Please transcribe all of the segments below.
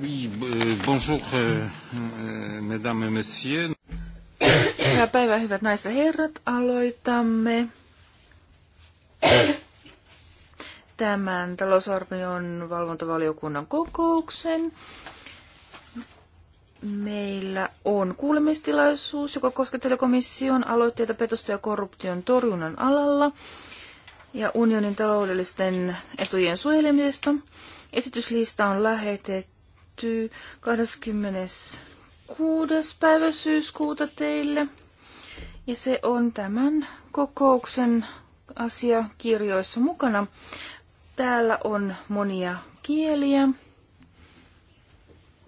Oui, euh, bonjour, euh, euh, mesdames et messieurs. Hyvää päivää, hyvät naiset ja herrat. Aloitamme tämän talousarvion valvontavaliokunnan kokouksen. Meillä on kuulemistilaisuus, joka koskettelee komission aloitteita petosta ja korruption torjunnan alalla ja unionin taloudellisten etujen suojelemisesta. Esityslista on lähetetty 26. päivä syyskuuta teille. Ja se on tämän kokouksen asiakirjoissa mukana. Täällä on monia kieliä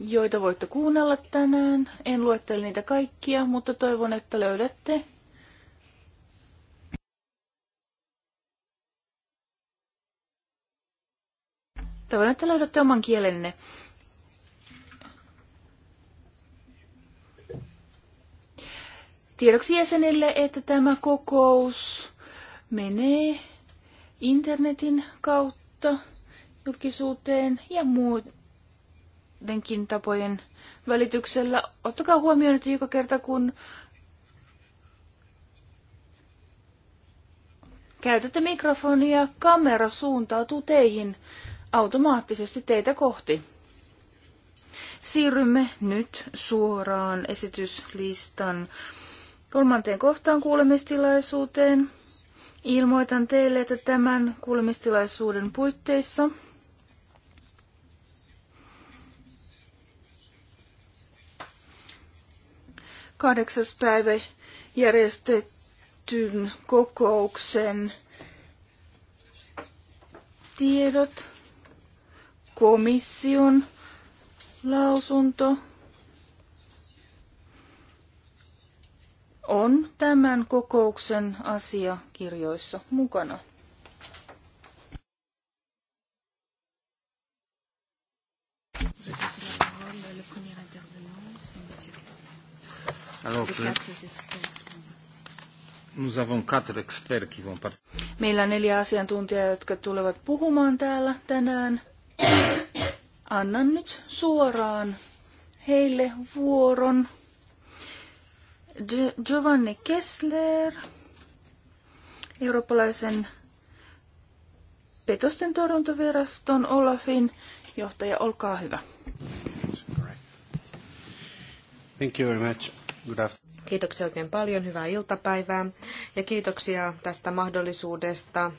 joita voitte kuunnella tänään. En luettele niitä kaikkia, mutta toivon, että löydätte Toivon, että löydätte oman kielenne. Tiedoksi jäsenille, että tämä kokous menee internetin kautta julkisuuteen ja muut näidenkin tapojen välityksellä. Ottakaa huomioon, että joka kerta kun käytätte mikrofonia, kamera suuntautuu teihin automaattisesti teitä kohti. Siirrymme nyt suoraan esityslistan kolmanteen kohtaan kuulemistilaisuuteen. Ilmoitan teille, että tämän kuulemistilaisuuden puitteissa – kahdeksas päivä järjestetyn kokouksen tiedot, komission lausunto on tämän kokouksen asiakirjoissa mukana. Meillä on neljä asiantuntijaa, jotka tulevat puhumaan täällä tänään. Annan nyt suoraan heille vuoron. Giovanni Kessler, eurooppalaisen petosten torjuntaviraston Olafin johtaja, olkaa hyvä. Thank you very much. Kiitoksia oikein paljon, hyvää iltapäivää ja kiitoksia tästä mahdollisuudesta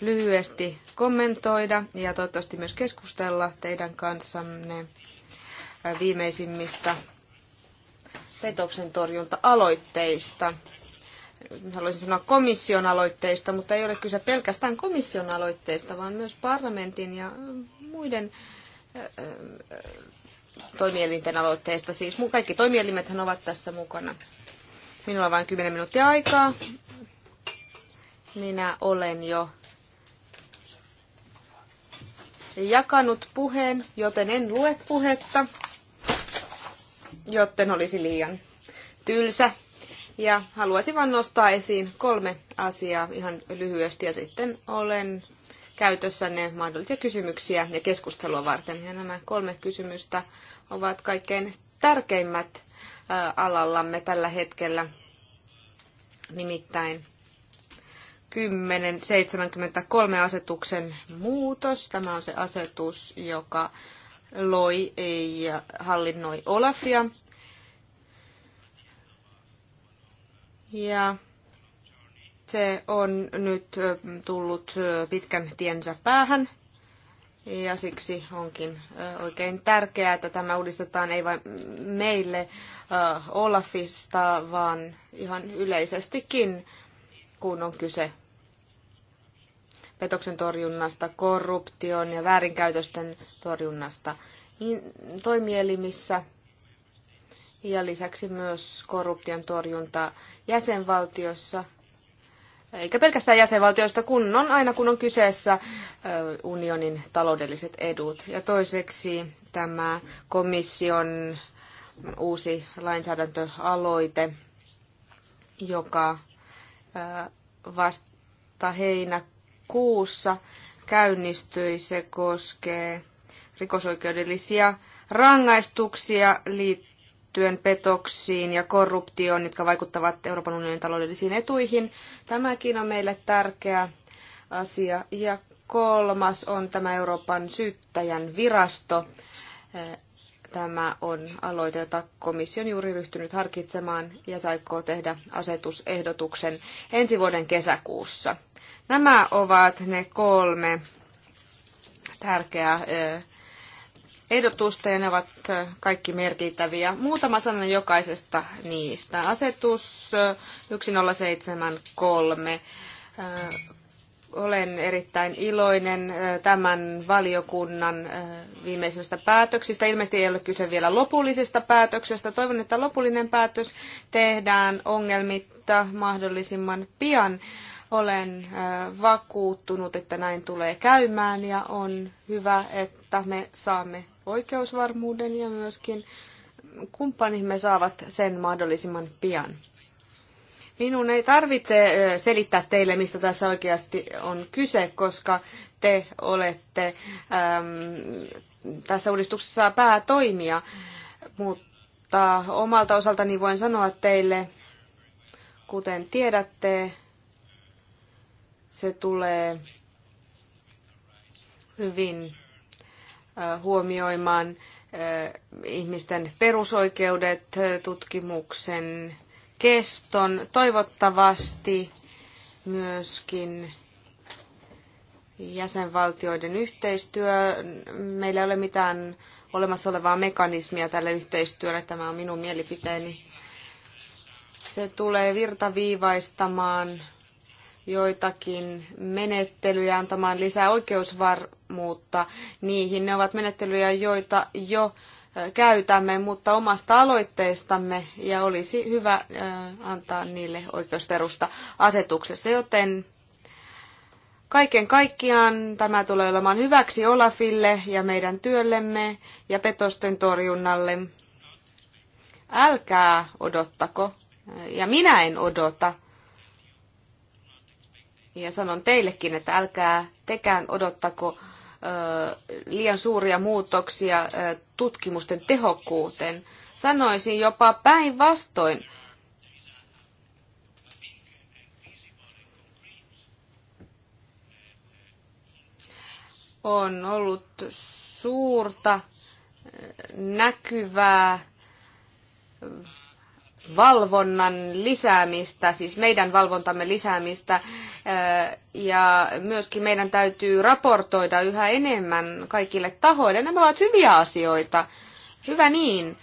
lyhyesti kommentoida ja toivottavasti myös keskustella teidän kanssanne viimeisimmistä petoksen torjunta-aloitteista. Haluaisin sanoa komission aloitteista, mutta ei ole kyse pelkästään komission aloitteista, vaan myös parlamentin ja muiden toimielinten aloitteesta. Siis kaikki toimielimethän ovat tässä mukana. Minulla on vain 10 minuuttia aikaa. Minä olen jo jakanut puheen, joten en lue puhetta, joten olisi liian tylsä. Ja haluaisin vain nostaa esiin kolme asiaa ihan lyhyesti ja sitten olen ne mahdollisia kysymyksiä ja keskustelua varten. Ja nämä kolme kysymystä ovat kaikkein tärkeimmät alallamme tällä hetkellä, nimittäin 1073 asetuksen muutos. Tämä on se asetus, joka loi ja hallinnoi Olafia. Ja se on nyt tullut pitkän tiensä päähän. Ja siksi onkin oikein tärkeää, että tämä uudistetaan ei vain meille Olafista, vaan ihan yleisestikin, kun on kyse petoksen torjunnasta, korruption ja väärinkäytösten torjunnasta toimielimissä ja lisäksi myös korruption torjunta jäsenvaltiossa – eikä pelkästään jäsenvaltioista, kun on aina kun on kyseessä unionin taloudelliset edut. Ja toiseksi tämä komission uusi lainsäädäntöaloite, joka vasta heinäkuussa käynnistyi. Se koskee rikosoikeudellisia rangaistuksia liittyen liittyen petoksiin ja korruptioon, jotka vaikuttavat Euroopan unionin taloudellisiin etuihin. Tämäkin on meille tärkeä asia. Ja kolmas on tämä Euroopan syyttäjän virasto. Eh, tämä on aloite, jota komissio on juuri ryhtynyt harkitsemaan ja saikoo tehdä asetusehdotuksen ensi vuoden kesäkuussa. Nämä ovat ne kolme tärkeää eh, ehdotusta ja ne ovat kaikki merkittäviä. Muutama sana jokaisesta niistä. Asetus 1073. Olen erittäin iloinen tämän valiokunnan viimeisimmistä päätöksistä. Ilmeisesti ei ole kyse vielä lopullisesta päätöksestä. Toivon, että lopullinen päätös tehdään ongelmitta mahdollisimman pian olen vakuuttunut, että näin tulee käymään ja on hyvä, että me saamme oikeusvarmuuden ja myöskin kumppanimme saavat sen mahdollisimman pian. Minun ei tarvitse selittää teille, mistä tässä oikeasti on kyse, koska te olette äm, tässä uudistuksessa päätoimija, mutta omalta osaltani voin sanoa teille, kuten tiedätte, se tulee hyvin huomioimaan ihmisten perusoikeudet, tutkimuksen keston, toivottavasti myöskin jäsenvaltioiden yhteistyö. Meillä ei ole mitään olemassa olevaa mekanismia tälle yhteistyölle, tämä on minun mielipiteeni. Se tulee virtaviivaistamaan joitakin menettelyjä antamaan lisää oikeusvarmuutta niihin. Ne ovat menettelyjä, joita jo käytämme, mutta omasta aloitteestamme ja olisi hyvä antaa niille oikeusperusta asetuksessa, joten Kaiken kaikkiaan tämä tulee olemaan hyväksi Olafille ja meidän työllemme ja petosten torjunnalle. Älkää odottako, ja minä en odota, ja sanon teillekin, että älkää tekään odottako liian suuria muutoksia tutkimusten tehokkuuteen. Sanoisin jopa päinvastoin. On ollut suurta, näkyvää valvonnan lisäämistä, siis meidän valvontamme lisäämistä ja myöskin meidän täytyy raportoida yhä enemmän kaikille tahoille. Nämä ovat hyviä asioita. Hyvä niin.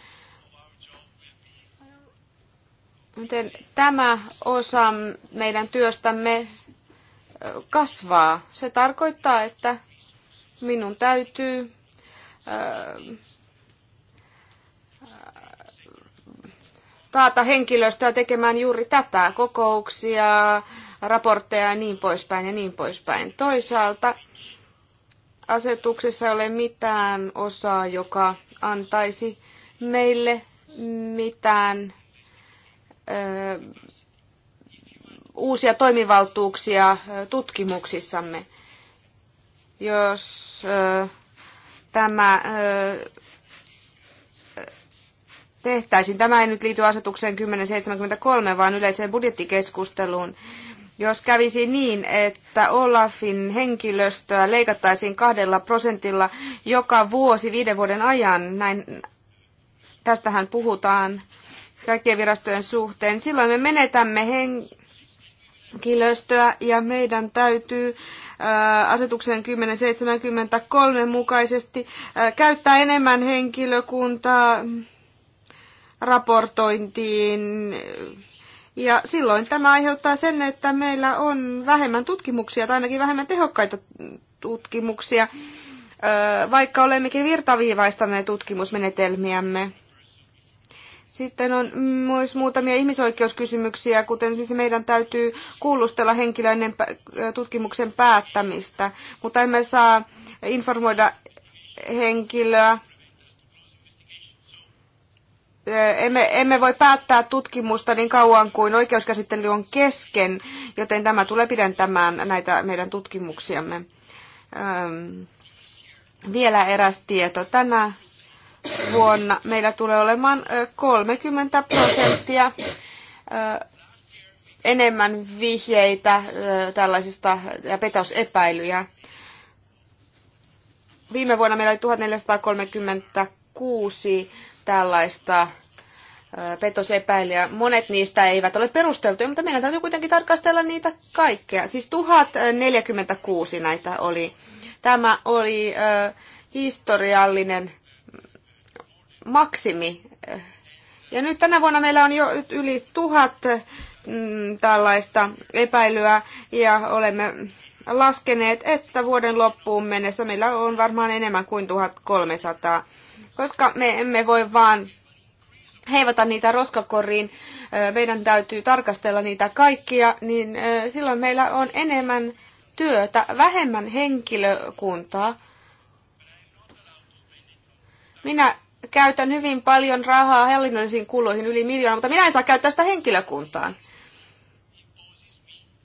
Joten tämä osa meidän työstämme kasvaa. Se tarkoittaa, että minun täytyy taata henkilöstöä tekemään juuri tätä, kokouksia, raportteja ja niin poispäin ja niin poispäin. Toisaalta asetuksessa ei ole mitään osaa, joka antaisi meille mitään ö, uusia toimivaltuuksia tutkimuksissamme. Jos ö, tämä ö, tehtäisiin, tämä ei nyt liity asetukseen 1073, vaan yleiseen budjettikeskusteluun, jos kävisi niin, että Olafin henkilöstöä leikattaisiin kahdella prosentilla joka vuosi viiden vuoden ajan, näin tästähän puhutaan kaikkien virastojen suhteen, silloin me menetämme henkilöstöä ja meidän täytyy äh, asetuksen 1073 mukaisesti äh, käyttää enemmän henkilökuntaa raportointiin, ja silloin tämä aiheuttaa sen, että meillä on vähemmän tutkimuksia tai ainakin vähemmän tehokkaita tutkimuksia, vaikka olemmekin virtaviivaistaneet tutkimusmenetelmiämme. Sitten on myös muutamia ihmisoikeuskysymyksiä, kuten esimerkiksi meidän täytyy kuulustella henkilöiden tutkimuksen päättämistä, mutta emme saa informoida henkilöä emme, emme voi päättää tutkimusta niin kauan kuin oikeuskäsittely on kesken, joten tämä tulee pidentämään näitä meidän tutkimuksiamme. Ähm, vielä eräs tieto. Tänä vuonna meillä tulee olemaan 30 prosenttia enemmän vihjeitä tällaisista ja petosepäilyjä. Viime vuonna meillä oli 1436 tällaista petosepäilyä. Monet niistä eivät ole perusteltuja, mutta meidän täytyy kuitenkin tarkastella niitä kaikkea. Siis 1046 näitä oli. Tämä oli historiallinen maksimi. Ja nyt tänä vuonna meillä on jo yli tuhat mm, tällaista epäilyä ja olemme laskeneet, että vuoden loppuun mennessä meillä on varmaan enemmän kuin 1300 koska me emme voi vaan heivata niitä roskakoriin, meidän täytyy tarkastella niitä kaikkia, niin silloin meillä on enemmän työtä, vähemmän henkilökuntaa. Minä käytän hyvin paljon rahaa hallinnollisiin kuluihin, yli miljoonaa, mutta minä en saa käyttää sitä henkilökuntaan.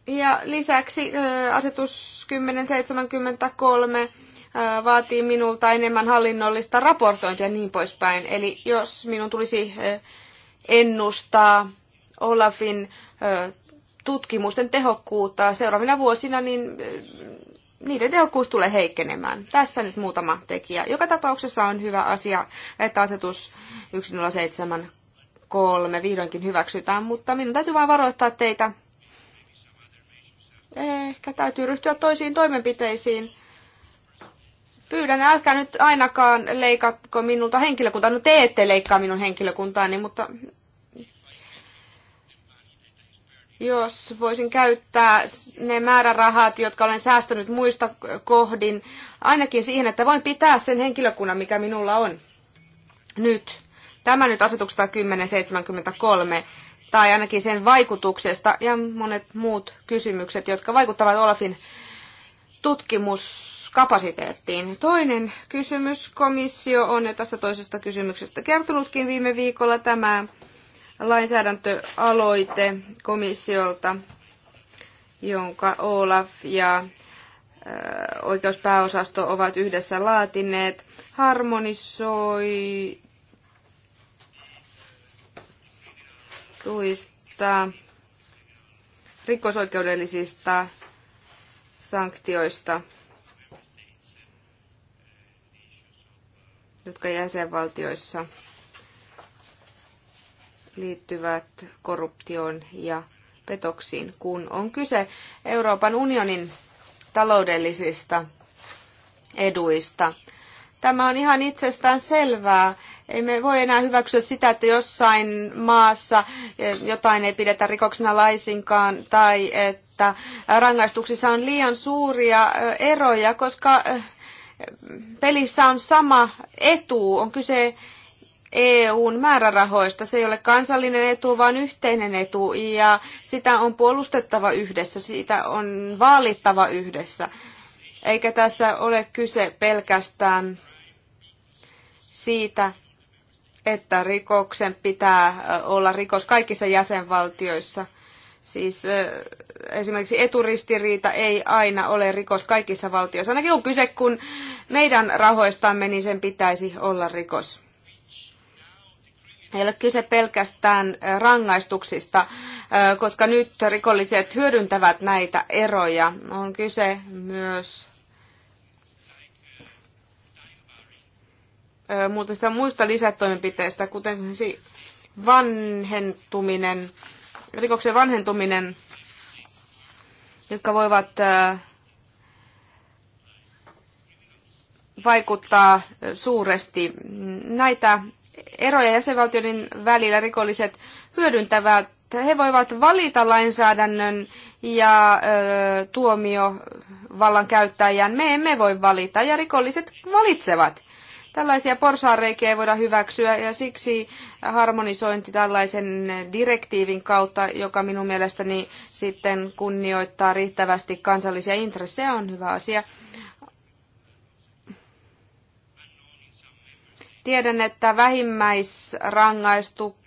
Ja lisäksi asetus 1073 vaatii minulta enemmän hallinnollista raportointia ja niin poispäin. Eli jos minun tulisi ennustaa Olafin tutkimusten tehokkuutta seuraavina vuosina, niin niiden tehokkuus tulee heikkenemään. Tässä nyt muutama tekijä. Joka tapauksessa on hyvä asia, että asetus 1073 vihdoinkin hyväksytään, mutta minun täytyy vain varoittaa teitä. Ehkä täytyy ryhtyä toisiin toimenpiteisiin Pyydän, älkää nyt ainakaan leikatko minulta henkilökuntaa. No te ette leikkaa minun henkilökuntaani, mutta jos voisin käyttää ne määrärahat, jotka olen säästänyt muista kohdin, ainakin siihen, että voin pitää sen henkilökunnan, mikä minulla on nyt. Tämä nyt asetuksesta 1073, tai ainakin sen vaikutuksesta ja monet muut kysymykset, jotka vaikuttavat Olafin tutkimus Kapasiteettiin. Toinen kysymys. Komissio on jo tästä toisesta kysymyksestä kertonutkin viime viikolla tämä lainsäädäntöaloite komissiolta, jonka Olaf ja oikeuspääosasto ovat yhdessä laatineet, harmonisoi tuista rikosoikeudellisista sanktioista. jotka jäsenvaltioissa liittyvät korruptioon ja petoksiin, kun on kyse Euroopan unionin taloudellisista eduista. Tämä on ihan itsestään selvää. Emme voi enää hyväksyä sitä, että jossain maassa jotain ei pidetä rikoksena laisinkaan tai että rangaistuksissa on liian suuria eroja, koska pelissä on sama etu, on kyse EUn määrärahoista. Se ei ole kansallinen etu, vaan yhteinen etu ja sitä on puolustettava yhdessä, sitä on vaalittava yhdessä. Eikä tässä ole kyse pelkästään siitä, että rikoksen pitää olla rikos kaikissa jäsenvaltioissa – Siis esimerkiksi eturistiriita ei aina ole rikos kaikissa valtioissa. Ainakin on kyse, kun meidän rahoistamme, niin sen pitäisi olla rikos. Ei ole kyse pelkästään rangaistuksista, koska nyt rikolliset hyödyntävät näitä eroja. On kyse myös muista lisätoimenpiteistä, kuten vanhentuminen rikoksen vanhentuminen, jotka voivat äh, vaikuttaa suuresti. Näitä eroja jäsenvaltioiden välillä rikolliset hyödyntävät. He voivat valita lainsäädännön ja ö, tuomiovallan käyttäjän. Me emme voi valita ja rikolliset valitsevat. Tällaisia porsaareikiä ei voida hyväksyä ja siksi harmonisointi tällaisen direktiivin kautta, joka minun mielestäni sitten kunnioittaa riittävästi kansallisia intressejä, on hyvä asia. Tiedän, että vähimmäisrangaistu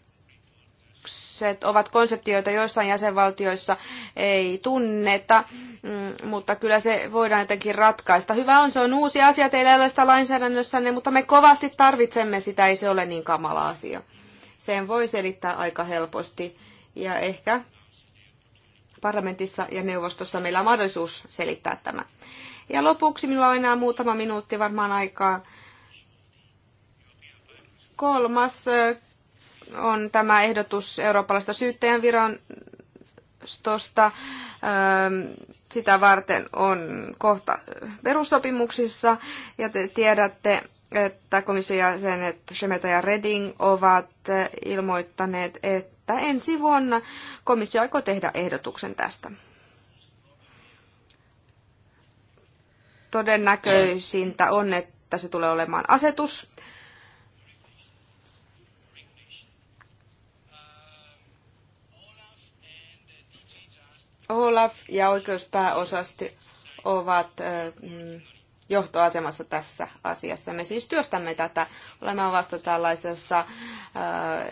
kysymykset ovat konseptioita, joita joissain jäsenvaltioissa ei tunneta, mm, mutta kyllä se voidaan jotenkin ratkaista. Hyvä on, se on uusi asia, teillä ei ole sitä lainsäädännössänne, mutta me kovasti tarvitsemme sitä, ei se ole niin kamala asia. Sen voi selittää aika helposti ja ehkä parlamentissa ja neuvostossa meillä on mahdollisuus selittää tämä. Ja lopuksi minulla on enää muutama minuutti varmaan aikaa. Kolmas on tämä ehdotus eurooppalaista syyttäjän virastosta. Sitä varten on kohta perussopimuksissa ja te tiedätte, että komission jäsenet Shemeta ja Reding ovat ilmoittaneet, että ensi vuonna komissio aikoo tehdä ehdotuksen tästä. Todennäköisintä on, että se tulee olemaan asetus, Olaf ja oikeuspääosasti ovat mm, johtoasemassa tässä asiassa. Me siis työstämme tätä. Olemme vasta tällaisessa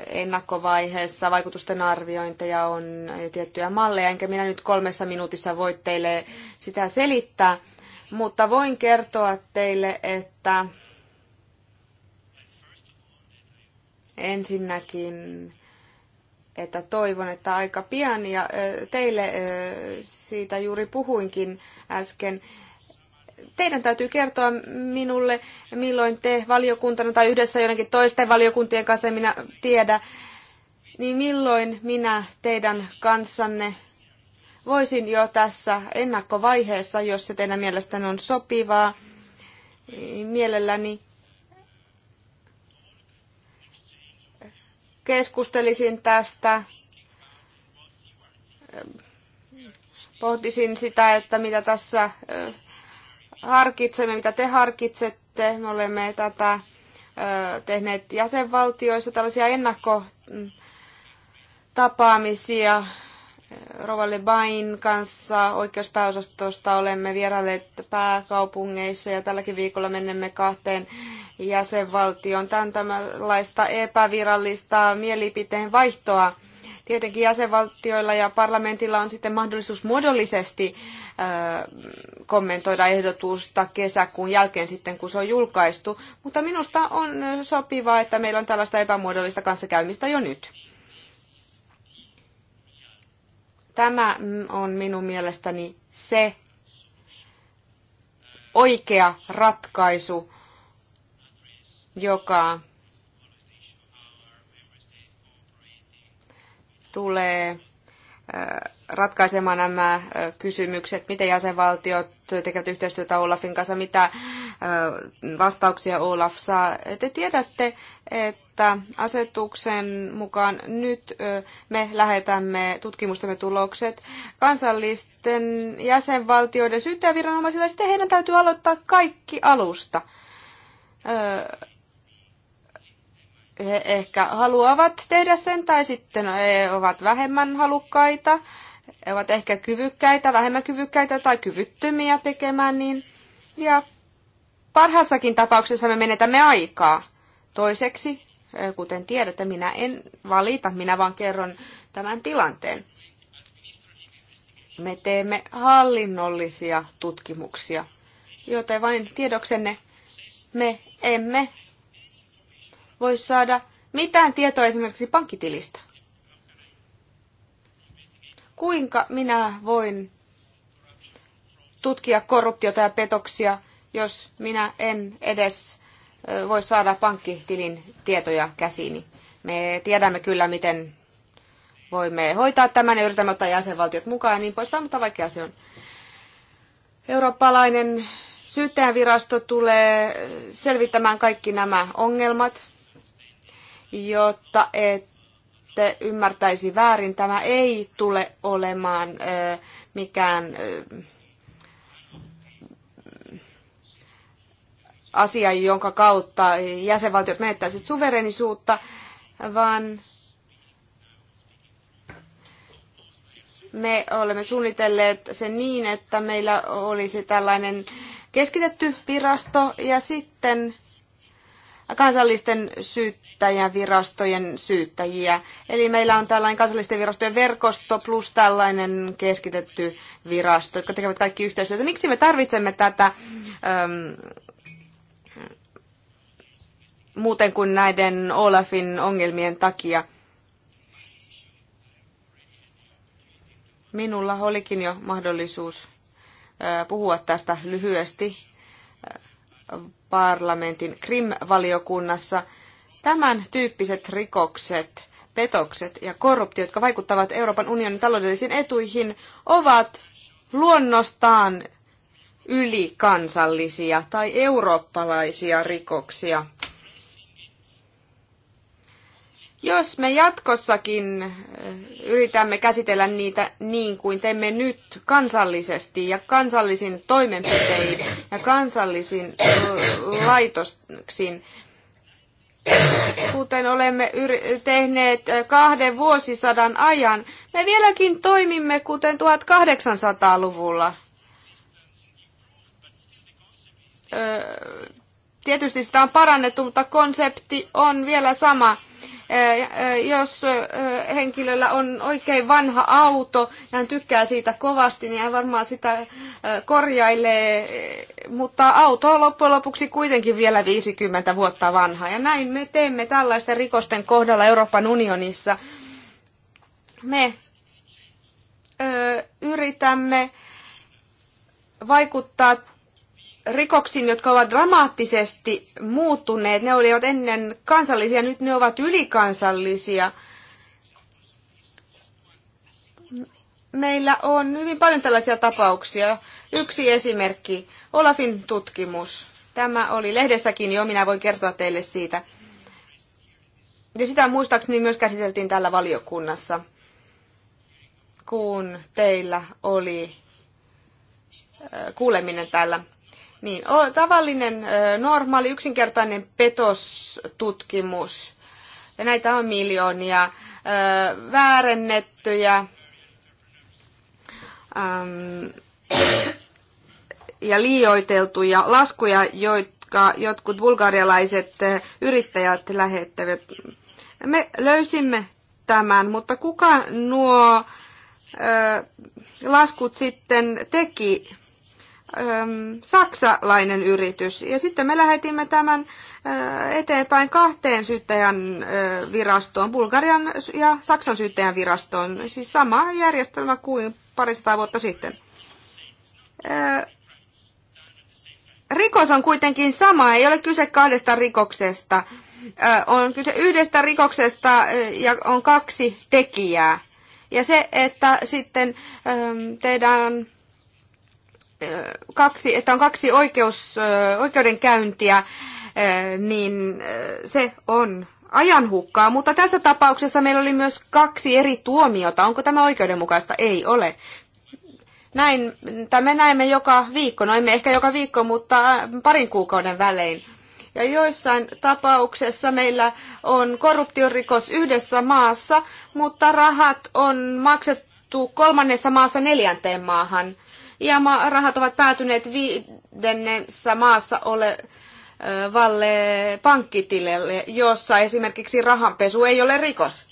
ennakkovaiheessa. Vaikutusten arviointeja on tiettyjä malleja, enkä minä nyt kolmessa minuutissa voi teille sitä selittää. Mutta voin kertoa teille, että ensinnäkin että toivon, että aika pian, ja teille siitä juuri puhuinkin äsken, teidän täytyy kertoa minulle, milloin te valiokuntana tai yhdessä joidenkin toisten valiokuntien kanssa, en minä tiedä, niin milloin minä teidän kanssanne voisin jo tässä ennakkovaiheessa, jos se teidän mielestänne on sopivaa, niin mielelläni keskustelisin tästä. Pohtisin sitä, että mitä tässä harkitsemme, mitä te harkitsette. Me olemme tätä tehneet jäsenvaltioissa tällaisia ennakkotapaamisia Rova Lebain kanssa oikeuspääosastosta olemme vierailleet pääkaupungeissa ja tälläkin viikolla menemme kahteen jäsenvaltioon. Tämän tämänlaista epävirallista mielipiteen vaihtoa. Tietenkin jäsenvaltioilla ja parlamentilla on sitten mahdollisuus muodollisesti kommentoida ehdotusta kesäkuun jälkeen sitten, kun se on julkaistu. Mutta minusta on sopivaa, että meillä on tällaista epämuodollista kanssakäymistä jo nyt. Tämä on minun mielestäni se oikea ratkaisu, joka tulee äh, ratkaisemaan nämä äh, kysymykset, miten jäsenvaltiot tekevät yhteistyötä Olafin kanssa, mitä vastauksia Olaf saa. Te tiedätte, että asetuksen mukaan nyt me lähetämme tutkimustemme tulokset kansallisten jäsenvaltioiden syyttäjäviranomaisille, ja sitten heidän täytyy aloittaa kaikki alusta he ehkä haluavat tehdä sen tai sitten he ovat vähemmän halukkaita, he ovat ehkä kyvykkäitä, vähemmän kyvykkäitä tai kyvyttömiä tekemään niin. Ja Parhassakin tapauksessa me menetämme aikaa. Toiseksi, kuten tiedätte, minä en valita, minä vaan kerron tämän tilanteen. Me teemme hallinnollisia tutkimuksia, joten vain tiedoksenne me emme voi saada mitään tietoa esimerkiksi pankkitilistä. Kuinka minä voin tutkia korruptiota ja petoksia jos minä en edes voi saada pankkitilin tietoja käsiini. Me tiedämme kyllä, miten voimme hoitaa tämän ja yritämme ottaa jäsenvaltiot mukaan ja niin poispäin, mutta vaikea se on. Eurooppalainen syyttäjänvirasto tulee selvittämään kaikki nämä ongelmat, jotta ette ymmärtäisi väärin. Tämä ei tule olemaan mikään asia, jonka kautta jäsenvaltiot menettäisivät suverenisuutta, vaan me olemme suunnitelleet sen niin, että meillä olisi tällainen keskitetty virasto ja sitten kansallisten syyttäjävirastojen syyttäjiä. Eli meillä on tällainen kansallisten virastojen verkosto plus tällainen keskitetty virasto, jotka tekevät kaikki yhteistyötä. Miksi me tarvitsemme tätä äm, muuten kuin näiden Olafin ongelmien takia. Minulla olikin jo mahdollisuus puhua tästä lyhyesti parlamentin Krim-valiokunnassa. Tämän tyyppiset rikokset, petokset ja korruptiot, jotka vaikuttavat Euroopan unionin taloudellisiin etuihin, ovat luonnostaan ylikansallisia tai eurooppalaisia rikoksia. Jos me jatkossakin eh, yritämme käsitellä niitä niin kuin teemme nyt kansallisesti ja kansallisin toimenpitein ja kansallisin laitoksiin, kuten olemme tehneet kahden vuosisadan ajan, me vieläkin toimimme kuten 1800-luvulla. tietysti sitä on parannettu, mutta konsepti on vielä sama. Eh, eh, jos eh, henkilöllä on oikein vanha auto ja hän tykkää siitä kovasti, niin hän varmaan sitä korjailee, mutta auto on loppujen lopuksi kuitenkin vielä 50 vuotta vanha. Ja näin me teemme tällaisten rikosten kohdalla Euroopan unionissa. Me yritämme vaikuttaa rikoksiin, jotka ovat dramaattisesti muuttuneet. Ne olivat ennen kansallisia, nyt ne ovat ylikansallisia. Meillä on hyvin paljon tällaisia tapauksia. Yksi esimerkki, Olafin tutkimus. Tämä oli lehdessäkin jo, minä voin kertoa teille siitä. Ja sitä muistaakseni myös käsiteltiin täällä valiokunnassa, kun teillä oli äh, kuuleminen täällä niin, o, tavallinen, normaali, yksinkertainen petostutkimus. Ja näitä on miljoonia. Ö, väärennettyjä. Äm, ja liioiteltuja laskuja, jotka jotkut bulgarialaiset yrittäjät lähettävät. Me löysimme tämän, mutta kuka nuo ö, laskut sitten teki? saksalainen yritys. Ja sitten me lähetimme tämän eteenpäin kahteen syyttäjän virastoon, Bulgarian ja Saksan syyttäjän virastoon. Siis sama järjestelmä kuin parista vuotta sitten. Rikos on kuitenkin sama, ei ole kyse kahdesta rikoksesta. On kyse yhdestä rikoksesta ja on kaksi tekijää. Ja se, että sitten tehdään kaksi, että on kaksi oikeus, oikeudenkäyntiä, niin se on ajanhukkaa, mutta tässä tapauksessa meillä oli myös kaksi eri tuomiota. Onko tämä oikeudenmukaista? Ei ole. Näin, tai me näemme joka viikko, no emme ehkä joka viikko, mutta parin kuukauden välein. Ja joissain tapauksessa meillä on korruptiorikos yhdessä maassa, mutta rahat on maksettu kolmannessa maassa neljänteen maahan – ja rahat ovat päätyneet viidennessä maassa ole, valle pankkitilille, jossa esimerkiksi rahanpesu ei ole rikos.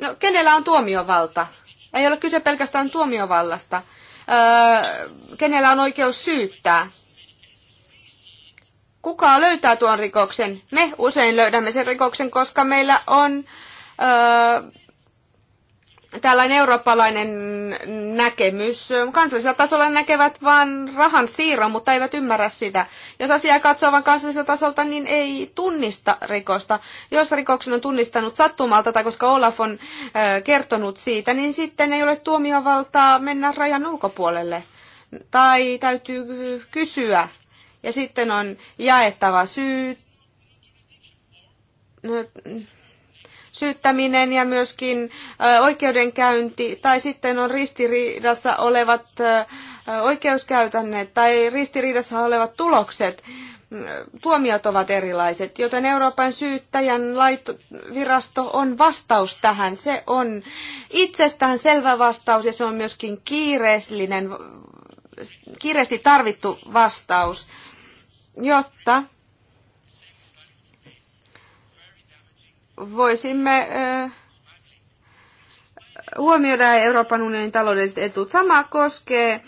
No, kenellä on tuomiovalta? Ei ole kyse pelkästään tuomiovallasta. Öö, kenellä on oikeus syyttää? Kuka löytää tuon rikoksen? Me usein löydämme sen rikoksen, koska meillä on öö, tällainen eurooppalainen näkemys. Kansallisella tasolla näkevät vain rahan siirron, mutta eivät ymmärrä sitä. Jos asiaa katsoo vain kansallisella tasolta, niin ei tunnista rikosta. Jos rikoksen on tunnistanut sattumalta tai koska Olaf on kertonut siitä, niin sitten ei ole tuomiovaltaa mennä rajan ulkopuolelle. Tai täytyy kysyä. Ja sitten on jaettava syy. No, syyttäminen ja myöskin oikeudenkäynti, tai sitten on ristiriidassa olevat oikeuskäytännöt tai ristiriidassa olevat tulokset. Tuomiot ovat erilaiset, joten Euroopan syyttäjän virasto on vastaus tähän. Se on itsestään selvä vastaus ja se on myöskin kiireellinen, kiireesti tarvittu vastaus, jotta voisimme huomioida Euroopan unionin taloudelliset etut. Sama koskee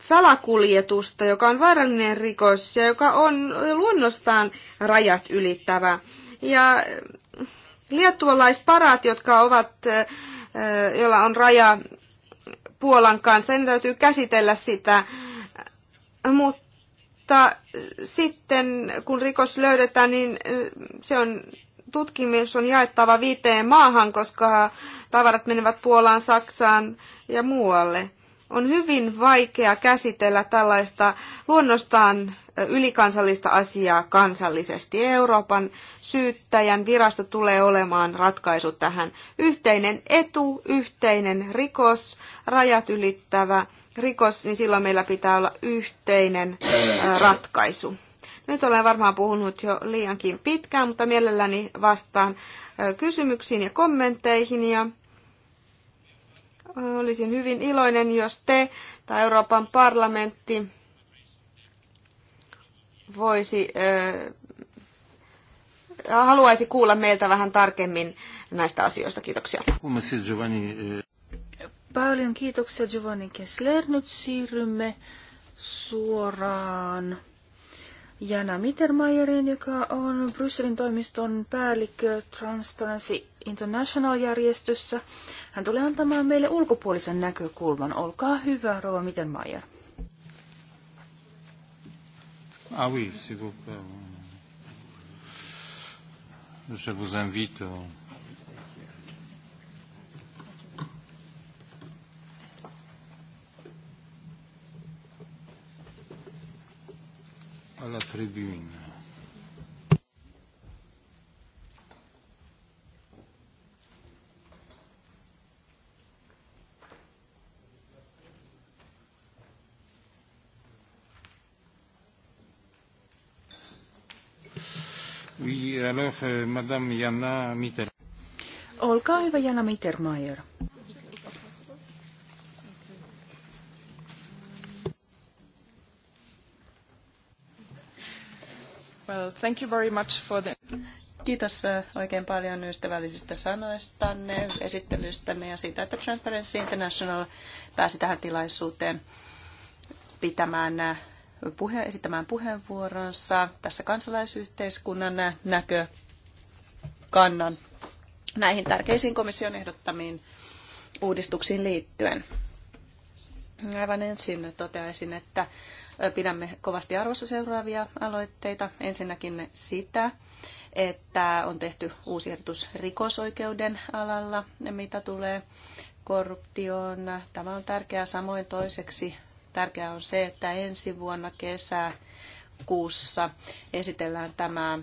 salakuljetusta, joka on vaarallinen rikos ja joka on luonnostaan rajat ylittävä. Ja liettualaisparat, jotka ovat, joilla on raja Puolan kanssa, niin täytyy käsitellä sitä, mutta mutta sitten kun rikos löydetään, niin se on tutkimus on jaettava viiteen maahan, koska tavarat menevät Puolaan, Saksaan ja muualle. On hyvin vaikea käsitellä tällaista luonnostaan ylikansallista asiaa kansallisesti. Euroopan syyttäjän virasto tulee olemaan ratkaisu tähän. Yhteinen etu, yhteinen rikos, rajat ylittävä rikos, niin silloin meillä pitää olla yhteinen ratkaisu. Nyt olen varmaan puhunut jo liiankin pitkään, mutta mielelläni vastaan kysymyksiin ja kommentteihin. Ja olisin hyvin iloinen, jos te tai Euroopan parlamentti voisi, äh, haluaisi kuulla meiltä vähän tarkemmin näistä asioista. Kiitoksia. Paljon kiitoksia Giovanni Kessler. Nyt siirrymme suoraan Jana Mittermeierin, joka on Brysselin toimiston päällikkö Transparency International-järjestössä. Hän tulee antamaan meille ulkopuolisen näkökulman. Olkaa hyvä, Rova Mittermeier. Ah oui, s'il vous plaît. Je vous invite. Euh, alla tribuna. Oui, alors, euh, Madame Jana Mitter. Olkaa hyvä, Jana Mittermeier. thank you very much for the... Kiitos äh, oikein paljon ystävällisistä sanoistanne, esittelystänne ja siitä, että Transparency International pääsi tähän tilaisuuteen pitämään äh, puhe, esittämään puheenvuoronsa tässä kansalaisyhteiskunnan äh, näkökannan näihin tärkeisiin komission ehdottamiin uudistuksiin liittyen. Aivan ensin toteaisin, että Pidämme kovasti arvossa seuraavia aloitteita. Ensinnäkin sitä, että on tehty uusi ehdotus rikosoikeuden alalla, mitä tulee korruptioon. Tämä on tärkeää. Samoin toiseksi tärkeää on se, että ensi vuonna kesä kuussa esitellään tämä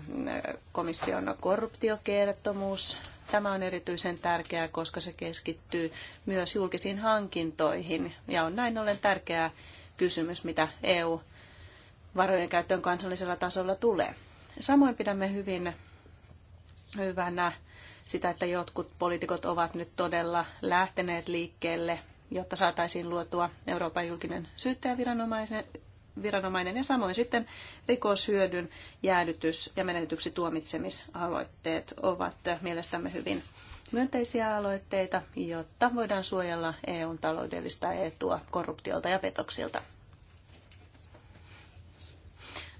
komission korruptiokertomus. Tämä on erityisen tärkeää, koska se keskittyy myös julkisiin hankintoihin ja on näin ollen tärkeää kysymys, mitä EU-varojen käyttöön kansallisella tasolla tulee. Samoin pidämme hyvin hyvänä sitä, että jotkut poliitikot ovat nyt todella lähteneet liikkeelle, jotta saataisiin luotua Euroopan julkinen syyttäjäviranomaisen viranomainen ja samoin sitten rikoshyödyn jäädytys ja menetetyksi tuomitsemisaloitteet ovat mielestämme hyvin myönteisiä aloitteita, jotta voidaan suojella EUn taloudellista etua korruptiolta ja petoksilta.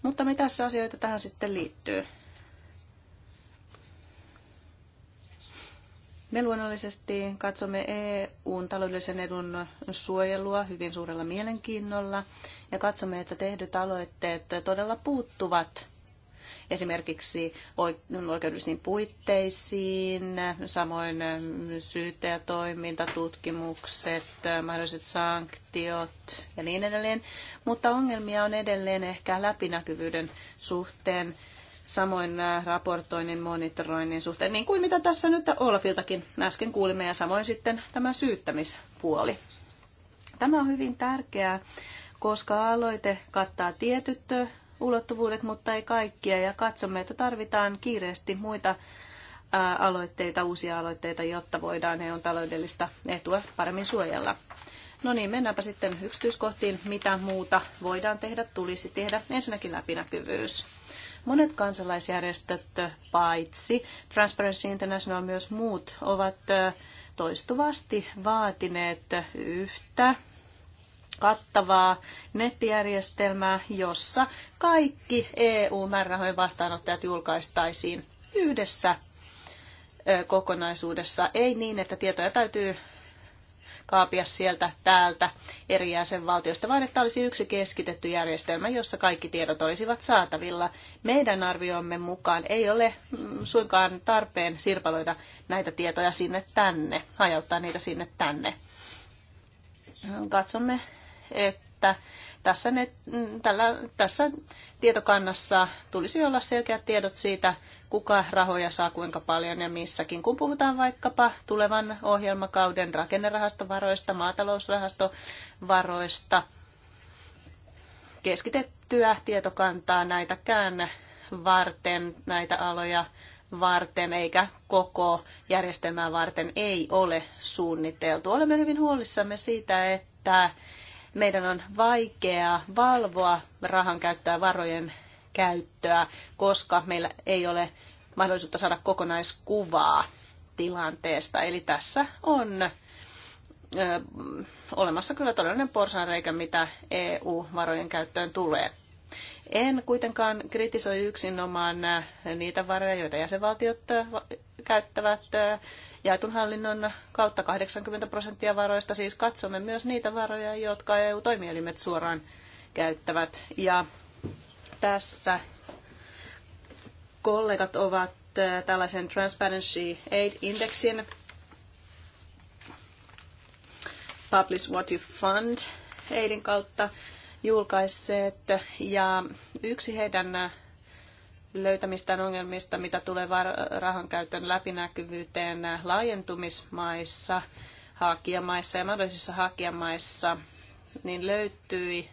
Mutta mitä asioita tähän sitten liittyy? Me luonnollisesti katsomme EUn taloudellisen edun suojelua hyvin suurella mielenkiinnolla ja katsomme, että tehdyt aloitteet todella puuttuvat esimerkiksi oikeudellisiin puitteisiin, samoin syyttäjätoiminta, tutkimukset, mahdolliset sanktiot ja niin edelleen. Mutta ongelmia on edelleen ehkä läpinäkyvyyden suhteen, samoin raportoinnin, monitoroinnin suhteen, niin kuin mitä tässä nyt Olafiltakin äsken kuulimme, ja samoin sitten tämä syyttämispuoli. Tämä on hyvin tärkeää, koska aloite kattaa tietyt ulottuvuudet, mutta ei kaikkia. Ja katsomme, että tarvitaan kiireesti muita aloitteita, uusia aloitteita, jotta voidaan EUn taloudellista etua paremmin suojella. No niin, mennäänpä sitten yksityiskohtiin, mitä muuta voidaan tehdä, tulisi tehdä. Ensinnäkin läpinäkyvyys. Monet kansalaisjärjestöt, paitsi Transparency International, myös muut ovat toistuvasti vaatineet yhtä kattavaa nettijärjestelmää, jossa kaikki EU-määrärahojen vastaanottajat julkaistaisiin yhdessä kokonaisuudessa. Ei niin, että tietoja täytyy kaapia sieltä täältä eri jäsenvaltioista, vaan että olisi yksi keskitetty järjestelmä, jossa kaikki tiedot olisivat saatavilla. Meidän arviomme mukaan ei ole mm, suinkaan tarpeen sirpaloida näitä tietoja sinne tänne, hajauttaa niitä sinne tänne. Katsomme että tässä, ne, mm, tällä, tässä tietokannassa tulisi olla selkeät tiedot siitä, kuka rahoja saa kuinka paljon ja missäkin. Kun puhutaan vaikkapa tulevan ohjelmakauden rakennerahastovaroista, maatalousrahastovaroista, keskitettyä tietokantaa näitäkään varten, näitä aloja varten eikä koko järjestelmää varten ei ole suunniteltu. Olemme hyvin huolissamme siitä, että meidän on vaikea valvoa rahan käyttöä, varojen käyttöä, koska meillä ei ole mahdollisuutta saada kokonaiskuvaa tilanteesta. Eli tässä on ö, olemassa kyllä todellinen porsanreikä, mitä EU-varojen käyttöön tulee. En kuitenkaan kritisoi yksinomaan niitä varoja, joita jäsenvaltiot käyttävät jaetun hallinnon kautta 80 prosenttia varoista. Siis katsomme myös niitä varoja, jotka EU-toimielimet suoraan käyttävät. Ja tässä kollegat ovat tällaisen Transparency aid Indexin Publish What You Fund Aidin kautta julkaisseet. Ja yksi heidän löytämistään ongelmista, mitä tulee rahankäytön läpinäkyvyyteen laajentumismaissa, hakijamaissa ja mahdollisissa hakijamaissa, niin löytyi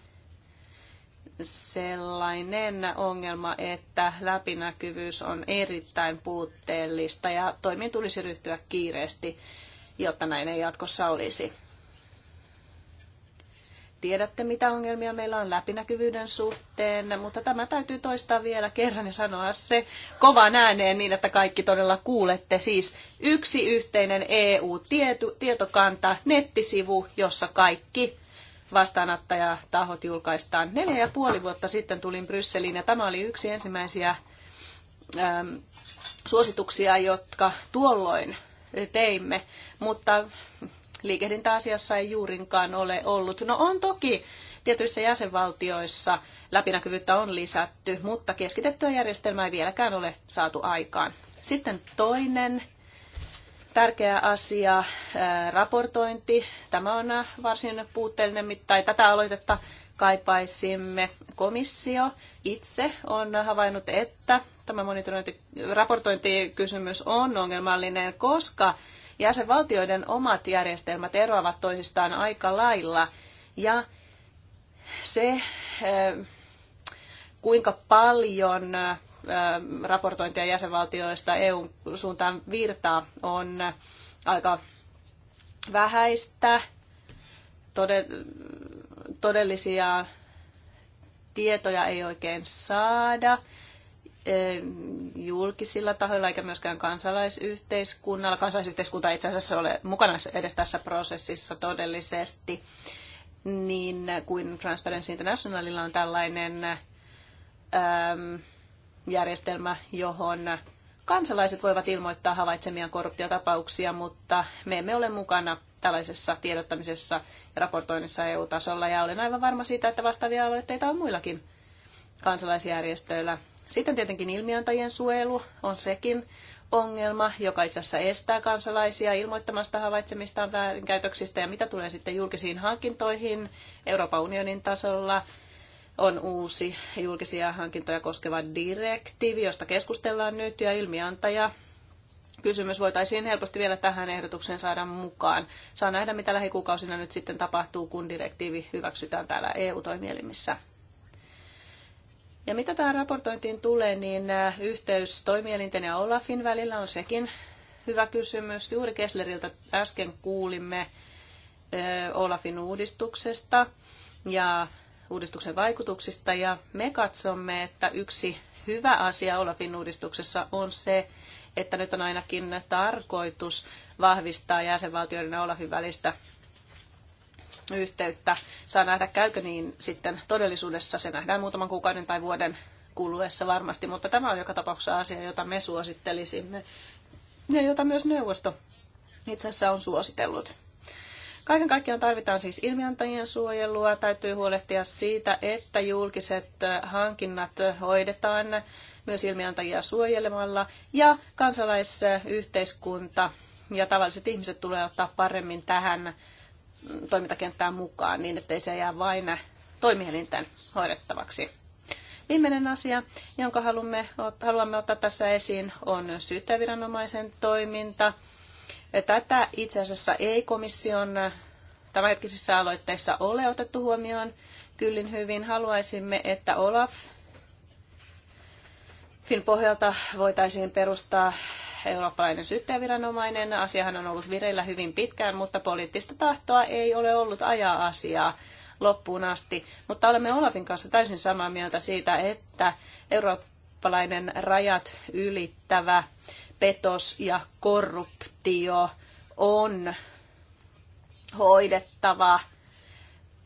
sellainen ongelma, että läpinäkyvyys on erittäin puutteellista ja toimiin tulisi ryhtyä kiireesti, jotta näin ei jatkossa olisi. Tiedätte, mitä ongelmia meillä on läpinäkyvyyden suhteen, mutta tämä täytyy toistaa vielä kerran ja sanoa se kovan ääneen niin, että kaikki todella kuulette. Siis yksi yhteinen EU-tietokanta, nettisivu, jossa kaikki vastaanottajatahot julkaistaan. Neljä ja puoli vuotta sitten tulin Brysseliin ja tämä oli yksi ensimmäisiä äm, suosituksia, jotka tuolloin teimme, mutta liikehdintä asiassa ei juurinkaan ole ollut. No on toki tietyissä jäsenvaltioissa läpinäkyvyyttä on lisätty, mutta keskitettyä järjestelmää ei vieläkään ole saatu aikaan. Sitten toinen tärkeä asia, raportointi. Tämä on varsin puutteellinen, tai tätä aloitetta kaipaisimme. Komissio itse on havainnut, että tämä raportointikysymys on ongelmallinen, koska Jäsenvaltioiden omat järjestelmät eroavat toisistaan aika lailla ja se, eh, kuinka paljon eh, raportointia jäsenvaltioista EUn suuntaan virtaa on aika vähäistä. Todellisia tietoja ei oikein saada. Eh, julkisilla tahoilla eikä myöskään kansalaisyhteiskunnalla. Kansalaisyhteiskunta ei itse asiassa ole mukana edes tässä prosessissa todellisesti, niin kuin Transparency Internationalilla on tällainen äm, järjestelmä, johon kansalaiset voivat ilmoittaa havaitsemiaan korruptiotapauksia, mutta me emme ole mukana tällaisessa tiedottamisessa ja raportoinnissa EU-tasolla, ja olen aivan varma siitä, että vastaavia aloitteita on muillakin kansalaisjärjestöillä – sitten tietenkin ilmiantajien suojelu on sekin ongelma, joka itse asiassa estää kansalaisia ilmoittamasta havaitsemistaan väärinkäytöksistä ja mitä tulee sitten julkisiin hankintoihin Euroopan unionin tasolla on uusi julkisia hankintoja koskeva direktiivi, josta keskustellaan nyt ja ilmiantaja kysymys voitaisiin helposti vielä tähän ehdotukseen saada mukaan. Saa nähdä, mitä lähikuukausina nyt sitten tapahtuu, kun direktiivi hyväksytään täällä EU-toimielimissä. Ja mitä tähän raportointiin tulee, niin äh, yhteys toimielinten ja Olafin välillä on sekin hyvä kysymys. Juuri Kessleriltä äsken kuulimme äh, Olafin uudistuksesta ja uudistuksen vaikutuksista ja me katsomme, että yksi hyvä asia Olafin uudistuksessa on se, että nyt on ainakin tarkoitus vahvistaa jäsenvaltioiden ja Olafin välistä yhteyttä. Saa nähdä, käykö niin sitten todellisuudessa. Se nähdään muutaman kuukauden tai vuoden kuluessa varmasti, mutta tämä on joka tapauksessa asia, jota me suosittelisimme ja jota myös neuvosto itse asiassa on suositellut. Kaiken kaikkiaan tarvitaan siis ilmiantajien suojelua. Täytyy huolehtia siitä, että julkiset äh, hankinnat hoidetaan myös ilmiantajia suojelemalla. Ja kansalaisyhteiskunta äh, ja tavalliset ihmiset tulee ottaa paremmin tähän toimintakenttään mukaan niin, ettei se jää vain toimielinten hoidettavaksi. Viimeinen asia, jonka haluamme, haluamme ottaa tässä esiin, on syyttäjäviranomaisen toiminta. Tätä itse asiassa ei komission tämänhetkisissä aloitteissa ole otettu huomioon kyllin hyvin. Haluaisimme, että Olaf Fin pohjalta voitaisiin perustaa eurooppalainen syyttäjäviranomainen. Asiahan on ollut vireillä hyvin pitkään, mutta poliittista tahtoa ei ole ollut ajaa asiaa loppuun asti. Mutta olemme Olavin kanssa täysin samaa mieltä siitä, että eurooppalainen rajat ylittävä petos ja korruptio on hoidettava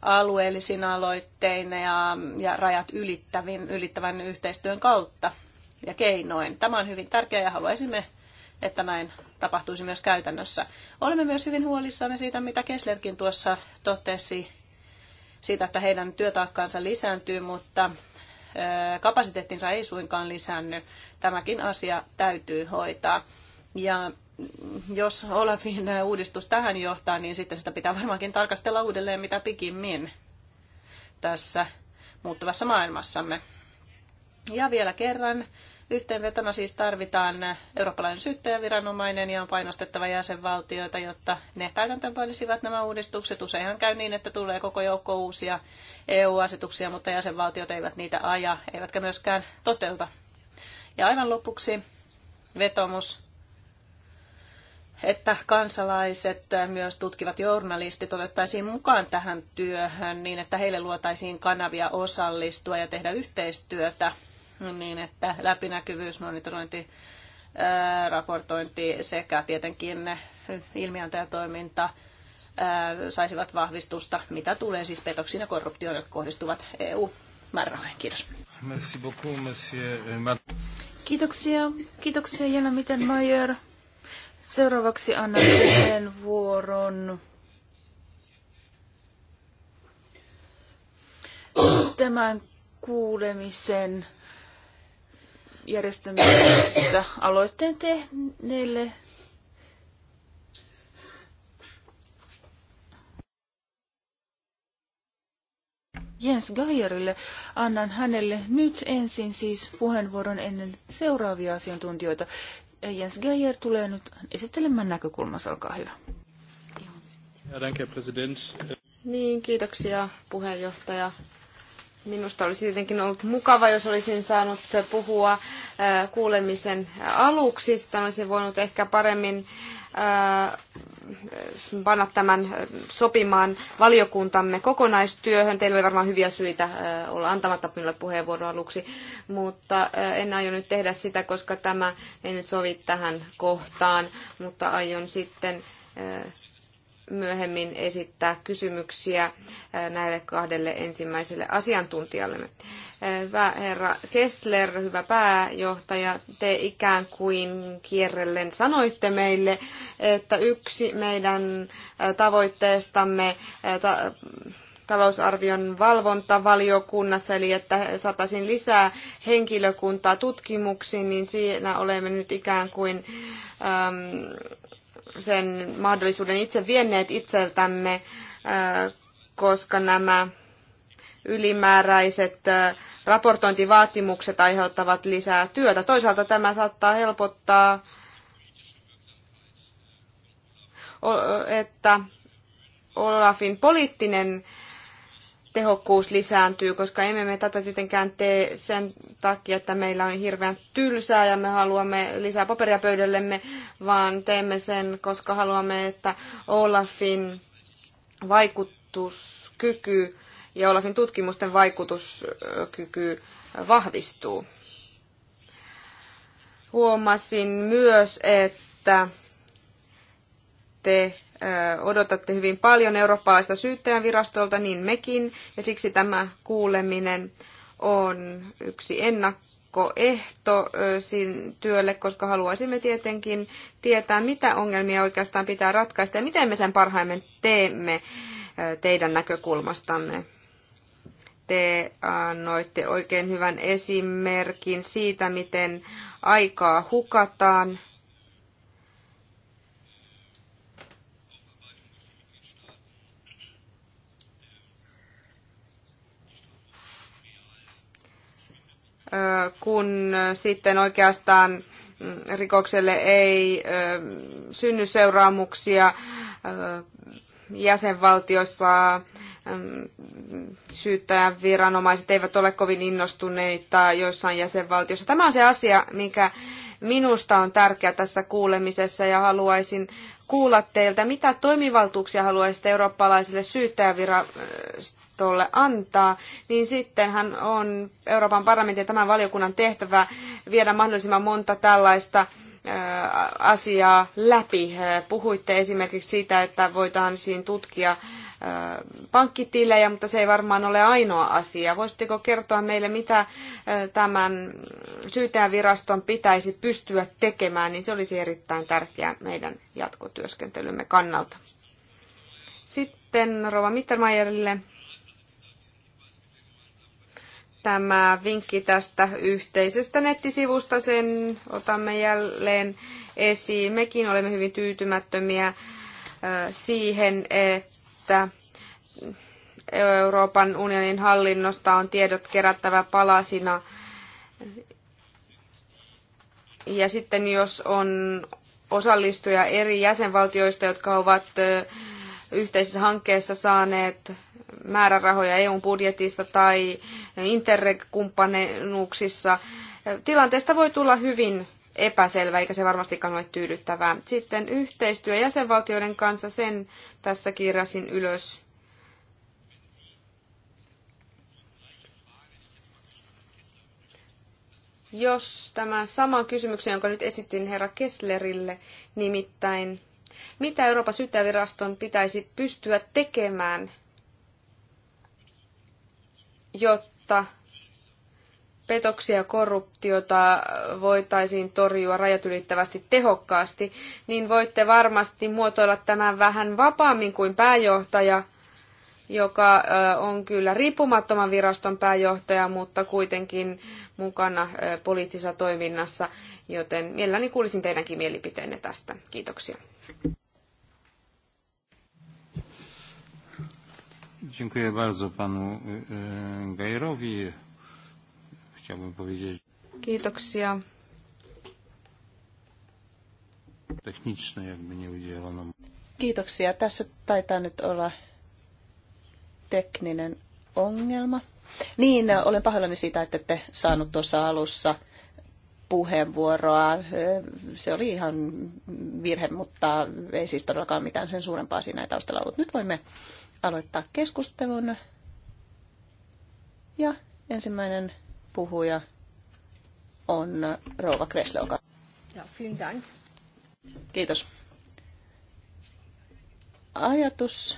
alueellisin aloittein ja, ja rajat ylittävin, ylittävän yhteistyön kautta ja keinoin. Tämä on hyvin tärkeää ja haluaisimme että näin tapahtuisi myös käytännössä. Olemme myös hyvin huolissamme siitä, mitä Kesslerkin tuossa totesi, siitä, että heidän työtaakkaansa lisääntyy, mutta kapasiteettinsa ei suinkaan lisännyt. Tämäkin asia täytyy hoitaa. Ja mm, jos Olafin uudistus tähän johtaa, niin sitten sitä pitää varmaankin tarkastella uudelleen mitä pikimmin tässä muuttuvassa maailmassamme. Ja vielä kerran Yhteenvetona siis tarvitaan eurooppalainen syyttäjäviranomainen ja on painostettava jäsenvaltioita, jotta ne täytäntöönpanisivat nämä uudistukset. Useinhan käy niin, että tulee koko joukko uusia EU-asetuksia, mutta jäsenvaltiot eivät niitä aja, eivätkä myöskään toteuta. Ja aivan lopuksi vetomus että kansalaiset, äh, myös tutkivat journalistit otettaisiin mukaan tähän työhön niin, että heille luotaisiin kanavia osallistua ja tehdä yhteistyötä niin että läpinäkyvyys, monitorointi, raportointi sekä tietenkin ilmiantajatoiminta saisivat vahvistusta, mitä tulee siis petoksiin ja korruptioon, jotka kohdistuvat EU-määrärahoihin. Kiitos. Merci beaucoup, monsieur. Euh, Kiitoksia. Kiitoksia Jana Mitenmaier. Seuraavaksi annan vuoron. Tämän kuulemisen järjestämisestä aloitteen tehneille Jens Gaierille. Annan hänelle nyt ensin siis puheenvuoron ennen seuraavia asiantuntijoita. Jens Geier tulee nyt esittelemään näkökulmansa. Olkaa hyvä. Ja, danke, president. Niin, kiitoksia puheenjohtaja. Minusta olisi tietenkin ollut mukava, jos olisin saanut puhua kuulemisen aluksi. Sitten olisin voinut ehkä paremmin panna tämän sopimaan valiokuntamme kokonaistyöhön. Teillä oli varmaan hyviä syitä olla antamatta minulle puheenvuoroa aluksi, mutta en aio nyt tehdä sitä, koska tämä ei nyt sovi tähän kohtaan, mutta aion sitten myöhemmin esittää kysymyksiä näille kahdelle ensimmäiselle asiantuntijallemme. Hyvä herra Kessler, hyvä pääjohtaja, te ikään kuin kierrellen sanoitte meille, että yksi meidän tavoitteestamme ta- talousarvion valvontavaliokunnassa, eli että saataisiin lisää henkilökuntaa tutkimuksiin, niin siinä olemme nyt ikään kuin äm, sen mahdollisuuden itse vienneet itseltämme, äh, koska nämä ylimääräiset äh, raportointivaatimukset aiheuttavat lisää työtä. Toisaalta tämä saattaa helpottaa, että Olafin poliittinen tehokkuus lisääntyy, koska emme me tätä tietenkään tee sen takia, että meillä on hirveän tylsää ja me haluamme lisää paperia pöydällemme, vaan teemme sen, koska haluamme, että Olafin vaikutuskyky ja Olafin tutkimusten vaikutuskyky vahvistuu. Huomasin myös, että te odotatte hyvin paljon eurooppalaista syyttäjän virastolta, niin mekin, ja siksi tämä kuuleminen on yksi ennakkoehto työlle, koska haluaisimme tietenkin tietää, mitä ongelmia oikeastaan pitää ratkaista ja miten me sen parhaimmin teemme teidän näkökulmastanne. Te annoitte oikein hyvän esimerkin siitä, miten aikaa hukataan kun sitten oikeastaan rikokselle ei synny seuraamuksia jäsenvaltiossa syyttäjän viranomaiset eivät ole kovin innostuneita joissain jäsenvaltioissa. Tämä on se asia, mikä minusta on tärkeä tässä kuulemisessa ja haluaisin kuulla teiltä, mitä toimivaltuuksia haluaisitte eurooppalaiselle syyttäjävirastolle antaa, niin sittenhän on Euroopan parlamentin ja tämän valiokunnan tehtävä viedä mahdollisimman monta tällaista asiaa läpi. Puhuitte esimerkiksi siitä, että voitaisiin tutkia pankkitilejä, mutta se ei varmaan ole ainoa asia. Voisitteko kertoa meille, mitä tämän syytäjäviraston pitäisi pystyä tekemään, niin se olisi erittäin tärkeää meidän jatkotyöskentelymme kannalta. Sitten Rova Mittermeierille tämä vinkki tästä yhteisestä nettisivusta, sen otamme jälleen esiin. Mekin olemme hyvin tyytymättömiä siihen, että että Euroopan unionin hallinnosta on tiedot kerättävä palasina. Ja sitten jos on osallistuja eri jäsenvaltioista, jotka ovat yhteisessä hankkeessa saaneet määrärahoja eu budjetista tai Interreg-kumppanuuksissa, tilanteesta voi tulla hyvin epäselvä, eikä se varmastikaan ole tyydyttävää. Sitten yhteistyö jäsenvaltioiden kanssa, sen tässä kirjasin ylös. Jos tämä sama kysymys, jonka nyt esitin herra Kesslerille, nimittäin mitä Euroopan syyttäjäviraston pitäisi pystyä tekemään, jotta petoksia ja korruptiota voitaisiin torjua rajat ylittävästi tehokkaasti, niin voitte varmasti muotoilla tämän vähän vapaammin kuin pääjohtaja, joka on kyllä riippumattoman viraston pääjohtaja, mutta kuitenkin mukana poliittisessa toiminnassa, joten mielelläni kuulisin teidänkin mielipiteenne tästä. Kiitoksia. Dziękuję bardzo panu Gajerowi. Chciałbym powiedzieć. Kiitoksia. Techniczne jakby nie udzielono. Kiitoksia. Tässä taitaa nyt olla tekninen ongelma. Niin, olen pahoillani siitä, että ette saanut tuossa alussa puheenvuoroa. Se oli ihan virhe, mutta ei siis todellakaan mitään sen suurempaa siinä taustalla ollut. Nyt voimme aloittaa keskustelun. Ja ensimmäinen puhuja on Rova Kresle, Ja, vielen dank. Kiitos. Ajatus,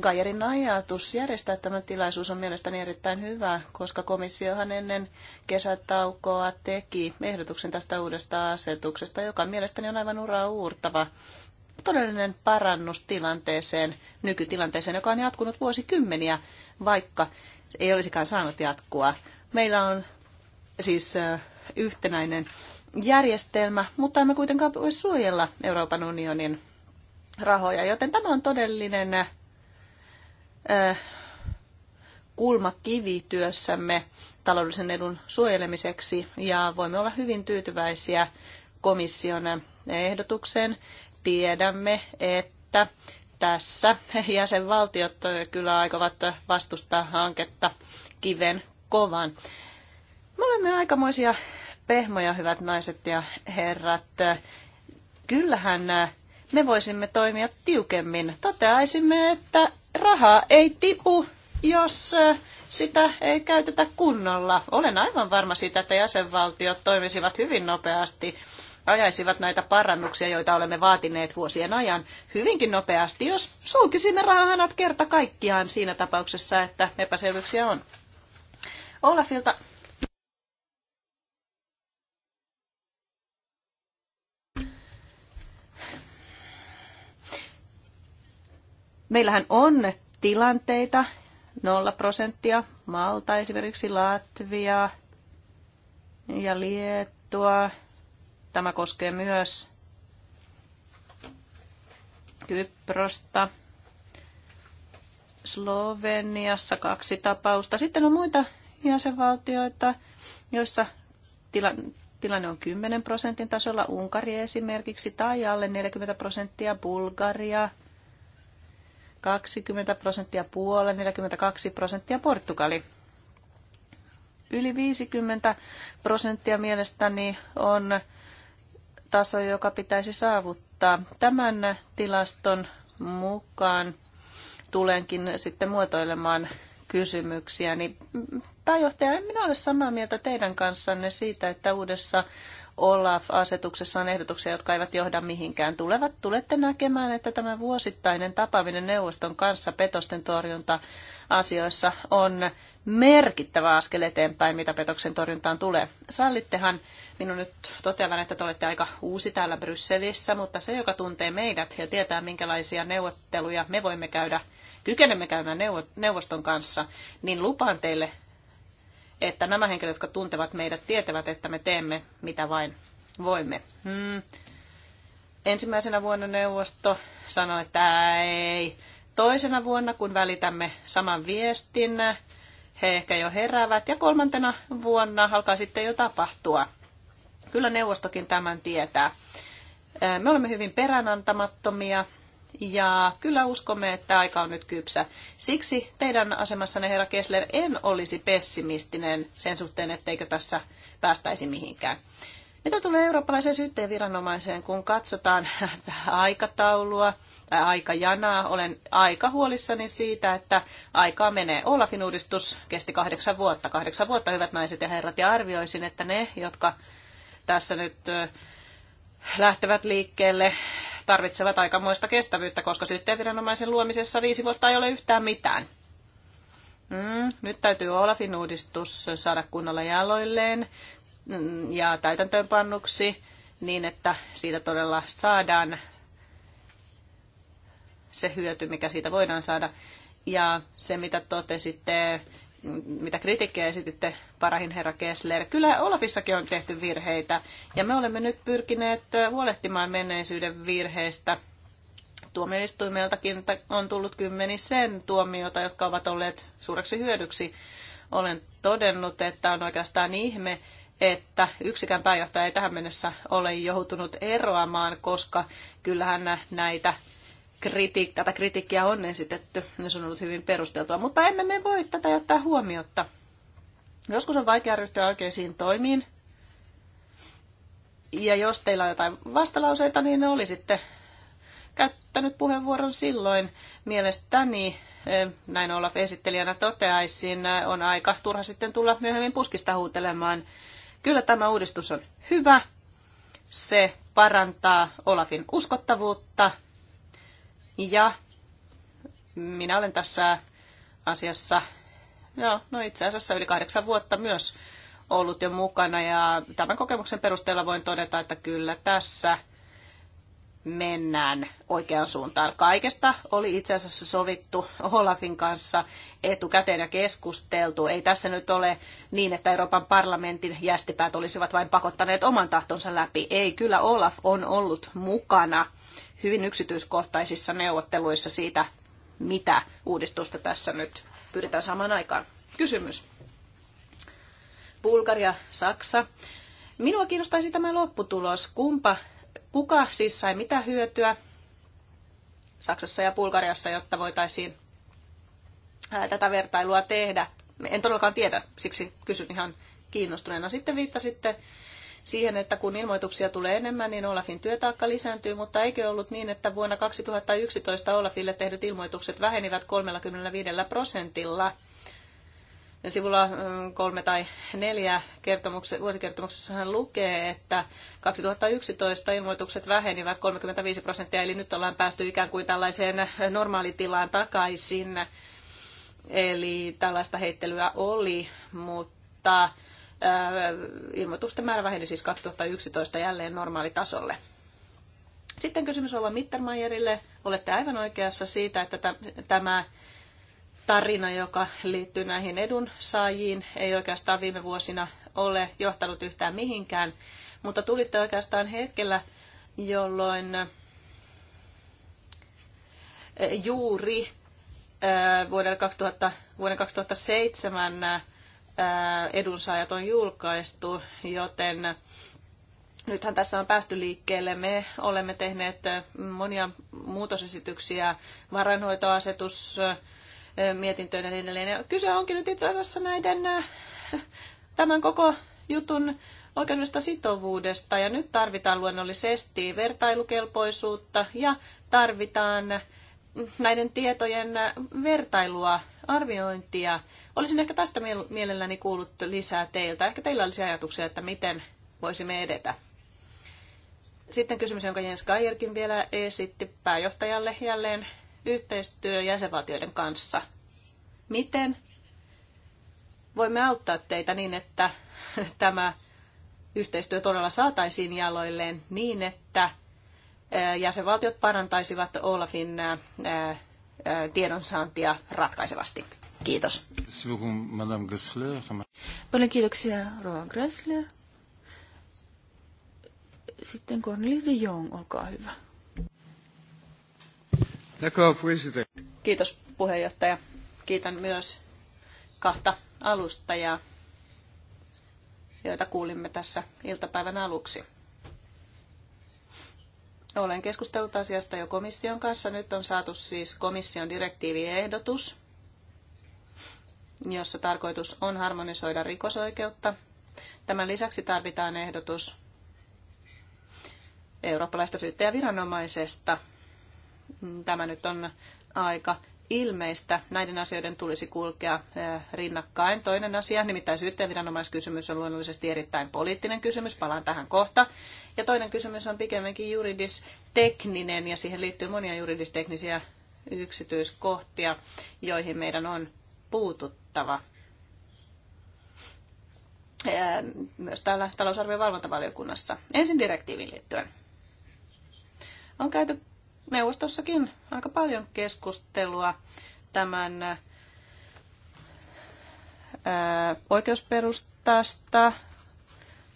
Gajerin ajatus järjestää tämä tilaisuus on mielestäni erittäin hyvä, koska komissiohan ennen kesätaukoa teki ehdotuksen tästä uudesta asetuksesta, joka mielestäni on aivan uraa uurtava todellinen parannus tilanteeseen, nykytilanteeseen, joka on jatkunut vuosikymmeniä, vaikka ei olisikaan saanut jatkua. Meillä on siis yhtenäinen järjestelmä, mutta emme kuitenkaan voi suojella Euroopan unionin rahoja, joten tämä on todellinen kulmakivi työssämme taloudellisen edun suojelemiseksi ja voimme olla hyvin tyytyväisiä komission ehdotukseen. Tiedämme, että tässä jäsenvaltiot kyllä aikovat vastustaa hanketta kiven kovan. Me olemme aikamoisia pehmoja, hyvät naiset ja herrat. Kyllähän me voisimme toimia tiukemmin. Toteaisimme, että rahaa ei tipu, jos sitä ei käytetä kunnolla. Olen aivan varma siitä, että jäsenvaltiot toimisivat hyvin nopeasti ajaisivat näitä parannuksia, joita olemme vaatineet vuosien ajan hyvinkin nopeasti, jos sulkisimme rahanat kerta kaikkiaan siinä tapauksessa, että epäselvyyksiä on. Olafilta meillähän on tilanteita, nolla prosenttia, Malta esimerkiksi, Latvia ja Liettua, Tämä koskee myös Kyprosta. Sloveniassa kaksi tapausta. Sitten on muita jäsenvaltioita, joissa tila, tilanne on 10 prosentin tasolla. Unkari esimerkiksi tai alle 40 prosenttia. Bulgaria 20 prosenttia. Puola 42 prosenttia. Portugali yli 50 prosenttia mielestäni on taso, joka pitäisi saavuttaa. Tämän tilaston mukaan tulenkin sitten muotoilemaan kysymyksiä, niin pääjohtaja, en minä ole samaa mieltä teidän kanssanne siitä, että uudessa Olaf-asetuksessa on ehdotuksia, jotka eivät johda mihinkään. Tulevat, tulette näkemään, että tämä vuosittainen tapaaminen neuvoston kanssa petosten torjunta asioissa on merkittävä askel eteenpäin, mitä petoksen torjuntaan tulee. Sallittehan minun nyt toteavan, että te olette aika uusi täällä Brysselissä, mutta se, joka tuntee meidät ja tietää, minkälaisia neuvotteluja me voimme käydä, kykenemme käymään neuvoston kanssa, niin lupaan teille että nämä henkilöt, jotka tuntevat meidät, tietävät, että me teemme mitä vain voimme. Hmm. Ensimmäisenä vuonna neuvosto sanoi, että ei. Toisena vuonna, kun välitämme saman viestin, he ehkä jo heräävät. Ja kolmantena vuonna alkaa sitten jo tapahtua. Kyllä neuvostokin tämän tietää. Me olemme hyvin peränantamattomia ja kyllä uskomme, että aika on nyt kypsä. Siksi teidän asemassanne, herra Kessler, en olisi pessimistinen sen suhteen, etteikö tässä päästäisi mihinkään. Mitä tulee eurooppalaisen syytteen viranomaiseen, kun katsotaan aikataulua tai aikajanaa, olen aika huolissani siitä, että aikaa menee. Olafin uudistus kesti kahdeksan vuotta. Kahdeksan vuotta, hyvät naiset ja herrat, ja arvioisin, että ne, jotka tässä nyt lähtevät liikkeelle tarvitsevat aikamoista kestävyyttä, koska syyttäjäviranomaisen luomisessa viisi vuotta ei ole yhtään mitään. Mm, nyt täytyy Olafin uudistus saada kunnolla jaloilleen mm, ja täytäntöönpannuksi niin, että siitä todella saadaan se hyöty, mikä siitä voidaan saada. Ja se, mitä totesitte mitä kritiikkiä esititte, parahin herra Kessler. Kyllä Olafissakin on tehty virheitä, ja me olemme nyt pyrkineet huolehtimaan menneisyyden virheistä. Tuomioistuimeltakin on tullut kymmenisen tuomiota, jotka ovat olleet suureksi hyödyksi. Olen todennut, että on oikeastaan ihme, että yksikään pääjohtaja ei tähän mennessä ole joutunut eroamaan, koska kyllähän näitä kritiik, tätä kritiikkiä on esitetty, ja se on ollut hyvin perusteltua, mutta emme me voi tätä jättää huomiota. Joskus on vaikea ryhtyä oikeisiin toimiin, ja jos teillä on jotain vastalauseita, niin ne olisitte käyttänyt puheenvuoron silloin. Mielestäni, eh, näin Olaf esittelijänä toteaisin, eh, on aika turha sitten tulla myöhemmin puskista huutelemaan. Kyllä tämä uudistus on hyvä. Se parantaa Olafin uskottavuutta ja minä olen tässä asiassa, joo, no itse asiassa yli kahdeksan vuotta myös ollut jo mukana ja tämän kokemuksen perusteella voin todeta, että kyllä tässä mennään oikeaan suuntaan. Kaikesta oli itse asiassa sovittu Olafin kanssa etukäteen ja keskusteltu. Ei tässä nyt ole niin, että Euroopan parlamentin jästipäät olisivat vain pakottaneet oman tahtonsa läpi. Ei, kyllä Olaf on ollut mukana hyvin yksityiskohtaisissa neuvotteluissa siitä, mitä uudistusta tässä nyt pyritään saamaan aikaan. Kysymys. Bulgaria, Saksa. Minua kiinnostaisi tämä lopputulos. Kumpa, kuka siis sai mitä hyötyä Saksassa ja Bulgariassa, jotta voitaisiin tätä vertailua tehdä? En todellakaan tiedä, siksi kysyn ihan kiinnostuneena. Sitten viittasitte siihen, että kun ilmoituksia tulee enemmän, niin Olafin työtaakka lisääntyy, mutta eikö ollut niin, että vuonna 2011 Olafille tehdyt ilmoitukset vähenivät 35 prosentilla? sivulla mm, kolme tai neljä vuosikertomuksessahan lukee, että 2011 ilmoitukset vähenivät 35 prosenttia, eli nyt ollaan päästy ikään kuin tällaiseen normaalitilaan takaisin. Eli tällaista heittelyä oli, mutta ilmoitusten määrä väheni siis 2011 jälleen normaalitasolle. Sitten kysymys Ova Mittermeierille. Olette aivan oikeassa siitä, että tämä tarina, joka liittyy näihin edunsaajiin, ei oikeastaan viime vuosina ole johtanut yhtään mihinkään, mutta tulitte oikeastaan hetkellä, jolloin juuri vuoden vuoden 2007 edunsaajat on julkaistu, joten nythän tässä on päästy liikkeelle. Me olemme tehneet monia muutosesityksiä varainhoitoasetus mietintöön ja niin edelleen. Kyse onkin nyt itse asiassa näiden tämän koko jutun oikeudellisesta sitovuudesta ja nyt tarvitaan luonnollisesti vertailukelpoisuutta ja tarvitaan näiden tietojen vertailua, arviointia. Olisin ehkä tästä mielelläni kuullut lisää teiltä. Ehkä teillä olisi ajatuksia, että miten voisimme edetä. Sitten kysymys, jonka Jens Geierkin vielä esitti pääjohtajalle jälleen yhteistyö jäsenvaltioiden kanssa. Miten voimme auttaa teitä niin, että tämä yhteistyö todella saataisiin jaloilleen niin, että Äh, jäsenvaltiot parantaisivat Olafin äh, äh, tiedonsaantia ratkaisevasti. Kiitos. Paljon kiitoksia, Roa Gressler. Sitten Cornelis de Jong, olkaa hyvä. Kiitos puheenjohtaja. Kiitän myös kahta alustajaa, joita kuulimme tässä iltapäivän aluksi. Olen keskustellut asiasta jo komission kanssa. Nyt on saatu siis komission direktiiviehdotus, jossa tarkoitus on harmonisoida rikosoikeutta. Tämän lisäksi tarvitaan ehdotus eurooppalaista syyttäjäviranomaisesta. Tämä nyt on aika ilmeistä näiden asioiden tulisi kulkea rinnakkain. Toinen asia, nimittäin syyttäjäviranomaiskysymys on luonnollisesti erittäin poliittinen kysymys, palaan tähän kohta. Ja toinen kysymys on pikemminkin juridistekninen ja siihen liittyy monia juridisteknisiä yksityiskohtia, joihin meidän on puututtava. Myös täällä talousarvion valvontavaliokunnassa. Ensin direktiivin liittyen. On käyty neuvostossakin aika paljon keskustelua tämän ää, oikeusperustasta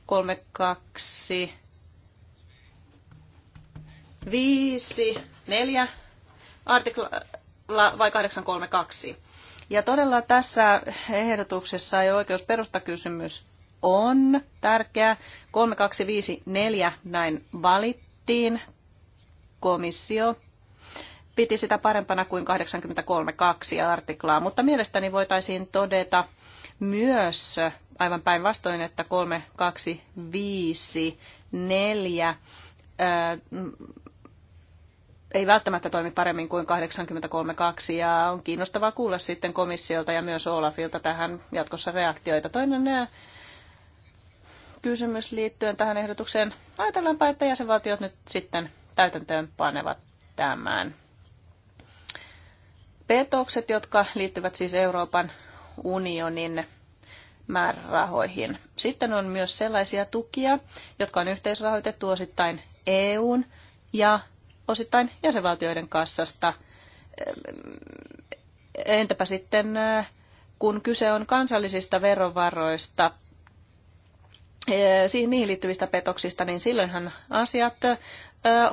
32 5 4 artikla vai 832. Ja todella tässä ehdotuksessa ja oikeusperustakysymys on tärkeä. 3254 näin valittiin, komissio piti sitä parempana kuin 83.2 artiklaa, mutta mielestäni voitaisiin todeta myös aivan päinvastoin, että 3254 ei välttämättä toimi paremmin kuin 83.2 ja on kiinnostavaa kuulla sitten komissiolta ja myös Olafilta tähän jatkossa reaktioita. Toinen kysymys liittyen tähän ehdotukseen. Ajatellaanpa, että jäsenvaltiot nyt sitten täytäntöön panevat tämän. Petokset, jotka liittyvät siis Euroopan unionin määrärahoihin. Sitten on myös sellaisia tukia, jotka on yhteisrahoitettu osittain EUn ja osittain jäsenvaltioiden kassasta. Entäpä sitten, kun kyse on kansallisista verovaroista, eh, siihen niihin liittyvistä petoksista, niin silloinhan asiat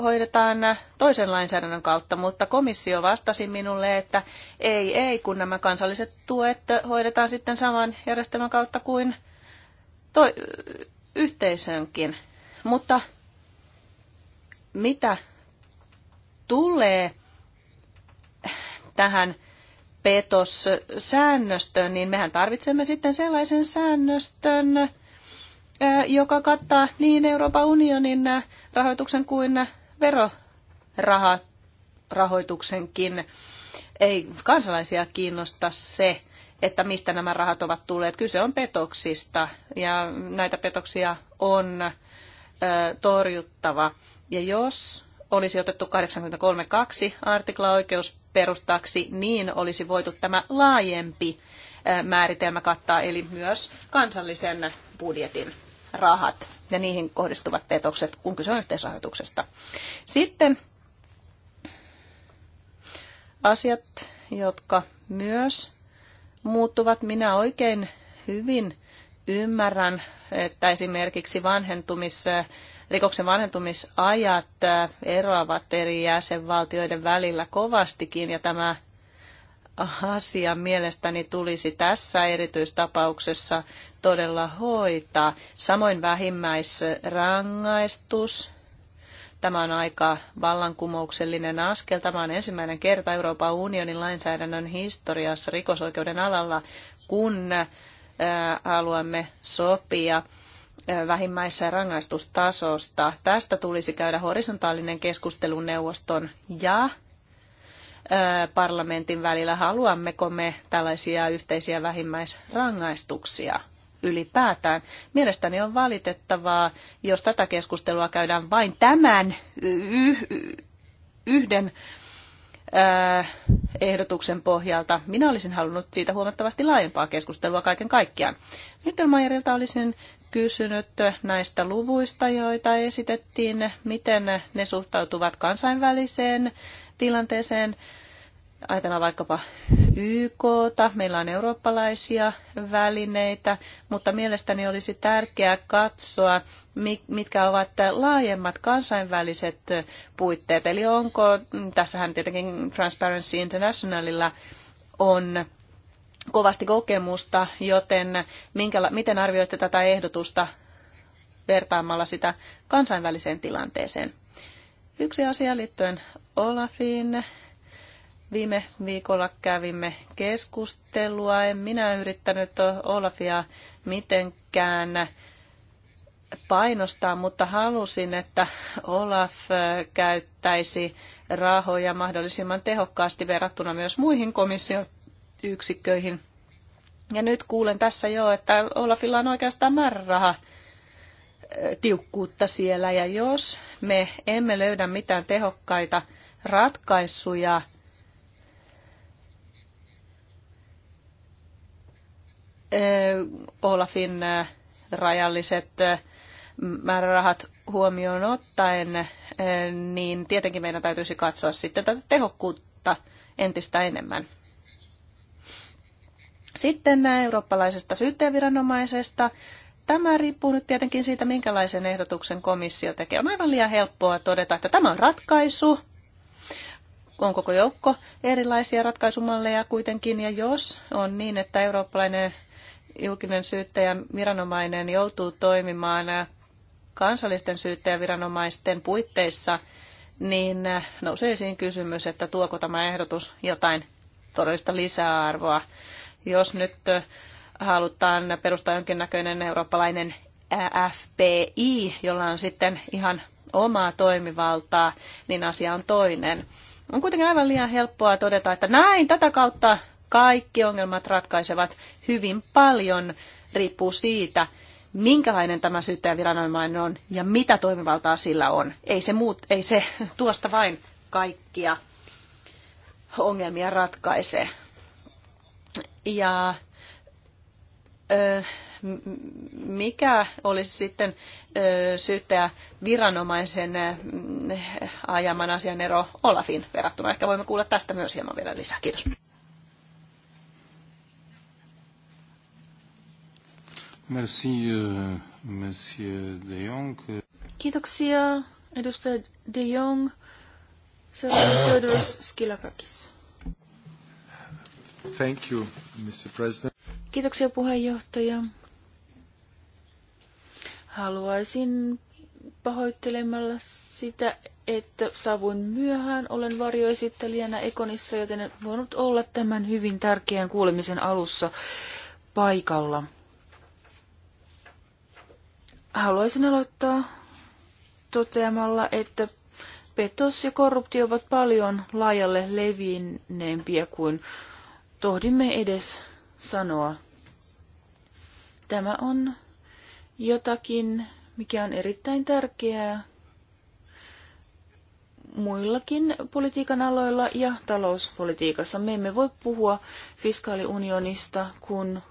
hoidetaan toisen lainsäädännön kautta, mutta komissio vastasi minulle, että ei, ei, kun nämä kansalliset tuet hoidetaan sitten saman järjestelmän kautta kuin yhteisönkin. Mutta mitä tulee tähän petossäännöstöön, niin mehän tarvitsemme sitten sellaisen säännöstön, joka kattaa niin Euroopan unionin rahoituksen kuin verorahoituksenkin. Ei kansalaisia kiinnosta se, että mistä nämä rahat ovat tulleet. Kyse on petoksista ja näitä petoksia on ö, torjuttava. Ja jos olisi otettu 83.2 artikla oikeusperustaksi, niin olisi voitu tämä laajempi määritelmä kattaa, eli myös kansallisen budjetin rahat ja niihin kohdistuvat petokset, kun kyse on yhteisrahoituksesta. Sitten asiat, jotka myös muuttuvat. Minä oikein hyvin ymmärrän, että esimerkiksi vanhentumis, rikoksen vanhentumisajat eroavat eri jäsenvaltioiden välillä kovastikin ja tämä asia mielestäni tulisi tässä erityistapauksessa todella hoitaa. Samoin vähimmäisrangaistus. Tämä on aika vallankumouksellinen askel. Tämä on ensimmäinen kerta Euroopan unionin lainsäädännön historiassa rikosoikeuden alalla, kun haluamme sopia vähimmäisrangaistustasosta. Tästä tulisi käydä horisontaalinen keskustelu neuvoston ja parlamentin välillä. Haluammeko me tällaisia yhteisiä vähimmäisrangaistuksia ylipäätään? Mielestäni on valitettavaa, jos tätä keskustelua käydään vain tämän yhden ehdotuksen pohjalta. Minä olisin halunnut siitä huomattavasti laajempaa keskustelua kaiken kaikkiaan. Mittelmaierilta olisin kysynyt näistä luvuista, joita esitettiin, miten ne suhtautuvat kansainväliseen tilanteeseen. Ajatellaan vaikkapa YKta, meillä on eurooppalaisia välineitä, mutta mielestäni olisi tärkeää katsoa, mitkä ovat laajemmat kansainväliset puitteet. Eli onko, tässähän tietenkin Transparency Internationalilla on kovasti kokemusta, joten minkä, miten arvioitte tätä ehdotusta vertaamalla sitä kansainväliseen tilanteeseen? Yksi asia liittyen Olafin. Viime viikolla kävimme keskustelua. En minä yrittänyt Olafia mitenkään painostaa, mutta halusin, että Olaf käyttäisi rahoja mahdollisimman tehokkaasti verrattuna myös muihin komission yksikköihin. Ja nyt kuulen tässä jo, että Olafilla on oikeastaan määräraha eh, tiukkuutta siellä ja jos me emme löydä mitään tehokkaita ratkaisuja Olafin rajalliset määrärahat huomioon ottaen, niin tietenkin meidän täytyisi katsoa sitten tätä tehokkuutta entistä enemmän. Sitten eurooppalaisesta syyttäjäviranomaisesta. Tämä riippuu nyt tietenkin siitä, minkälaisen ehdotuksen komissio tekee. On aivan liian helppoa todeta, että tämä on ratkaisu, on koko joukko erilaisia ratkaisumalleja kuitenkin, ja jos on niin, että eurooppalainen julkinen syyttäjä viranomainen joutuu toimimaan kansallisten syyttäjäviranomaisten puitteissa, niin nousee esiin kysymys, että tuoko tämä ehdotus jotain todellista lisäarvoa. Jos nyt halutaan perustaa jonkinnäköinen eurooppalainen FBI, jolla on sitten ihan omaa toimivaltaa, niin asia on toinen. On kuitenkin aivan liian helppoa todeta, että näin tätä kautta kaikki ongelmat ratkaisevat hyvin paljon, riippuu siitä, minkälainen tämä syyttäjäviranomainen on ja mitä toimivaltaa sillä on. Ei se, muut, ei se tuosta vain kaikkia ongelmia ratkaise. Ja ö, mikä olisi sitten syyttäjä viranomaisen ajaman asian ero Olafin verrattuna. Ehkä voimme kuulla tästä myös hieman vielä lisää. Kiitos. Merci, monsieur de Jong. Kiitoksia, edustaja de Jong. Seuraava Theodorus Skilakakis. Thank you, Mr. President. Kiitoksia puheenjohtaja. Haluaisin pahoittelemalla sitä, että savuin myöhään. Olen varjoesittelijänä Ekonissa, joten en voinut olla tämän hyvin tärkeän kuulemisen alussa paikalla. Haluaisin aloittaa toteamalla, että petos ja korruptio ovat paljon laajalle levinneempiä kuin tohdimme edes sanoa. Tämä on jotakin, mikä on erittäin tärkeää muillakin politiikan aloilla ja talouspolitiikassa. Me emme voi puhua fiskaaliunionista, kun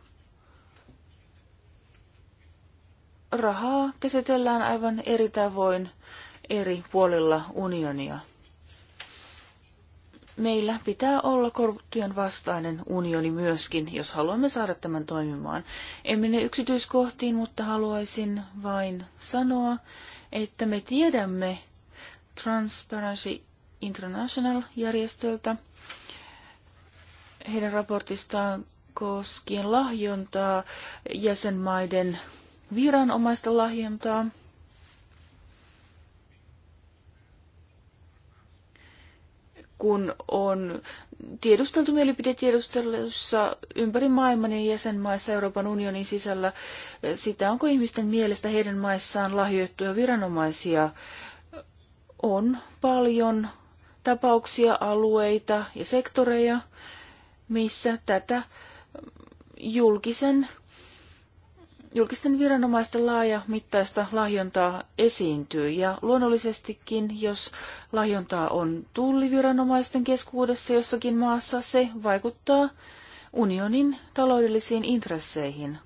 rahaa käsitellään aivan eri tavoin eri puolilla unionia meillä pitää olla korruption vastainen unioni myöskin, jos haluamme saada tämän toimimaan. En mene yksityiskohtiin, mutta haluaisin vain sanoa, että me tiedämme Transparency International-järjestöltä heidän raportistaan koskien lahjontaa, jäsenmaiden viranomaista lahjontaa – kun on tiedusteltu mielipidetiedustelussa ympäri maailman ja jäsenmaissa Euroopan unionin sisällä eh, sitä, onko ihmisten mielestä heidän maissaan lahjoittuja viranomaisia. On paljon tapauksia, alueita ja sektoreja, missä tätä julkisen julkisten viranomaisten laaja mittaista lahjontaa esiintyy ja luonnollisestikin, jos lahjontaa on tulliviranomaisten keskuudessa jossakin maassa, se vaikuttaa unionin taloudellisiin intresseihin.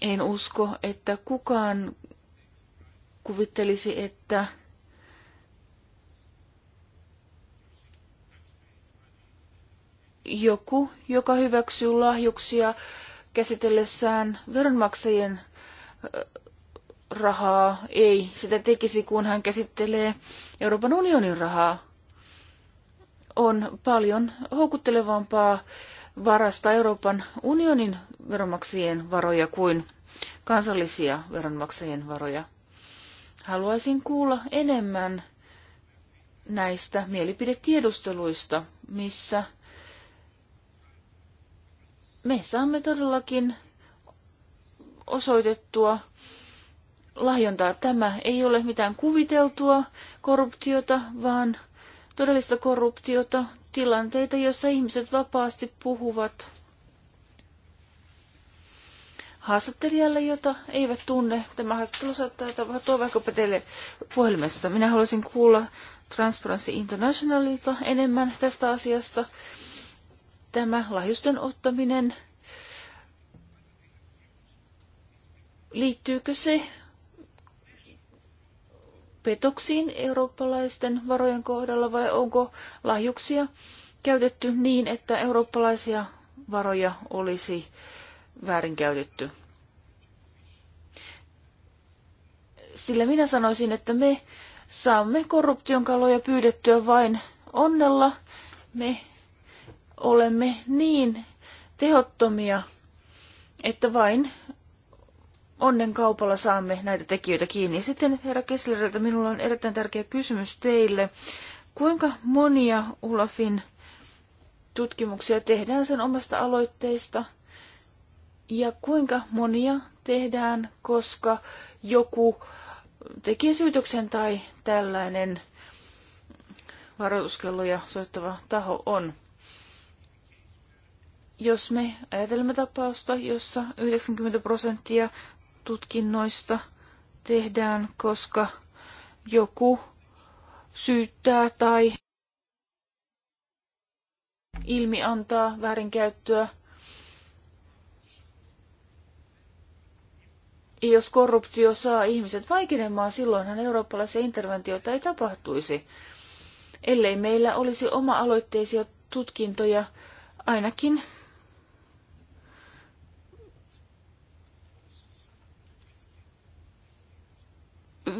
En usko, että kukaan kuvittelisi, että joku, joka hyväksyy lahjuksia käsitellessään veronmaksajien rahaa ei sitä tekisi, kun hän käsittelee Euroopan unionin rahaa. On paljon houkuttelevampaa varasta Euroopan unionin veronmaksajien varoja kuin kansallisia veronmaksajien varoja. Haluaisin kuulla enemmän näistä mielipidetiedusteluista, missä me saamme todellakin osoitettua lahjontaa. Tämä ei ole mitään kuviteltua korruptiota, vaan todellista korruptiota, tilanteita, joissa ihmiset vapaasti puhuvat haastattelijalle, jota eivät tunne. Tämä haastattelu saattaa tapahtua vaikkapa teille puhelimessa. Minä haluaisin kuulla Transparency Internationalilta enemmän tästä asiasta tämä lahjusten ottaminen, liittyykö se petoksiin eurooppalaisten varojen kohdalla vai onko lahjuksia käytetty niin, että eurooppalaisia varoja olisi väärinkäytetty? Sillä minä sanoisin, että me saamme korruption kaloja pyydettyä vain onnella. Me olemme niin tehottomia, että vain onnen kaupalla saamme näitä tekijöitä kiinni. Sitten herra Kessleriltä minulla on erittäin tärkeä kysymys teille. Kuinka monia Ulafin tutkimuksia tehdään sen omasta aloitteesta ja kuinka monia tehdään, koska joku teki syytöksen tai tällainen varoituskelloja soittava taho on. Jos me ajatelemme tapausta, jossa 90 prosenttia tutkinnoista tehdään, koska joku syyttää tai ilmi antaa väärinkäyttöä. Ja jos korruptio saa ihmiset vaikenemaan, silloinhan eurooppalaisia interventioita ei tapahtuisi, ellei meillä olisi oma-aloitteisia tutkintoja ainakin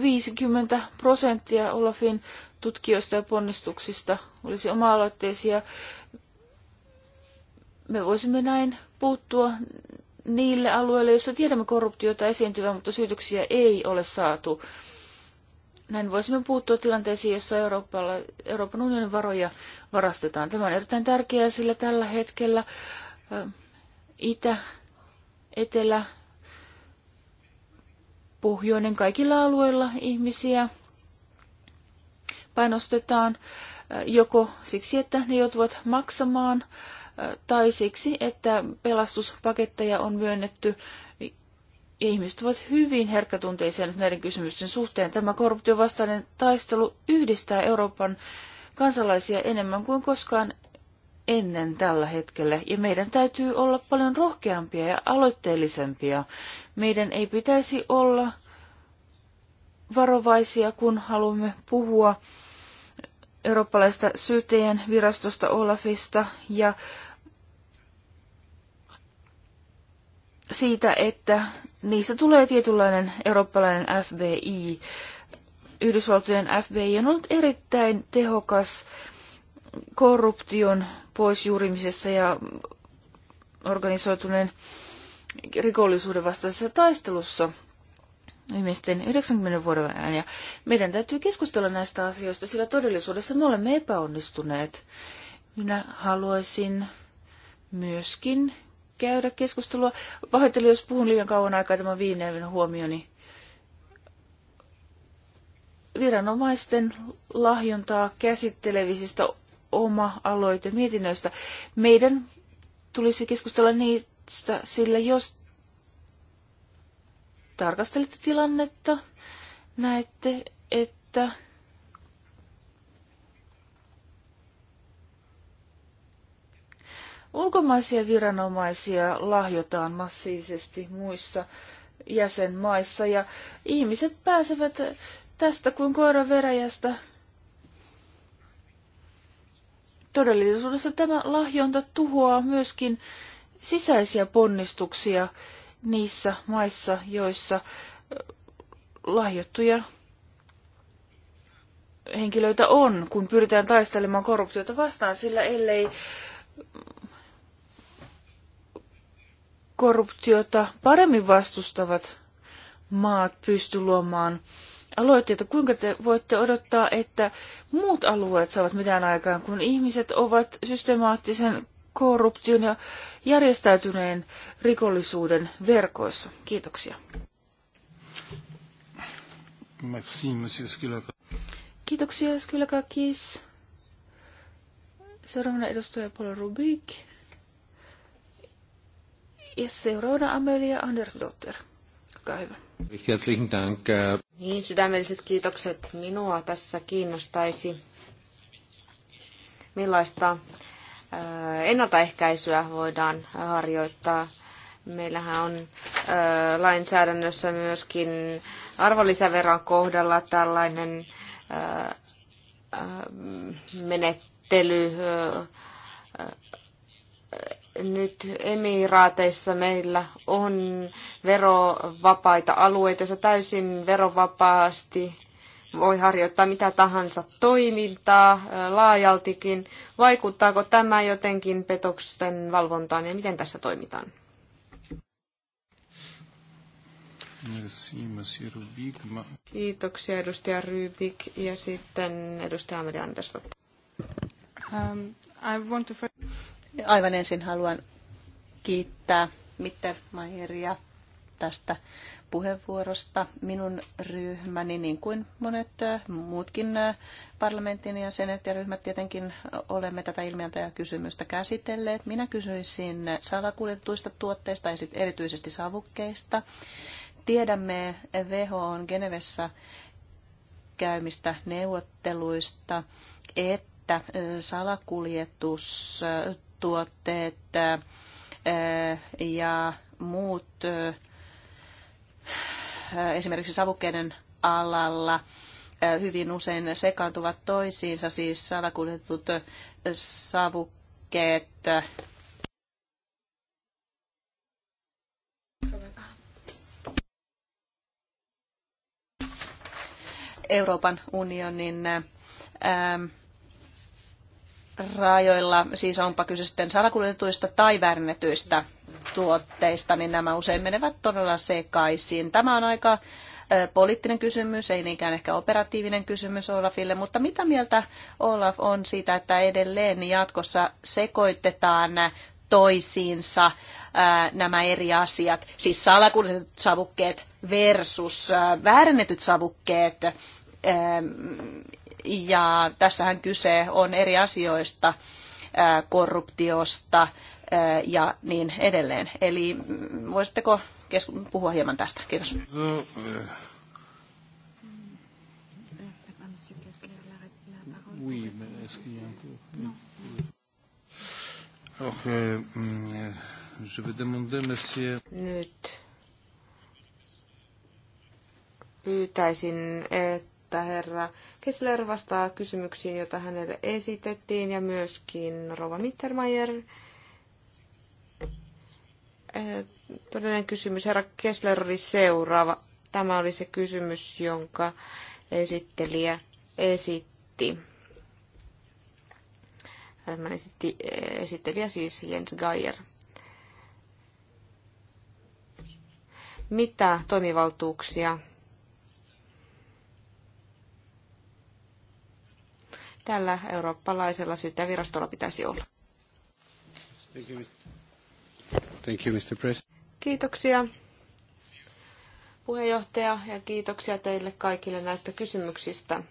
50 prosenttia Olafin tutkijoista ja ponnistuksista olisi oma-aloitteisia. Me voisimme näin puuttua niille alueille, joissa tiedämme korruptiota esiintyvän, mutta syytöksiä ei ole saatu. Näin voisimme puuttua tilanteisiin, joissa Euroopalla, Euroopan unionin varoja varastetaan. Tämä on erittäin tärkeää, sillä tällä hetkellä Itä, Etelä, pohjoinen kaikilla alueilla ihmisiä painostetaan joko siksi, että ne joutuvat maksamaan tai siksi, että pelastuspaketteja on myönnetty ja ihmiset ovat hyvin herkkätunteisia nyt näiden kysymysten suhteen. Tämä korruptiovastainen taistelu yhdistää Euroopan kansalaisia enemmän kuin koskaan ennen tällä hetkellä. Ja meidän täytyy olla paljon rohkeampia ja aloitteellisempia. Meidän ei pitäisi olla varovaisia, kun haluamme puhua eurooppalaista syyteen virastosta Olafista ja siitä, että niissä tulee tietynlainen eurooppalainen FBI. Yhdysvaltojen FBI on ollut erittäin tehokas korruption poisjuurimisessa ja organisoituneen rikollisuuden vastaisessa taistelussa viimeisten 90 vuoden ajan. Ja meidän täytyy keskustella näistä asioista, sillä todellisuudessa me olemme epäonnistuneet. Minä haluaisin myöskin käydä keskustelua. Pahoittelen, jos puhun liian kauan aikaa tämä viimeinen huomioni. Viranomaisten lahjontaa käsittelevisistä oma aloite mietinnöistä. Meidän tulisi keskustella niistä, sillä jos tarkastelette tilannetta, näette, että ulkomaisia viranomaisia lahjotaan massiivisesti muissa jäsenmaissa ja ihmiset pääsevät tästä kuin koira veräjästä todellisuudessa tämä lahjonta tuhoaa myöskin sisäisiä ponnistuksia niissä maissa, joissa lahjottuja henkilöitä on, kun pyritään taistelemaan korruptiota vastaan, sillä ellei korruptiota paremmin vastustavat maat pysty luomaan aloitteita, kuinka te voitte odottaa, että muut alueet saavat mitään aikaan, kun ihmiset ovat systemaattisen korruption ja järjestäytyneen rikollisuuden verkoissa? Kiitoksia. Merci, monsieur Skylaka. Kiitoksia, Skylakakis. Seuraavana edustaja Paula Rubik. Ja seuraavana Amelia Andersdotter. Olkaa hyvä. Niin, sydämelliset kiitokset. Minua tässä kiinnostaisi, millaista äh, ennaltaehkäisyä voidaan harjoittaa. Meillähän on äh, lainsäädännössä myöskin arvonlisäveron kohdalla tällainen äh, menettely, nyt emiraateissa meillä on verovapaita alueita, joissa täysin verovapaasti voi harjoittaa mitä tahansa toimintaa laajaltikin. Vaikuttaako tämä jotenkin petoksen valvontaan ja miten tässä toimitaan? Kiitoksia edustaja Rybik ja sitten edustaja Amelia Andersson. Um, I want to... Aivan ensin haluan kiittää Mittermeieria tästä puheenvuorosta. Minun ryhmäni, niin kuin monet muutkin parlamentin senet ja ryhmät tietenkin olemme tätä ja kysymystä käsitelleet. Minä kysyisin salakuljetetuista tuotteista, erityisesti savukkeista. Tiedämme WHO on Genevessä käymistä neuvotteluista, että salakuljetus tuotteet ja muut esimerkiksi savukkeiden alalla hyvin usein sekaantuvat toisiinsa, siis salakuljetetut savukkeet. Euroopan unionin ähm, rajoilla, siis onpa kyse sitten salakuljetetuista tai värnetyistä tuotteista, niin nämä usein menevät todella sekaisin. Tämä on aika poliittinen kysymys, ei niinkään ehkä operatiivinen kysymys Olafille, mutta mitä mieltä Olaf on siitä, että edelleen jatkossa sekoitetaan toisiinsa nämä eri asiat, siis salakuljetetut savukkeet versus väärennetyt savukkeet, ja tässähän kyse on eri asioista, korruptiosta ja niin edelleen. Eli mm, voisitteko puhua hieman tästä? Kiitos. Euh, mm, Nyt pyytäisin, että herra Kessler vastaa kysymyksiin, joita hänelle esitettiin, ja myöskin Rova Mittermeier. Äh, todellinen kysymys, herra Kessler oli seuraava. Tämä oli se kysymys, jonka esittelijä esitti. Tämä esitti, äh, esittelijä siis Jens Geier. Mitä toimivaltuuksia tällä eurooppalaisella syyttäjävirastolla pitäisi olla. Thank you, Mr. Kiitoksia puheenjohtaja ja kiitoksia teille kaikille näistä kysymyksistä.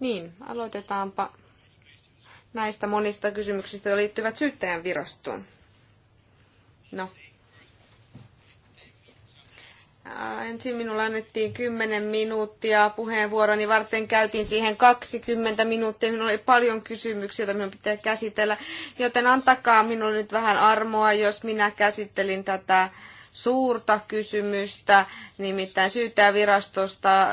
Niin, aloitetaanpa näistä monista kysymyksistä, jotka liittyvät syyttäjän virastoon. No, Ensin minulle annettiin 10 minuuttia puheenvuoroni varten, käytiin siihen 20 minuuttia. Minulla oli paljon kysymyksiä, joita minun pitää käsitellä, joten antakaa minulle nyt vähän armoa, jos minä käsittelin tätä suurta kysymystä, nimittäin syyttäjävirastosta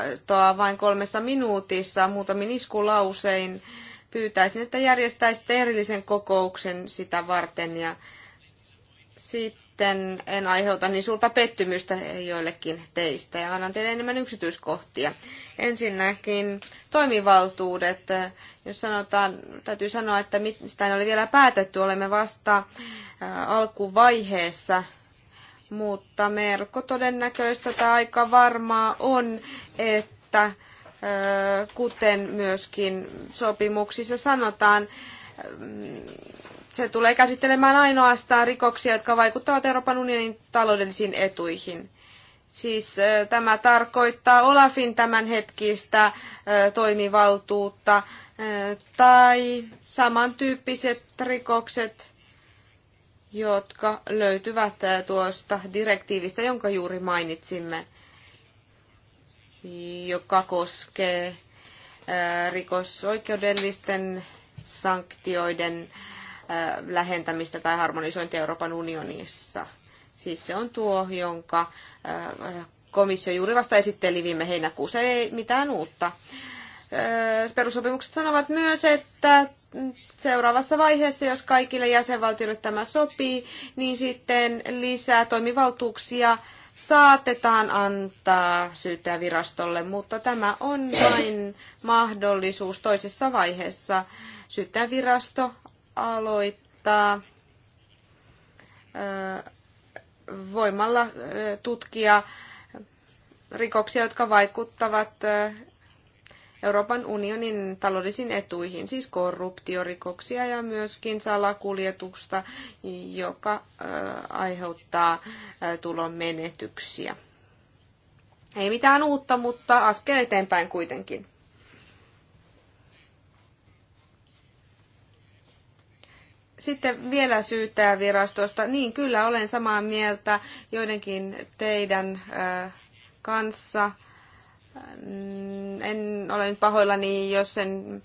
vain kolmessa minuutissa, muutamin iskulausein. Pyytäisin, että järjestäisitte erillisen kokouksen sitä varten ja sitten sitten en aiheuta niin suurta pettymystä joillekin teistä ja annan teille enemmän yksityiskohtia. Ensinnäkin toimivaltuudet. Jos sanotaan, täytyy sanoa, että mistä ei ole vielä päätetty, olemme vasta alkuvaiheessa, mutta merkko todennäköistä tai aika varmaa on, että kuten myöskin sopimuksissa sanotaan, se tulee käsittelemään ainoastaan rikoksia, jotka vaikuttavat Euroopan unionin taloudellisiin etuihin. Siis tämä tarkoittaa Olafin tämänhetkistä toimivaltuutta tai samantyyppiset rikokset, jotka löytyvät tuosta direktiivistä, jonka juuri mainitsimme, joka koskee rikosoikeudellisten sanktioiden äh, lähentämistä tai harmonisointia Euroopan unionissa. Siis se on tuo, jonka komissio juuri vasta esitteli viime heinäkuussa, ei mitään uutta. Perussopimukset sanovat myös, että seuraavassa vaiheessa, jos kaikille jäsenvaltioille tämä sopii, niin sitten lisää toimivaltuuksia saatetaan antaa syyttäjävirastolle, mutta tämä on vain mahdollisuus toisessa vaiheessa. Syyttäjävirasto aloittaa voimalla tutkia rikoksia, jotka vaikuttavat Euroopan unionin taloudellisiin etuihin, siis korruptiorikoksia ja myöskin salakuljetusta, joka aiheuttaa tulon menetyksiä. Ei mitään uutta, mutta askel eteenpäin kuitenkin. Sitten vielä syyttäjävirastosta. Niin, kyllä olen samaa mieltä joidenkin teidän kanssa. En ole nyt pahoillani, jos en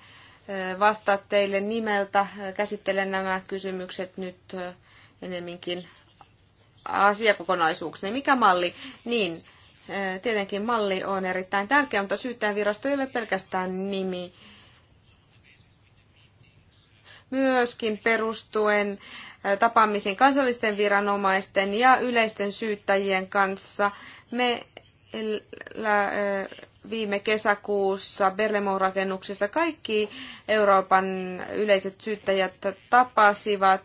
vastaa teille nimeltä. Käsittelen nämä kysymykset nyt enemminkin asiakokonaisuuksina. Mikä malli? Niin, tietenkin malli on erittäin tärkeä, mutta virasto ei ole pelkästään nimi myöskin perustuen äh, tapaamisiin kansallisten viranomaisten ja yleisten syyttäjien kanssa. Me äh, viime kesäkuussa Berlemon rakennuksessa kaikki Euroopan yleiset syyttäjät tapasivat.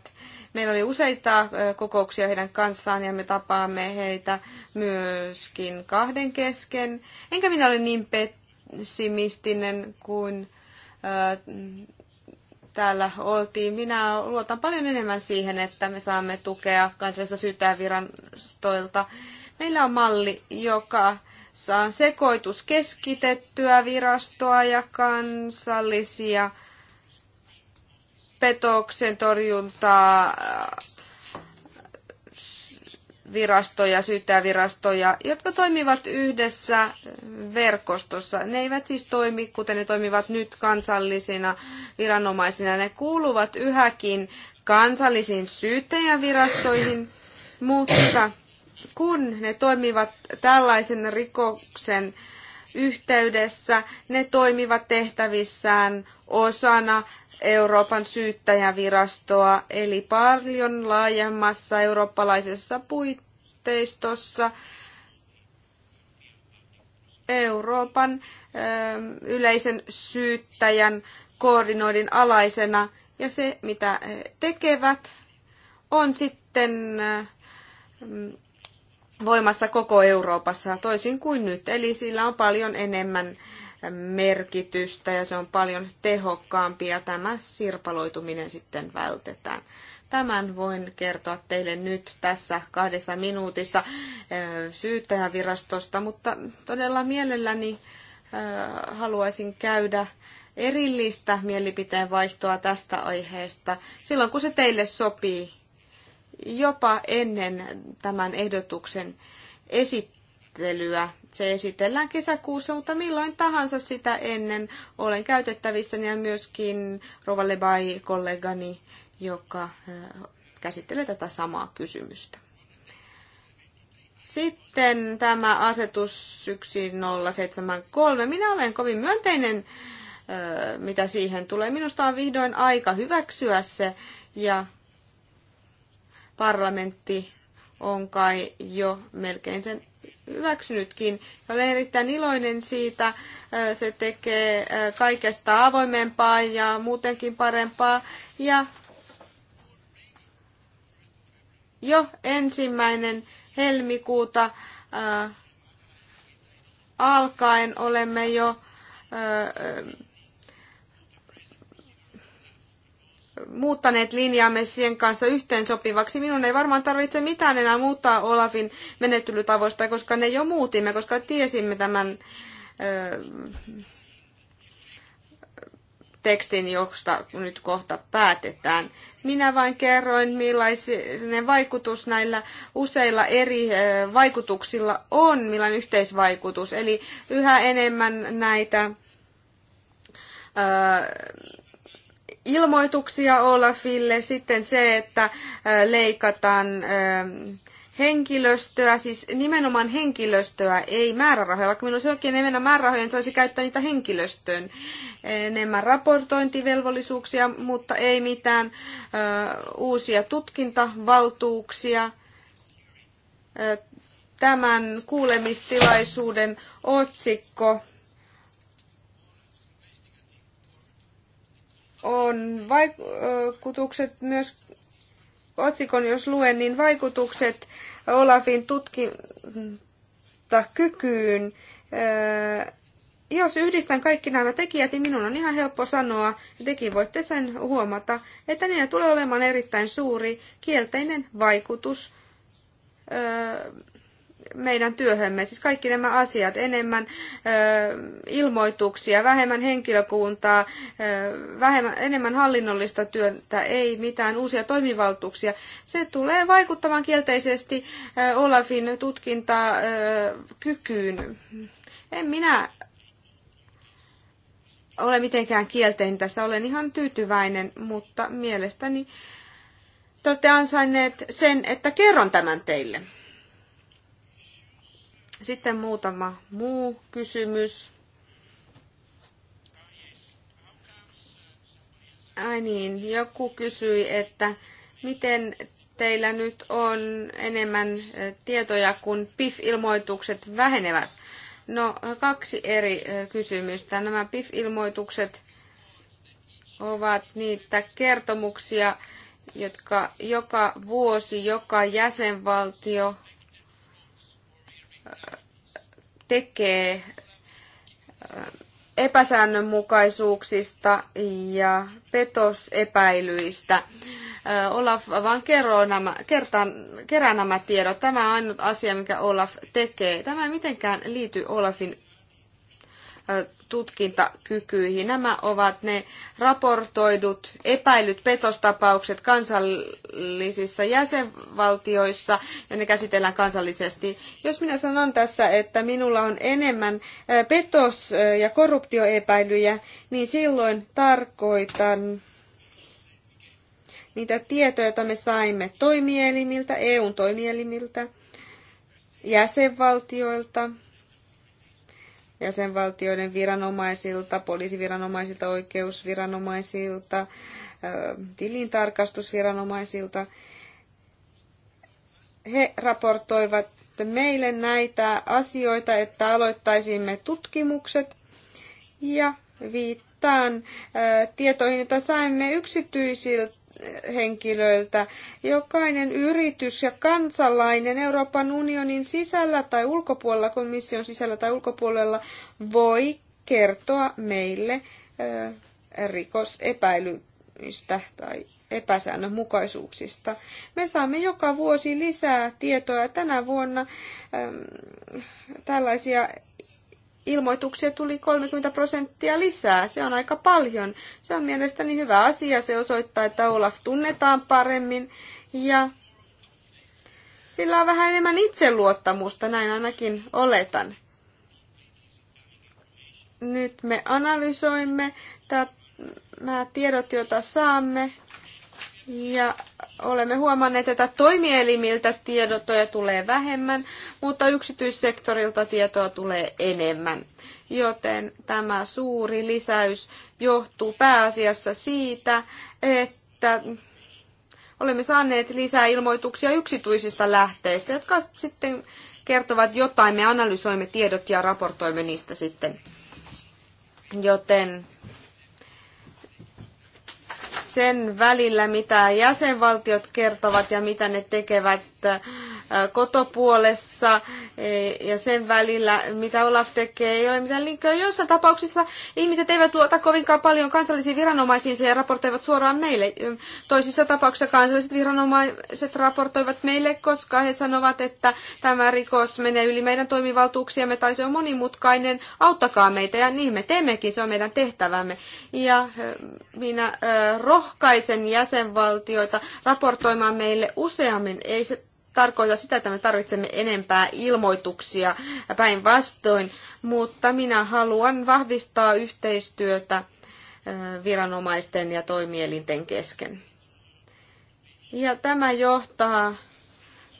Meillä oli useita äh, kokouksia heidän kanssaan ja me tapaamme heitä myöskin kahden kesken. Enkä minä ole niin pessimistinen kuin täällä oltiin. Minä luotan paljon enemmän siihen, että me saamme tukea kansallista syyttäjävirastoilta. Meillä on malli, joka saa sekoitus keskitettyä virastoa ja kansallisia petoksen torjuntaa virastoja, syyttäjävirastoja, jotka toimivat yhdessä verkostossa. Ne eivät siis toimi, kuten ne toimivat nyt kansallisina viranomaisina. Ne kuuluvat yhäkin kansallisiin syyttäjävirastoihin, mutta kun ne toimivat tällaisen rikoksen yhteydessä, ne toimivat tehtävissään osana Euroopan syyttäjävirastoa, eli paljon laajemmassa eurooppalaisessa puitteistossa Euroopan ähm, yleisen syyttäjän koordinoidin alaisena, ja se mitä he tekevät on sitten ähm, voimassa koko Euroopassa, toisin kuin nyt. Eli sillä on paljon enemmän merkitystä ja se on paljon tehokkaampi ja tämä sirpaloituminen sitten vältetään. Tämän voin kertoa teille nyt tässä kahdessa minuutissa äh, syyttäjävirastosta, mutta todella mielelläni äh, haluaisin käydä erillistä mielipiteen vaihtoa tästä aiheesta silloin, kun se teille sopii, jopa ennen tämän ehdotuksen esittämistä käsittelyä. Se esitellään kesäkuussa, mutta milloin tahansa sitä ennen olen käytettävissäni niin ja myöskin Rova Lebai, kollegani, joka käsittelee tätä samaa kysymystä. Sitten tämä asetus 1073. Minä olen kovin myönteinen, mitä siihen tulee. Minusta on vihdoin aika hyväksyä se ja parlamentti on kai jo melkein sen hyväksynytkin. Olen erittäin iloinen siitä. Se tekee kaikesta avoimempaa ja muutenkin parempaa. Ja jo ensimmäinen helmikuuta alkaen olemme jo muuttaneet linjaamme siihen kanssa yhteensopivaksi. Minun ei varmaan tarvitse mitään enää muuttaa Olafin menettelytavoista, koska ne jo muutimme, koska tiesimme tämän ö, tekstin, josta nyt kohta päätetään. Minä vain kerroin, millainen vaikutus näillä useilla eri vaikutuksilla on, millainen yhteisvaikutus. Eli yhä enemmän näitä ö, ilmoituksia Olafille, sitten se, että äh, leikataan äh, henkilöstöä, siis nimenomaan henkilöstöä, ei määrärahoja. Vaikka minulla olisi oikein enemmän määrärahoja, niin saisi käyttää niitä henkilöstöön. Äh, enemmän raportointivelvollisuuksia, mutta ei mitään ö, uusia tutkintavaltuuksia. Ö, tämän kuulemistilaisuuden otsikko on vaikutukset myös otsikon, jos luen, niin vaikutukset Olafin tutkintakykyyn. Jos yhdistän kaikki nämä tekijät, niin minun on ihan helppo sanoa, ja tekin voitte sen huomata, että niillä tulee olemaan erittäin suuri kielteinen vaikutus meidän työhömme. Siis kaikki nämä asiat, enemmän ilmoituksia, vähemmän henkilökuntaa, vähemmän, enemmän hallinnollista työtä, ei mitään uusia toimivaltuuksia. Se tulee vaikuttamaan kielteisesti Olafin tutkintakykyyn. En minä ole mitenkään kielteinen tästä, olen ihan tyytyväinen, mutta mielestäni te olette ansainneet sen, että kerron tämän teille. Sitten muutama muu kysymys. Ai niin, joku kysyi, että miten teillä nyt on enemmän e, tietoja, kun PIF-ilmoitukset vähenevät? No, kaksi eri e, kysymystä. Nämä PIF-ilmoitukset ovat niitä kertomuksia, jotka joka vuosi joka jäsenvaltio tekee äh, epäsäännönmukaisuuksista ja petosepäilyistä. Äh, Olaf vaan kerroo nämä, kertaa, kerää nämä tiedot. Tämä on ainut asia, mikä Olaf tekee. Tämä ei mitenkään liity Olafin tutkintakykyihin. Nämä ovat ne raportoidut epäilyt petostapaukset kansallisissa jäsenvaltioissa ja ne käsitellään kansallisesti. Jos minä sanon tässä, että minulla on enemmän petos- ja korruptioepäilyjä, niin silloin tarkoitan niitä tietoja, joita me saimme toimielimiltä, EUn toimielimiltä, jäsenvaltioilta, jäsenvaltioiden viranomaisilta, poliisiviranomaisilta, oikeusviranomaisilta, tilintarkastusviranomaisilta. He raportoivat meille näitä asioita, että aloittaisimme tutkimukset ja viittaan tietoihin, joita saimme yksityisiltä henkilöiltä. Jokainen yritys ja kansalainen Euroopan unionin sisällä tai ulkopuolella, komission sisällä tai ulkopuolella, voi kertoa meille rikosepäilyistä tai epäsäännönmukaisuuksista. Me saamme joka vuosi lisää tietoa. Tänä vuonna äm, tällaisia ilmoituksia tuli 30 prosenttia lisää. Se on aika paljon. Se on mielestäni hyvä asia. Se osoittaa, että Olaf tunnetaan paremmin ja sillä on vähän enemmän itseluottamusta, näin ainakin oletan. Nyt me analysoimme nämä tiedot, joita saamme ja olemme huomanneet, että toimielimiltä tietoja tulee vähemmän, mutta yksityissektorilta tietoa tulee enemmän. Joten tämä suuri lisäys johtuu pääasiassa siitä, että olemme saaneet lisää ilmoituksia yksityisistä lähteistä, jotka sitten kertovat jotain. Me analysoimme tiedot ja raportoimme niistä sitten. Joten sen välillä, mitä jäsenvaltiot kertovat ja mitä ne tekevät kotopuolessa e, ja sen välillä, mitä Olaf tekee, ei ole mitään linkkiä. Joissain tapauksissa ihmiset eivät luota kovinkaan paljon kansallisiin viranomaisiin ja raportoivat suoraan meille. Toisissa tapauksissa kansalliset viranomaiset raportoivat meille, koska he sanovat, että tämä rikos menee yli meidän toimivaltuuksiamme tai se on monimutkainen, auttakaa meitä ja niin me teemmekin, se on meidän tehtävämme. Ja minä rohkaisen jäsenvaltioita raportoimaan meille useammin. Ei se tarkoita sitä, että me tarvitsemme enempää ilmoituksia päinvastoin, mutta minä haluan vahvistaa yhteistyötä viranomaisten ja toimielinten kesken. Ja tämä johtaa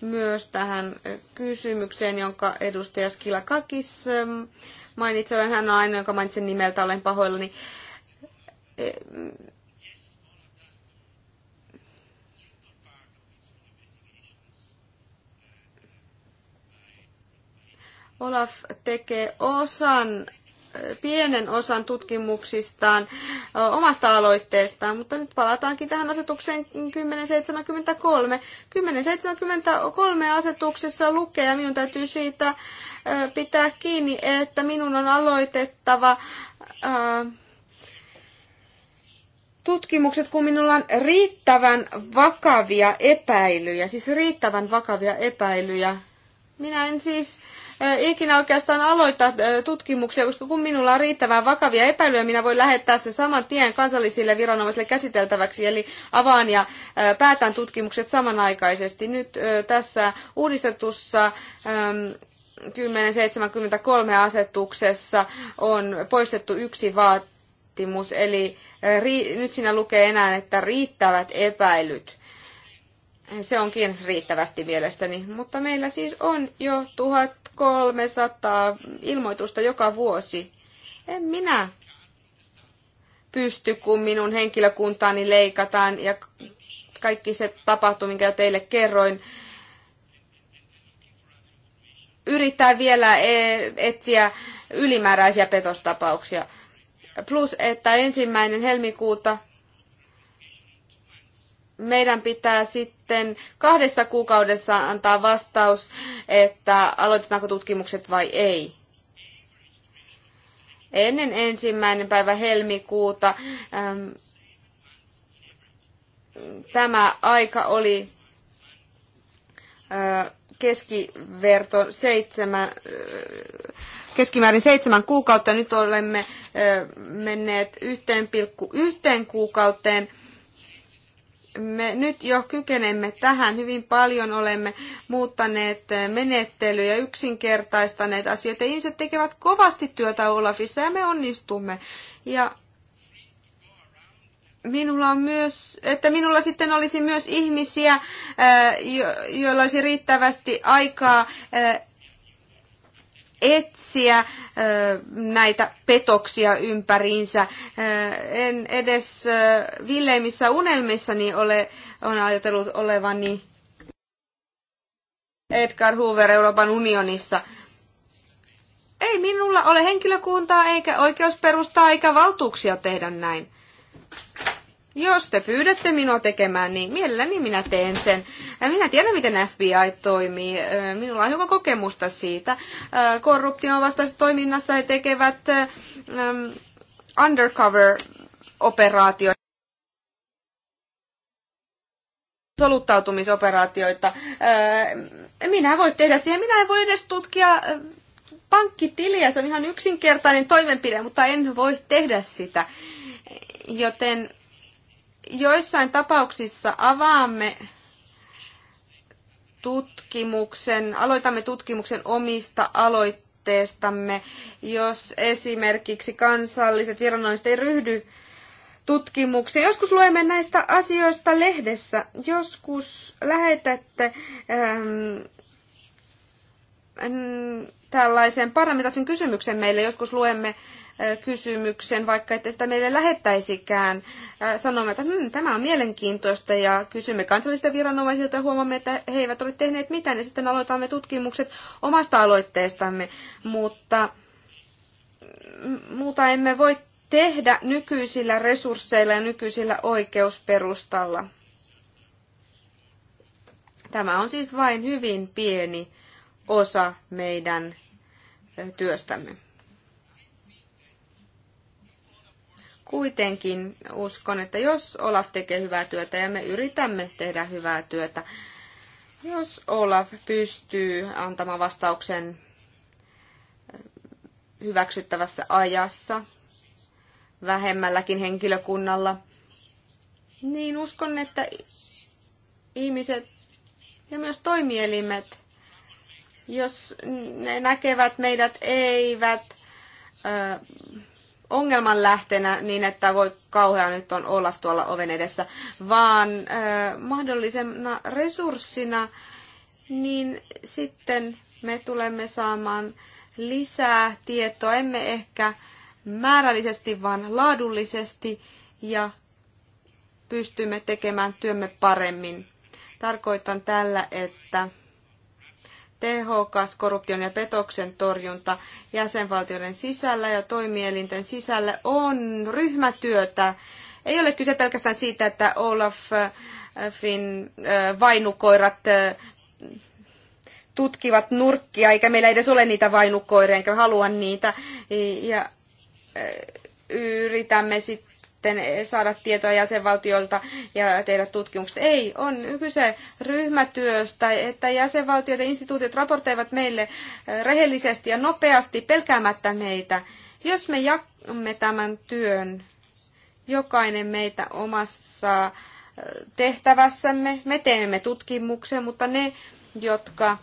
myös tähän kysymykseen, jonka edustaja Kakis mainitsi. Olen hän on ainoa, jonka mainitsen nimeltä, olen pahoillani. Olaf tekee osan pienen osan tutkimuksistaan omasta aloitteestaan, mutta nyt palataankin tähän asetukseen 1073. 1073 asetuksessa lukee, ja minun täytyy siitä pitää kiinni, että minun on aloitettava tutkimukset, kun minulla on riittävän vakavia epäilyjä, siis riittävän vakavia epäilyjä minä en siis äh, ikinä oikeastaan aloita äh, tutkimuksia, koska kun minulla on riittävän vakavia epäilyjä, minä voin lähettää sen saman tien kansallisille viranomaisille käsiteltäväksi, eli avaan ja äh, päätän tutkimukset samanaikaisesti. Nyt äh, tässä uudistetussa ähm, 1073 asetuksessa on poistettu yksi vaatimus, eli nyt siinä lukee enää, että riittävät epäilyt. Se onkin riittävästi mielestäni, mutta meillä siis on jo 1300 ilmoitusta joka vuosi. En minä pysty, kun minun henkilökuntaani leikataan ja kaikki se tapahtuu, minkä jo teille kerroin. Yrittää vielä e, etsiä ylimääräisiä petostapauksia. Plus, että ensimmäinen helmikuuta meidän pitää sitten kahdessa kuukaudessa antaa vastaus, että aloitetaanko tutkimukset vai ei. Ennen ensimmäinen päivä helmikuuta äm, tämä aika oli ä, keskiverto seitsemän, ä, keskimäärin seitsemän kuukautta. Nyt olemme ä, menneet 1,1 kuukauteen me nyt jo kykenemme tähän. Hyvin paljon olemme muuttaneet menettelyjä, yksinkertaistaneet asioita. Ihmiset tekevät kovasti työtä Olafissa ja me onnistumme. Ja minulla on myös, että minulla sitten olisi myös ihmisiä, joilla olisi riittävästi aikaa etsiä näitä petoksia ympäriinsä. En edes villeimmissä unelmissani ole, on ajatellut olevani Edgar Hoover Euroopan unionissa. Ei minulla ole henkilökuntaa eikä oikeusperustaa eikä valtuuksia tehdä näin. Jos te pyydätte minua tekemään, niin mielelläni minä teen sen. Äh, minä tiedän, miten FBI toimii. Äh, minulla on hiukan kokemusta siitä. Äh, korruption vastaisessa toiminnassa he tekevät undercover-operaatioita soluttautumisoperaatioita. Minä en voi tehdä siihen, minä en voi edes tutkia pankkitiliä, se on ihan yksinkertainen toimenpide, mutta en voi tehdä sitä. Joten joissain tapauksissa avaamme tutkimuksen, aloitamme tutkimuksen omista aloitteestamme, jos esimerkiksi kansalliset viranomaiset ei ryhdy tutkimukseen, Joskus luemme näistä asioista lehdessä, joskus lähetätte ähm, tällaisen parlamentaarisen kysymyksen meille, joskus luemme kysymyksen, vaikka ette sitä meille lähettäisikään. Sanomme, että hm, tämä on mielenkiintoista ja kysymme kansallisilta viranomaisilta ja huomaamme, että he eivät ole tehneet mitään ja sitten aloitamme tutkimukset omasta aloitteestamme, mutta mm, muuta emme voi tehdä nykyisillä resursseilla ja nykyisillä oikeusperustalla. Tämä on siis vain hyvin pieni osa meidän työstämme. Kuitenkin uskon, että jos Olaf tekee hyvää työtä ja me yritämme tehdä hyvää työtä, jos Olaf pystyy antamaan vastauksen hyväksyttävässä ajassa, vähemmälläkin henkilökunnalla, niin uskon, että ihmiset ja myös toimielimet, jos ne näkevät meidät eivät ongelman lähtenä niin, että voi kauhean nyt on Olaf tuolla oven edessä, vaan äh, mahdollisena resurssina, niin sitten me tulemme saamaan lisää tietoa, emme ehkä määrällisesti, vaan laadullisesti ja pystymme tekemään työmme paremmin. Tarkoitan tällä, että tehokas korruption ja petoksen torjunta jäsenvaltioiden sisällä ja toimielinten sisällä on ryhmätyötä. Ei ole kyse pelkästään siitä, että Olafin äh, äh, vainukoirat äh, tutkivat nurkkia, eikä meillä edes ole niitä vainukoireja, enkä halua niitä. Ja yritämme sit sitten saada tietoa jäsenvaltioilta ja tehdä tutkimukset. Ei, on kyse ryhmätyöstä, että jäsenvaltioiden instituutiot raportoivat meille rehellisesti ja nopeasti pelkäämättä meitä. Jos me jakamme tämän työn, jokainen meitä omassa äh, tehtävässämme, me teemme tutkimuksen, mutta ne, jotka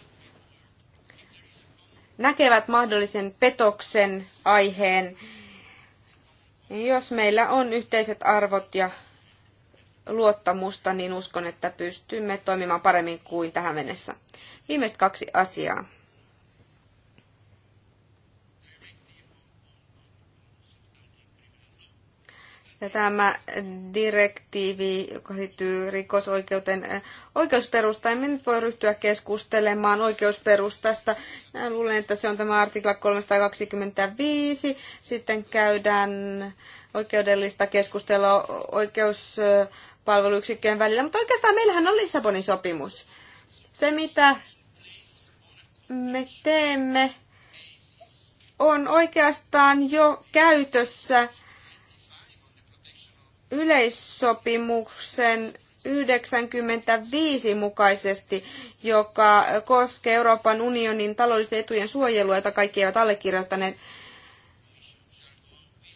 näkevät mahdollisen petoksen aiheen, jos meillä on yhteiset arvot ja luottamusta, niin uskon, että pystymme toimimaan paremmin kuin tähän mennessä. Viimeiset kaksi asiaa. tämä direktiivi, joka liittyy rikosoikeuteen oikeusperusta. Emme nyt voi ryhtyä keskustelemaan oikeusperustasta. Mä luulen, että se on tämä artikla 325. Sitten käydään oikeudellista keskustelua oikeuspalveluyksikköjen välillä. Mutta oikeastaan meillähän on Lissabonin sopimus. Se, mitä me teemme, on oikeastaan jo käytössä – yleissopimuksen 95 mukaisesti, joka koskee Euroopan unionin taloudellisten etujen suojelua, jota kaikki eivät allekirjoittaneet.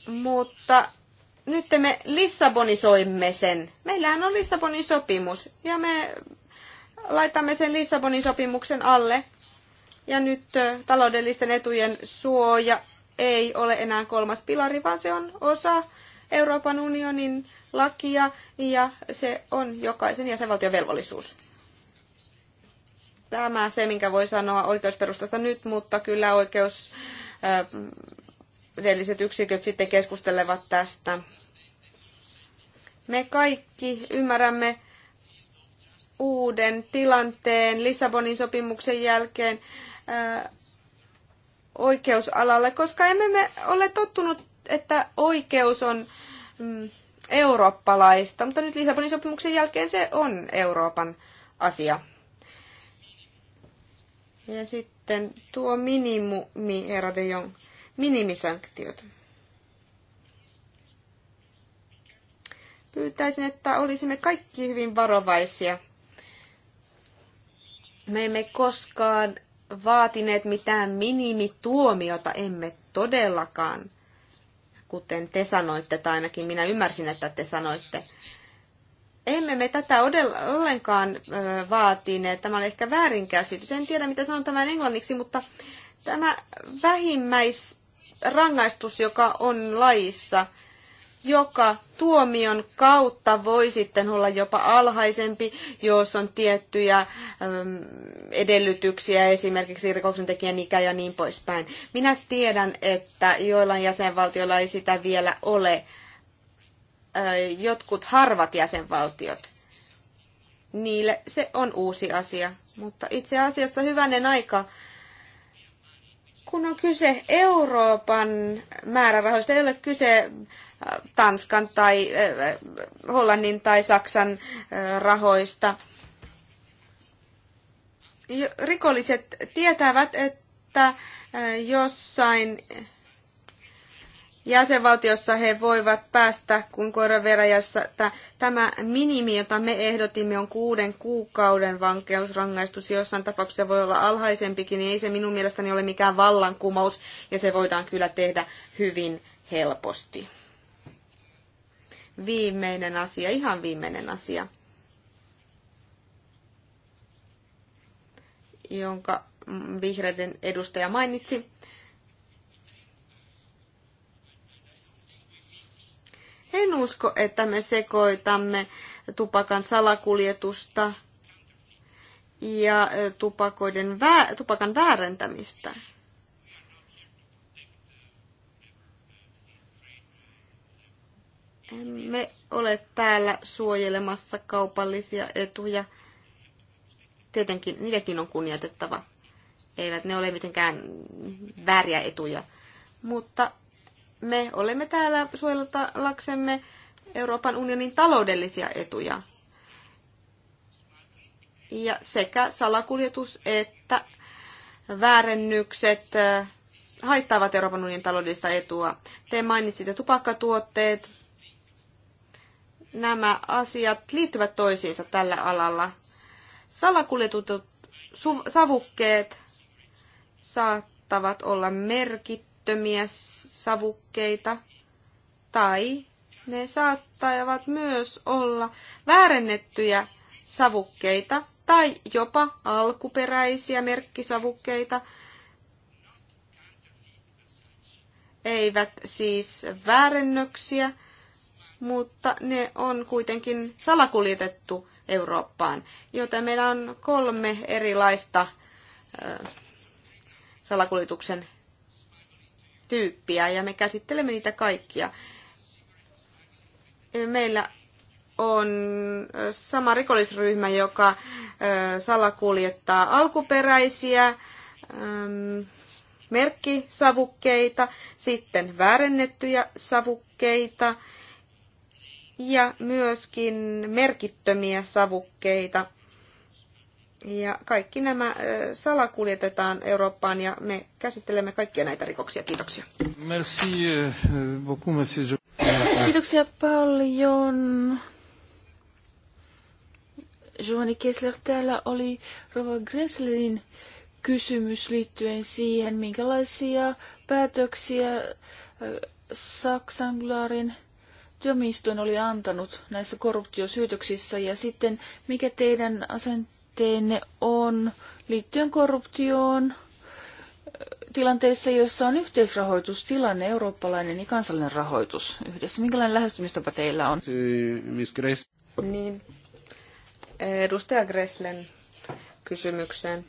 Mutta nyt me Lissabonisoimme sen. Meillähän on Lissabonin sopimus ja me laitamme sen Lissabonin sopimuksen alle. Ja nyt taloudellisten etujen suoja ei ole enää kolmas pilari, vaan se on osa Euroopan unionin lakia ja se on jokaisen jäsenvaltion velvollisuus. Tämä se, minkä voi sanoa oikeusperustasta nyt, mutta kyllä oikeus äh, edelliset yksiköt sitten keskustelevat tästä. Me kaikki ymmärrämme uuden tilanteen Lissabonin sopimuksen jälkeen äh, oikeusalalle, koska emme me ole tottunut että oikeus on mm, eurooppalaista, mutta nyt Lissabonin sopimuksen jälkeen se on Euroopan asia. Ja sitten tuo minimi, herra de Jong, minimisanktiot. Pyytäisin, että olisimme kaikki hyvin varovaisia. Me emme koskaan vaatineet mitään minimituomiota, emme todellakaan kuten te sanoitte, tai ainakin minä ymmärsin, että te sanoitte. Emme me tätä ollenkaan vaatineet. Tämä oli ehkä väärinkäsitys. En tiedä, mitä sanon tämän englanniksi, mutta tämä vähimmäisrangaistus, joka on laissa, joka tuomion kautta voi sitten olla jopa alhaisempi, jos on tiettyjä äm, edellytyksiä, esimerkiksi rikoksentekijän ikä ja niin poispäin. Minä tiedän, että joillain jäsenvaltioilla ei sitä vielä ole, jotkut harvat jäsenvaltiot. Niille se on uusi asia, mutta itse asiassa hyvänen aika, kun on kyse Euroopan määrärahoista, ei ole kyse Tanskan tai Hollannin tai Saksan rahoista. Rikolliset tietävät, että jossain jäsenvaltiossa he voivat päästä kuin koiraveräjässä. Tämä minimi, jota me ehdotimme, on kuuden kuukauden vankeusrangaistus. Jossain tapauksessa voi olla alhaisempikin, niin ei se minun mielestäni ole mikään vallankumous, ja se voidaan kyllä tehdä hyvin helposti viimeinen asia, ihan viimeinen asia, jonka vihreiden edustaja mainitsi. En usko, että me sekoitamme tupakan salakuljetusta ja tupakoiden vä- tupakan väärentämistä. Emme ole täällä suojelemassa kaupallisia etuja. Tietenkin niidenkin on kunnioitettava. Eivät ne ole mitenkään vääriä etuja. Mutta me olemme täällä suojeltaksemme Euroopan unionin taloudellisia etuja. Ja sekä salakuljetus että väärennykset äh, haittaavat Euroopan unionin taloudellista etua. Te mainitsitte tupakkatuotteet, nämä asiat liittyvät toisiinsa tällä alalla. Salakuljetutut savukkeet saattavat olla merkittömiä savukkeita tai ne saattavat myös olla väärennettyjä savukkeita tai jopa alkuperäisiä merkkisavukkeita, eivät siis väärennöksiä, mutta ne on kuitenkin salakuljetettu Eurooppaan. Joten meillä on kolme erilaista salakuljetuksen tyyppiä ja me käsittelemme niitä kaikkia. Meillä on sama rikollisryhmä, joka salakuljettaa alkuperäisiä merkkisavukkeita, sitten väärennettyjä savukkeita – ja myöskin merkittömiä savukkeita. Ja kaikki nämä salakuljetetaan Eurooppaan ja me käsittelemme kaikkia näitä rikoksia. Kiitoksia. Merci beaucoup, monsieur. Kiitoksia paljon. Johanni Kessler, täällä oli Rova Gresslin kysymys liittyen siihen, minkälaisia päätöksiä Saksan Glarin työmiistuin oli antanut näissä korruptiosyytöksissä ja sitten mikä teidän asenteenne on liittyen korruptioon tilanteessa, jossa on yhteisrahoitustilanne, eurooppalainen ja kansallinen rahoitus yhdessä. Minkälainen lähestymistapa teillä on? Niin. Edustaja Greslen kysymykseen.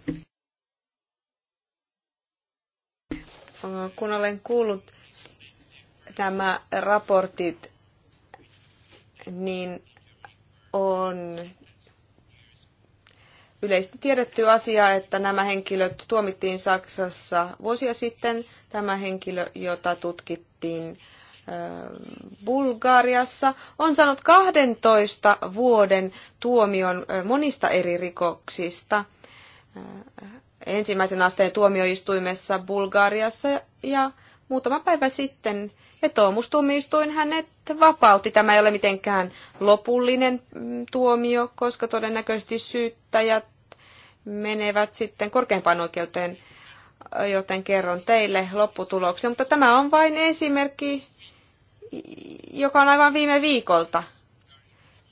Kun olen kuullut nämä raportit niin on yleisesti tiedetty asia, että nämä henkilöt tuomittiin Saksassa vuosia sitten. Tämä henkilö, jota tutkittiin Bulgariassa, on saanut 12 vuoden tuomion monista eri rikoksista ensimmäisen asteen tuomioistuimessa Bulgariassa ja muutama päivä sitten Vetoomustuomioistuin hänet vapautti. Tämä ei ole mitenkään lopullinen mm, tuomio, koska todennäköisesti syyttäjät menevät sitten korkeimpaan oikeuteen, joten kerron teille lopputuloksen. Mutta tämä on vain esimerkki, joka on aivan viime viikolta.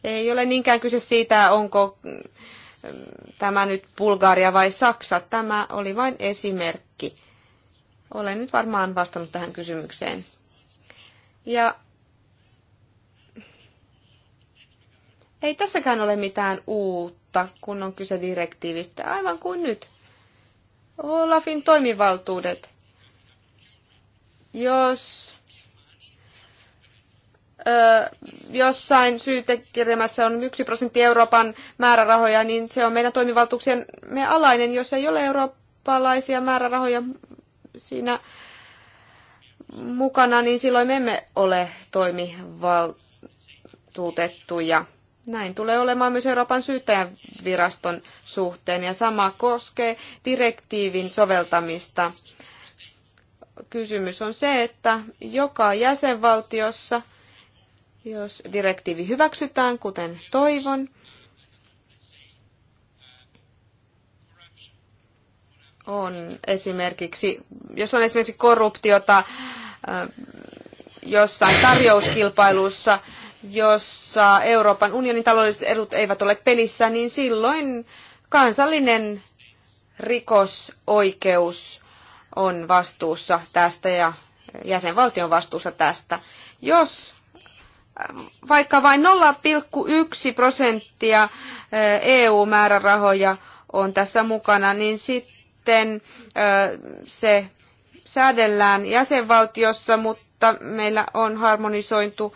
Ei ole niinkään kyse siitä, onko mm, tämä nyt Bulgaria vai Saksa. Tämä oli vain esimerkki. Olen nyt varmaan vastannut tähän kysymykseen. Ja ei tässäkään ole mitään uutta, kun on kyse direktiivistä, aivan kuin nyt. Olafin toimivaltuudet. Jos ö, jossain syytekirjelmässä on yksi prosentti Euroopan määrärahoja, niin se on meidän toimivaltuuksien me alainen. Jos ei ole eurooppalaisia määrärahoja siinä mukana, niin silloin me emme ole toimivaltuutettuja. Näin tulee olemaan myös Euroopan syyttäjän viraston suhteen ja sama koskee direktiivin soveltamista. Kysymys on se, että joka jäsenvaltiossa, jos direktiivi hyväksytään, kuten toivon, on esimerkiksi, jos on esimerkiksi korruptiota jossain tarjouskilpailussa, jossa Euroopan unionin taloudelliset edut eivät ole pelissä, niin silloin kansallinen rikosoikeus on vastuussa tästä ja jäsenvaltion vastuussa tästä. Jos vaikka vain 0,1 prosenttia EU-määrärahoja on tässä mukana, niin sitten miten se säädellään jäsenvaltiossa, mutta meillä on harmonisointu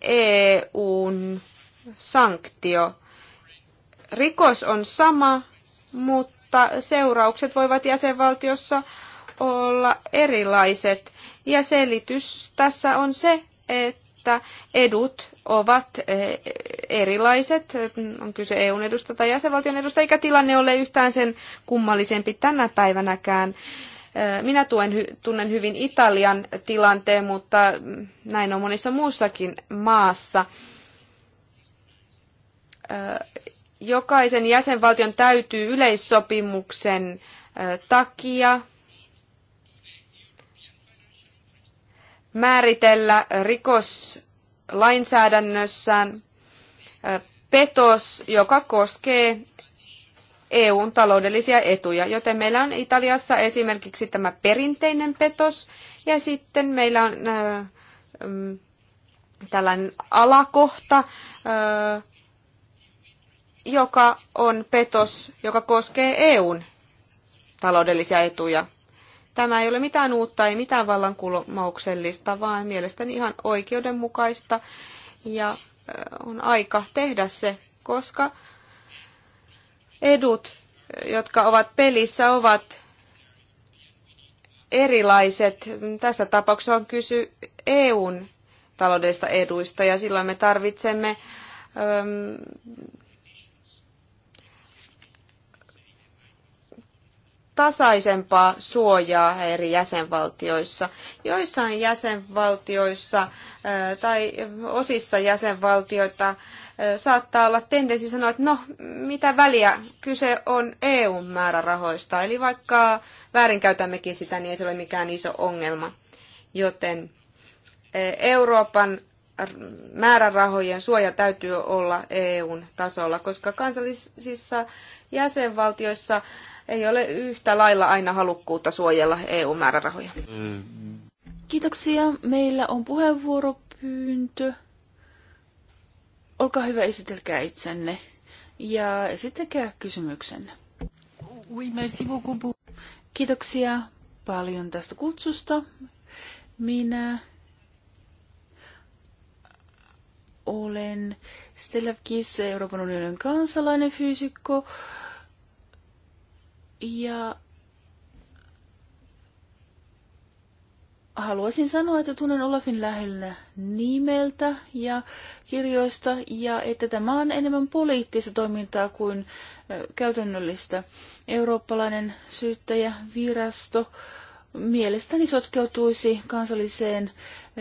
EUn sanktio. Rikos on sama, mutta seuraukset voivat jäsenvaltiossa olla erilaiset. Ja selitys tässä on se, että että edut ovat eh, erilaiset. On kyse EUn edusta tai jäsenvaltion edusta, eikä tilanne ole yhtään sen kummallisempi tänä päivänäkään. Eh, minä tuen, tunnen hyvin Italian tilanteen, mutta näin on monissa muussakin maassa. Eh, jokaisen jäsenvaltion täytyy yleissopimuksen takia määritellä rikoslainsäädännössään petos, joka koskee EUn taloudellisia etuja. Joten meillä on Italiassa esimerkiksi tämä perinteinen petos ja sitten meillä on mm, tällainen alakohta, joka on petos, joka koskee EUn taloudellisia etuja. Tämä ei ole mitään uutta, ei mitään vallankumouksellista, vaan mielestäni ihan oikeudenmukaista ja on aika tehdä se, koska edut, jotka ovat pelissä, ovat erilaiset. Tässä tapauksessa on kysy EUn taloudellista eduista ja silloin me tarvitsemme tasaisempaa suojaa eri jäsenvaltioissa. Joissain jäsenvaltioissa tai osissa jäsenvaltioita saattaa olla tendenssi sanoa, että no, mitä väliä, kyse on EU-määrärahoista. Eli vaikka väärinkäytämmekin sitä, niin ei se ole mikään iso ongelma. Joten Euroopan määrärahojen suoja täytyy olla EUn tasolla, koska kansallisissa jäsenvaltioissa ei ole yhtä lailla aina halukkuutta suojella EU-määrärahoja. Kiitoksia. Meillä on puheenvuoropyyntö. Olkaa hyvä, esitelkää itsenne ja esittäkää kysymyksenne. Kiitoksia paljon tästä kutsusta. Minä olen Stella Kisse, Euroopan unionin kansalainen fyysikko ja haluaisin sanoa, että tunnen Olafin lähellä nimeltä ja kirjoista ja että tämä on enemmän poliittista toimintaa kuin käytännöllistä. Eurooppalainen syyttäjävirasto mielestäni sotkeutuisi kansalliseen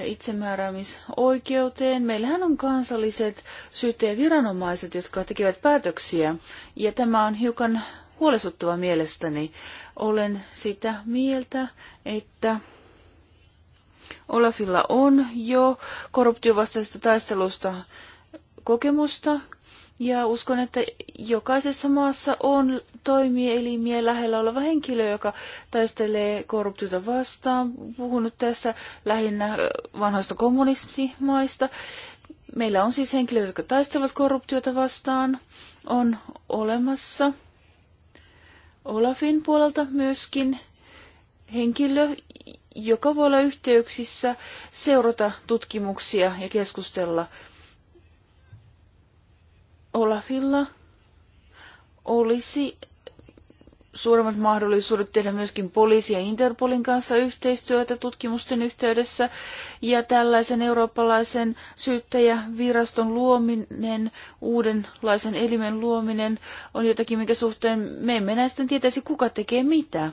itsemääräämisoikeuteen. Meillähän on kansalliset syyttäjäviranomaiset, jotka tekevät päätöksiä, ja tämä on hiukan huolestuttava mielestäni. Olen sitä mieltä, että Olafilla on jo korruptiovastaisesta taistelusta kokemusta, ja uskon, että jokaisessa maassa on toimielimiä lähellä oleva henkilö, joka taistelee korruptiota vastaan. Puhun nyt tässä lähinnä vanhoista kommunistimaista. Meillä on siis henkilöitä, jotka taistelevat korruptiota vastaan. On olemassa Olafin puolelta myöskin henkilö, joka voi olla yhteyksissä, seurata tutkimuksia ja keskustella. Olafilla olisi suuremmat mahdollisuudet tehdä myöskin poliisi- ja Interpolin kanssa yhteistyötä tutkimusten yhteydessä. Ja tällaisen eurooppalaisen syyttäjäviraston luominen, uudenlaisen elimen luominen on jotakin, mikä suhteen me emme näistä tietäisi, kuka tekee mitä.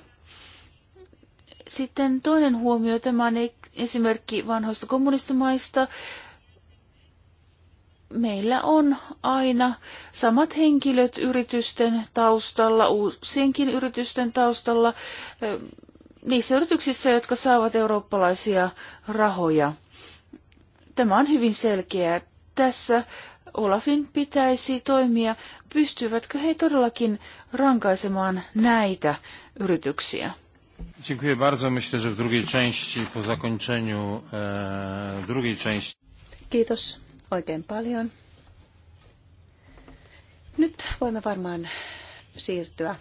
Sitten toinen huomio, tämä on e- esimerkki vanhoista kommunistimaista meillä on aina samat henkilöt yritysten taustalla, uusienkin yritysten taustalla, niissä yrityksissä, jotka saavat eurooppalaisia rahoja. Tämä on hyvin selkeää. Tässä Olafin pitäisi toimia. Pystyvätkö he todellakin rankaisemaan näitä yrityksiä? Dziękuję bardzo. Myślę, że w drugiej części, po zakończeniu e, drugiej części. Kiitos oikein paljon. Nyt voimme varmaan siirtyä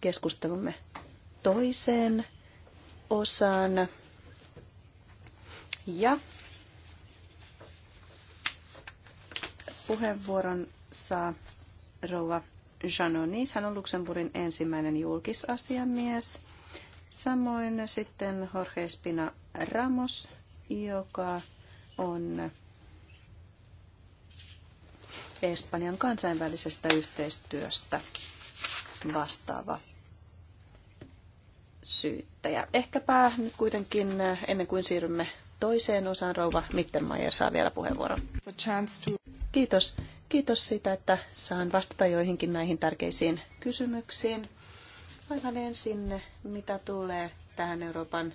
keskustelumme toiseen osaan. Ja puheenvuoron saa rouva Janoni. Hän on Luxemburgin ensimmäinen julkisasiamies. Samoin sitten Jorge Espina Ramos, joka on Espanjan kansainvälisestä yhteistyöstä vastaava syyttäjä. Ehkäpä nyt kuitenkin eh, ennen kuin siirrymme toiseen osaan, rouva Mittenmaier saa vielä puheenvuoron. Kiitos. Kiitos siitä, että saan vastata joihinkin näihin tärkeisiin kysymyksiin. Aivan ensin, mitä tulee tähän Euroopan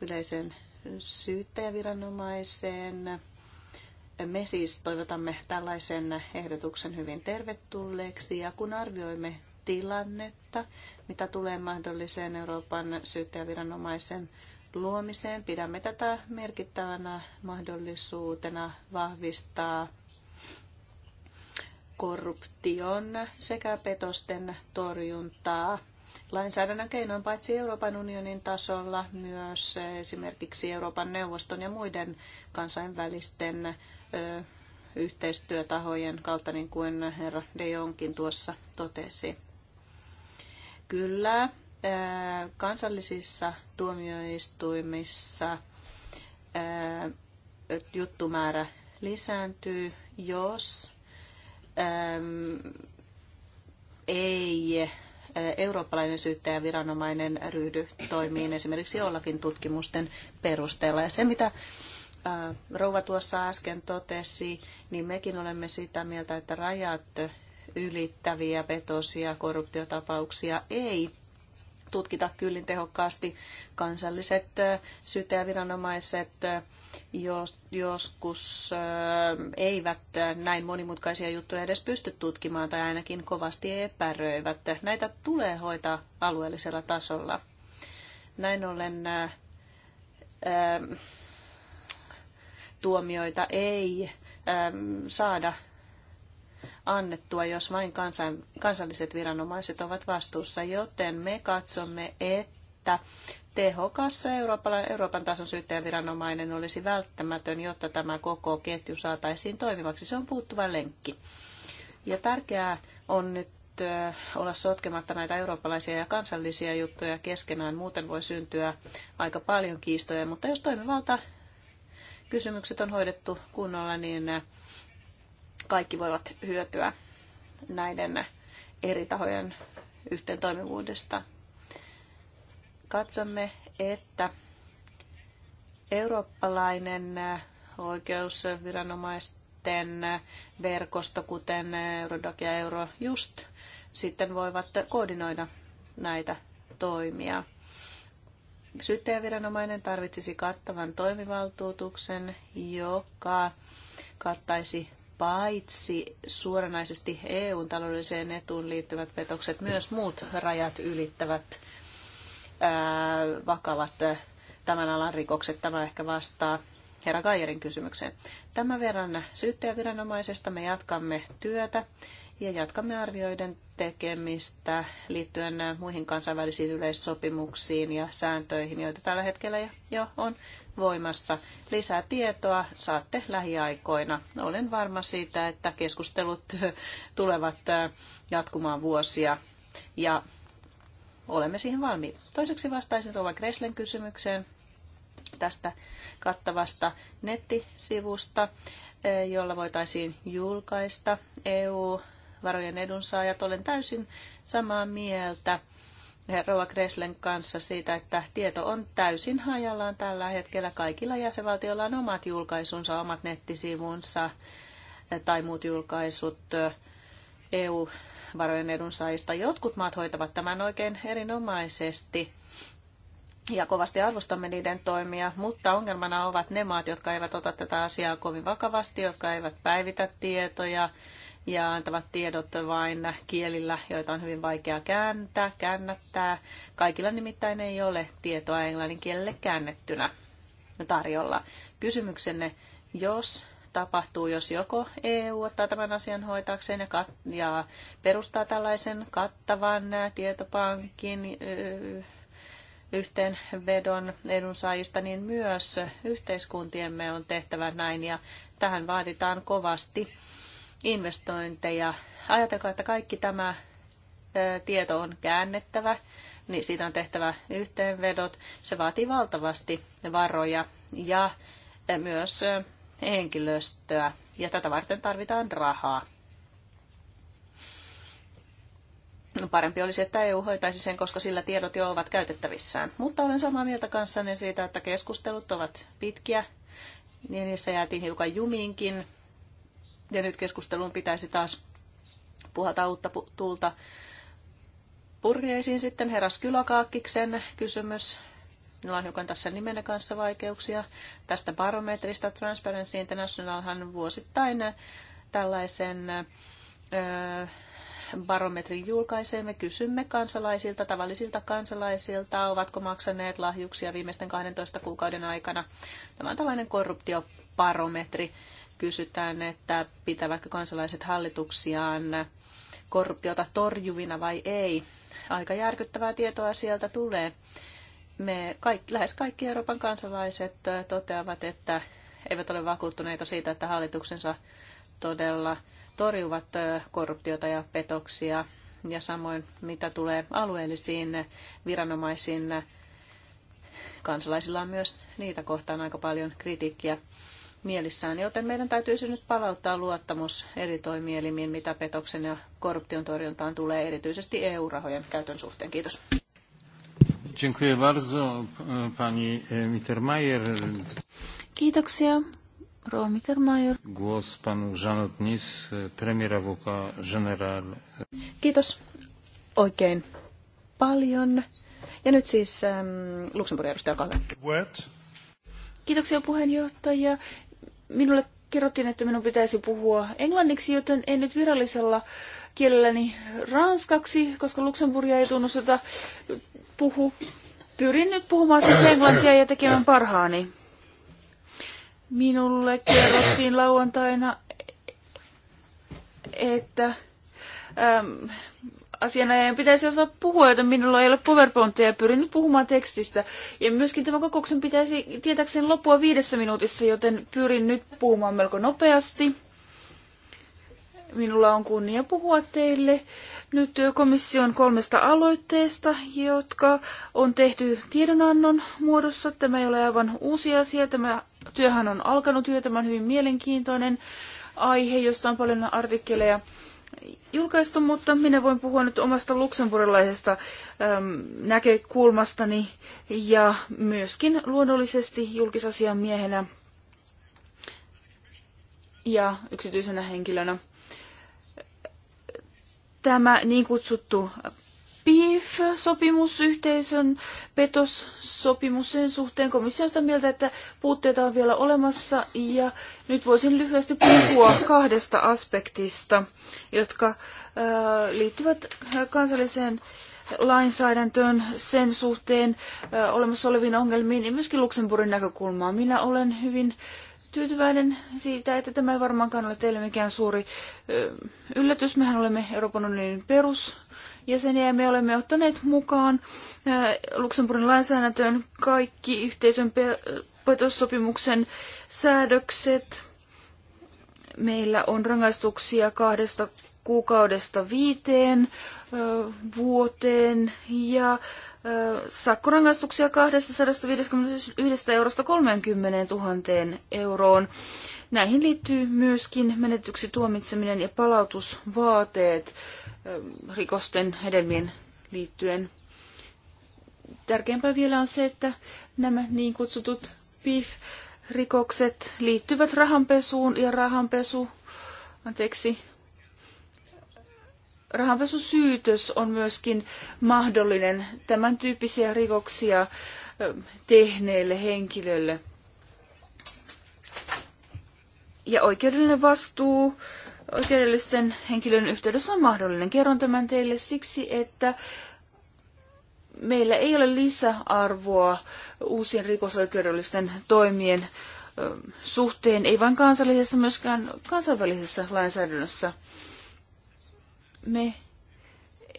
yleisen syyttäjäviranomaiseen. Me siis toivotamme tällaisen ehdotuksen hyvin tervetulleeksi ja kun arvioimme tilannetta, mitä tulee mahdolliseen Euroopan syyttäjäviranomaisen luomiseen, pidämme tätä merkittävänä mahdollisuutena vahvistaa korruption sekä petosten torjuntaa lainsäädännön keinoin paitsi Euroopan unionin tasolla myös esimerkiksi Euroopan neuvoston ja muiden kansainvälisten yhteistyötahojen kautta, niin kuin herra De Jonkin tuossa totesi. Kyllä, kansallisissa tuomioistuimissa juttumäärä lisääntyy, jos ei eurooppalainen syyttäjäviranomainen ryhdy toimiin esimerkiksi jollakin tutkimusten perusteella. Ja se, mitä rouva tuossa äsken totesi, niin mekin olemme sitä mieltä, että rajat ylittäviä vetosia korruptiotapauksia ei tutkita kyllin tehokkaasti. Kansalliset syyttäjäviranomaiset jos, joskus eivät näin monimutkaisia juttuja edes pysty tutkimaan tai ainakin kovasti epäröivät. Näitä tulee hoitaa alueellisella tasolla. Näin ollen tuomioita ei saada annettua, jos vain kansan, kansalliset viranomaiset ovat vastuussa, joten me katsomme, että tehokas Euroopan, Euroopan tason syyttäjäviranomainen olisi välttämätön, jotta tämä koko ketju saataisiin toimivaksi. Se on puuttuva lenkki. Ja tärkeää on nyt olla sotkematta näitä eurooppalaisia ja kansallisia juttuja keskenään. Muuten voi syntyä aika paljon kiistoja, mutta jos toimivalta kysymykset on hoidettu kunnolla, niin kaikki voivat hyötyä näiden eri tahojen yhteen toimivuudesta. Katsomme, että eurooppalainen oikeusviranomaisten verkosto, kuten Eurodac ja Eurojust, sitten voivat koordinoida näitä toimia. Syyttäjäviranomainen tarvitsisi kattavan toimivaltuutuksen, joka kattaisi paitsi suoranaisesti EUn taloudelliseen etuun liittyvät petokset, myös muut rajat ylittävät ää, vakavat tämän alan rikokset. Tämä ehkä vastaa herra Gajerin kysymykseen. Tämän verran syyttäjäviranomaisesta me jatkamme työtä ja jatkamme arvioiden tekemistä liittyen muihin kansainvälisiin yleissopimuksiin ja sääntöihin, joita tällä hetkellä jo on voimassa. Lisää tietoa saatte lähiaikoina. Olen varma siitä, että keskustelut tulevat jatkumaan vuosia ja olemme siihen valmiit. Toiseksi vastaisin Rova Kreslen kysymykseen tästä kattavasta nettisivusta, jolla voitaisiin julkaista EU- varojen edunsaajat. Olen täysin samaa mieltä Rova Kreslen kanssa siitä, että tieto on täysin hajallaan tällä hetkellä. Kaikilla jäsenvaltioilla on omat julkaisunsa, omat nettisivunsa tai muut julkaisut EU-varojen edunsaajista. Jotkut maat hoitavat tämän oikein erinomaisesti ja kovasti arvostamme niiden toimia, mutta ongelmana ovat ne maat, jotka eivät ota tätä asiaa kovin vakavasti, jotka eivät päivitä tietoja, ja antavat tiedot vain kielillä, joita on hyvin vaikea kääntää, käännättää. Kaikilla nimittäin ei ole tietoa englannin kielelle käännettynä tarjolla. Kysymyksenne, jos tapahtuu, jos joko EU ottaa tämän asian hoitaakseen ja, kat- ja perustaa tällaisen kattavan tietopankin yhteenvedon edunsaajista, niin myös yhteiskuntiemme on tehtävä näin ja tähän vaaditaan kovasti investointeja. Ajatelkaa, että kaikki tämä tieto on käännettävä, niin siitä on tehtävä yhteenvedot. Se vaatii valtavasti varoja ja myös henkilöstöä, ja tätä varten tarvitaan rahaa. No parempi olisi, että EU hoitaisi sen, koska sillä tiedot jo ovat käytettävissään. Mutta olen samaa mieltä kanssanne siitä, että keskustelut ovat pitkiä, niin niissä jäätiin hiukan jumiinkin. Ja nyt keskusteluun pitäisi taas puhata uutta tuulta purjeisiin. Sitten heräs Kylakaakkiksen kysymys. Minulla on hiukan tässä nimen kanssa vaikeuksia. Tästä barometrista Transparency Internationalhan vuosittain tällaisen ö, barometrin julkaisee. Me kysymme kansalaisilta, tavallisilta kansalaisilta, ovatko maksaneet lahjuksia viimeisten 12 kuukauden aikana. Tämä on tällainen korruptiobarometri kysytään, että pitävätkö kansalaiset hallituksiaan korruptiota torjuvina vai ei. Aika järkyttävää tietoa sieltä tulee. Me kaikki, lähes kaikki Euroopan kansalaiset äh, toteavat, että eivät ole vakuuttuneita siitä, että hallituksensa todella torjuvat äh, korruptiota ja petoksia. Ja samoin mitä tulee alueellisiin viranomaisiin, äh, kansalaisilla on myös niitä kohtaan aika paljon kritiikkiä mielissään, joten meidän täytyisi nyt palauttaa luottamus eri toimielimiin, mitä petoksen ja korruption torjuntaan tulee, erityisesti EU-rahojen käytön suhteen. Kiitos. Dziękuję bardzo, pani e, Mittermeier. Kiitoksia, Roa Mittermeier. Głos panu Jeanot Nis, e, premier VK General. Kiitos oikein paljon. Ja nyt siis ähm, Luxemburgin edustaja, olkaa Kiitoksia puheenjohtaja minulle kerrottiin, että minun pitäisi puhua englanniksi, joten en nyt virallisella kielelläni ranskaksi, koska Luxemburgia ei tunnusteta puhu. Pyrin nyt puhumaan siis englantia ja tekemään parhaani. Minulle kerrottiin lauantaina, että ähm, asianajajan pitäisi osaa puhua, joten minulla ei ole PowerPointia ja pyrin nyt puhumaan tekstistä. Ja myöskin tämä kokouksen pitäisi tietääkseni loppua viidessä minuutissa, joten pyrin nyt puhumaan melko nopeasti. Minulla on kunnia puhua teille nyt komission kolmesta aloitteesta, jotka on tehty tiedonannon muodossa. Tämä ei ole aivan uusi asia. Tämä työhän on alkanut jo, Tämä on hyvin mielenkiintoinen aihe, josta on paljon artikkeleja julkaistu, mutta minä voin puhua nyt omasta luksemburilaisesta äm, näkökulmastani ja myöskin luonnollisesti julkisasian miehenä ja yksityisenä henkilönä. Tämä niin kutsuttu bif sopimus yhteisön petossopimus sen suhteen. Komissio on sitä mieltä, että puutteita on vielä olemassa ja nyt voisin lyhyesti puhua kahdesta aspektista, jotka äh, liittyvät kansalliseen lainsäädäntöön sen suhteen äh, olemassa oleviin ongelmiin ja myöskin Luxemburgin näkökulmaa. Minä olen hyvin tyytyväinen siitä, että tämä ei varmaankaan ole teille mikään suuri äh, yllätys. Mehän olemme Euroopan unionin perus jäseniä. Me olemme ottaneet mukaan äh, Luxemburgin lainsäädäntöön kaikki yhteisön petossopimuksen säädökset. Meillä on rangaistuksia kahdesta kuukaudesta viiteen vuoteen ja sakkorangaistuksia 251 eurosta 30 000 euroon. Näihin liittyy myöskin menetyksi tuomitseminen ja palautusvaateet rikosten hedelmien liittyen. Tärkeämpää vielä on se, että nämä niin kutsutut PIF-rikokset liittyvät rahanpesuun ja rahanpesu, anteeksi, rahanpesusyytös on myöskin mahdollinen tämän tyyppisiä rikoksia tehneelle henkilölle. Ja oikeudellinen vastuu oikeudellisten henkilön yhteydessä on mahdollinen. Kerron tämän teille siksi, että meillä ei ole lisäarvoa uusien rikosoikeudellisten toimien suhteen, ei vain kansallisessa, myöskään kansainvälisessä lainsäädännössä. Me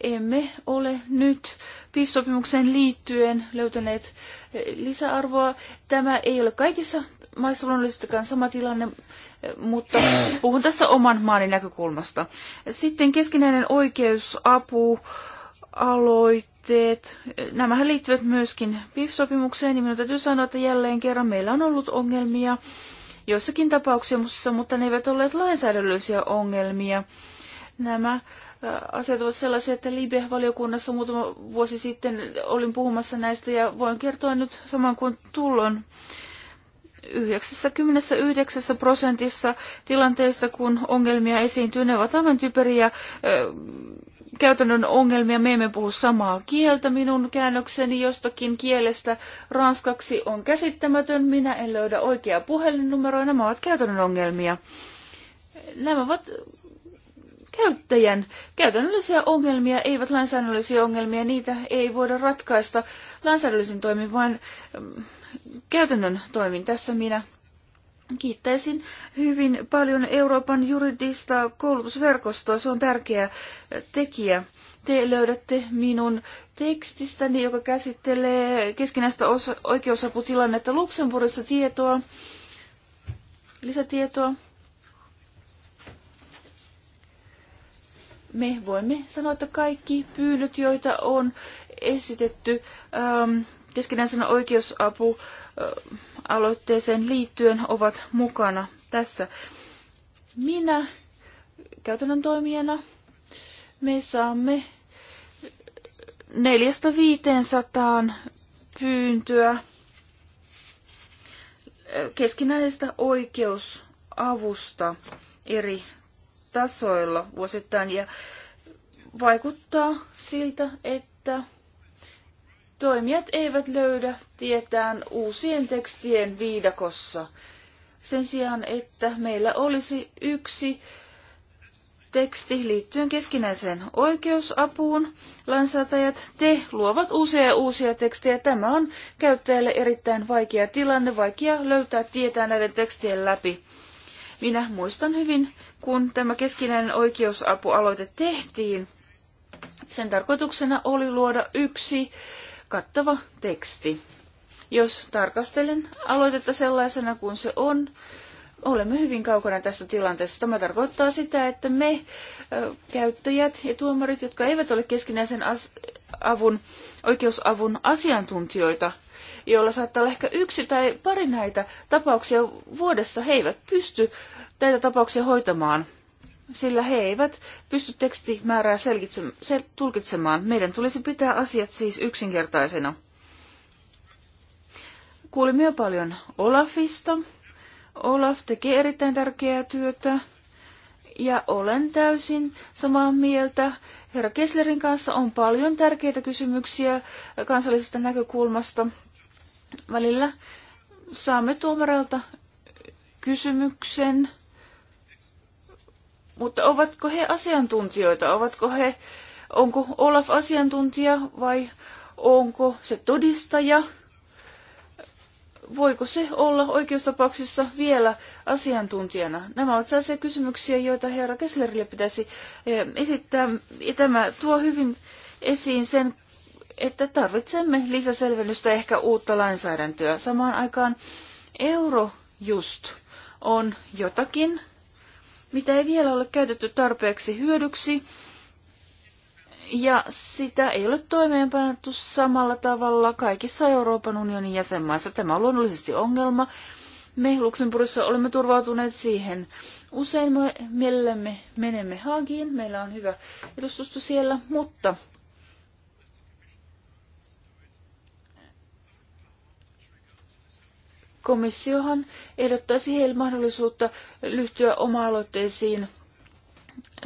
emme ole nyt PIF-sopimukseen liittyen löytäneet lisäarvoa. Tämä ei ole kaikissa maissa luonnollisestikaan sama tilanne mutta puhun tässä oman maani näkökulmasta. Sitten keskinäinen oikeusapu, aloitteet. Nämähän liittyvät myöskin PIF-sopimukseen, niin minun täytyy sanoa, että jälleen kerran meillä on ollut ongelmia joissakin tapauksissa, mutta ne eivät olleet lainsäädännöllisiä ongelmia. Nämä asiat ovat sellaisia, että Libe-valiokunnassa muutama vuosi sitten olin puhumassa näistä ja voin kertoa nyt saman kuin tullon 99 prosentissa tilanteista, kun ongelmia esiintyy, ne ovat aivan typeriä ö, käytännön ongelmia. Me emme puhu samaa kieltä. Minun käännökseni jostakin kielestä ranskaksi on käsittämätön. Minä en löydä oikeaa puhelinnumeroa. Nämä ovat käytännön ongelmia. Nämä ovat käyttäjän käytännöllisiä ongelmia, eivät lainsäädännöllisiä ongelmia. Niitä ei voida ratkaista lainsäädännöllisin toimin, vaan käytännön toimin. Tässä minä kiittäisin hyvin paljon Euroopan juridista koulutusverkostoa. Se on tärkeä tekijä. Te löydätte minun tekstistäni, joka käsittelee keskinäistä oikeusaputilannetta Luxemburgissa tietoa, lisätietoa. Me voimme sanoa, että kaikki pyynnöt, joita on esitetty, ähm, keskinäisen oikeusapu aloitteeseen liittyen ovat mukana tässä. Minä käytännön toimijana me saamme viiteen sataan pyyntöä keskinäisestä oikeusavusta eri tasoilla vuosittain ja vaikuttaa siltä, että Toimijat eivät löydä tietään uusien tekstien viidakossa. Sen sijaan, että meillä olisi yksi teksti liittyen keskinäiseen oikeusapuun. Lainsäätäjät, te luovat uusia ja uusia tekstejä. Tämä on käyttäjälle erittäin vaikea tilanne, vaikea löytää tietää näiden tekstien läpi. Minä muistan hyvin, kun tämä keskinäinen oikeusapualoite tehtiin. Sen tarkoituksena oli luoda yksi kattava teksti. Jos tarkastelen aloitetta sellaisena kuin se on, olemme hyvin kaukana tästä tilanteesta. Tämä tarkoittaa sitä, että me käyttäjät ja tuomarit, jotka eivät ole keskinäisen avun, oikeusavun asiantuntijoita, joilla saattaa olla ehkä yksi tai pari näitä tapauksia vuodessa, he eivät pysty näitä tapauksia hoitamaan sillä he eivät pysty tekstimäärää sel- tulkitsemaan. Meidän tulisi pitää asiat siis yksinkertaisena. Kuulimme jo paljon Olafista. Olaf tekee erittäin tärkeää työtä ja olen täysin samaa mieltä. Herra Kesslerin kanssa on paljon tärkeitä kysymyksiä kansallisesta näkökulmasta. Välillä saamme tuomareilta kysymyksen mutta ovatko he asiantuntijoita? Ovatko he, onko Olaf asiantuntija vai onko se todistaja? Voiko se olla oikeustapauksissa vielä asiantuntijana? Nämä ovat sellaisia kysymyksiä, joita herra Kesslerille pitäisi eh, esittää. Ja tämä tuo hyvin esiin sen, että tarvitsemme lisäselvennystä ehkä uutta lainsäädäntöä. Samaan aikaan Eurojust on jotakin, mitä ei vielä ole käytetty tarpeeksi hyödyksi, ja sitä ei ole toimeenpanettu samalla tavalla kaikissa Euroopan unionin jäsenmaissa. Tämä on luonnollisesti ongelma. Me Luxemburgissa olemme turvautuneet siihen. Usein me mielellämme menemme Haagiin, meillä on hyvä edustusto siellä, mutta Komissiohan ehdottaisi heille mahdollisuutta lyhtyä oma-aloitteisiin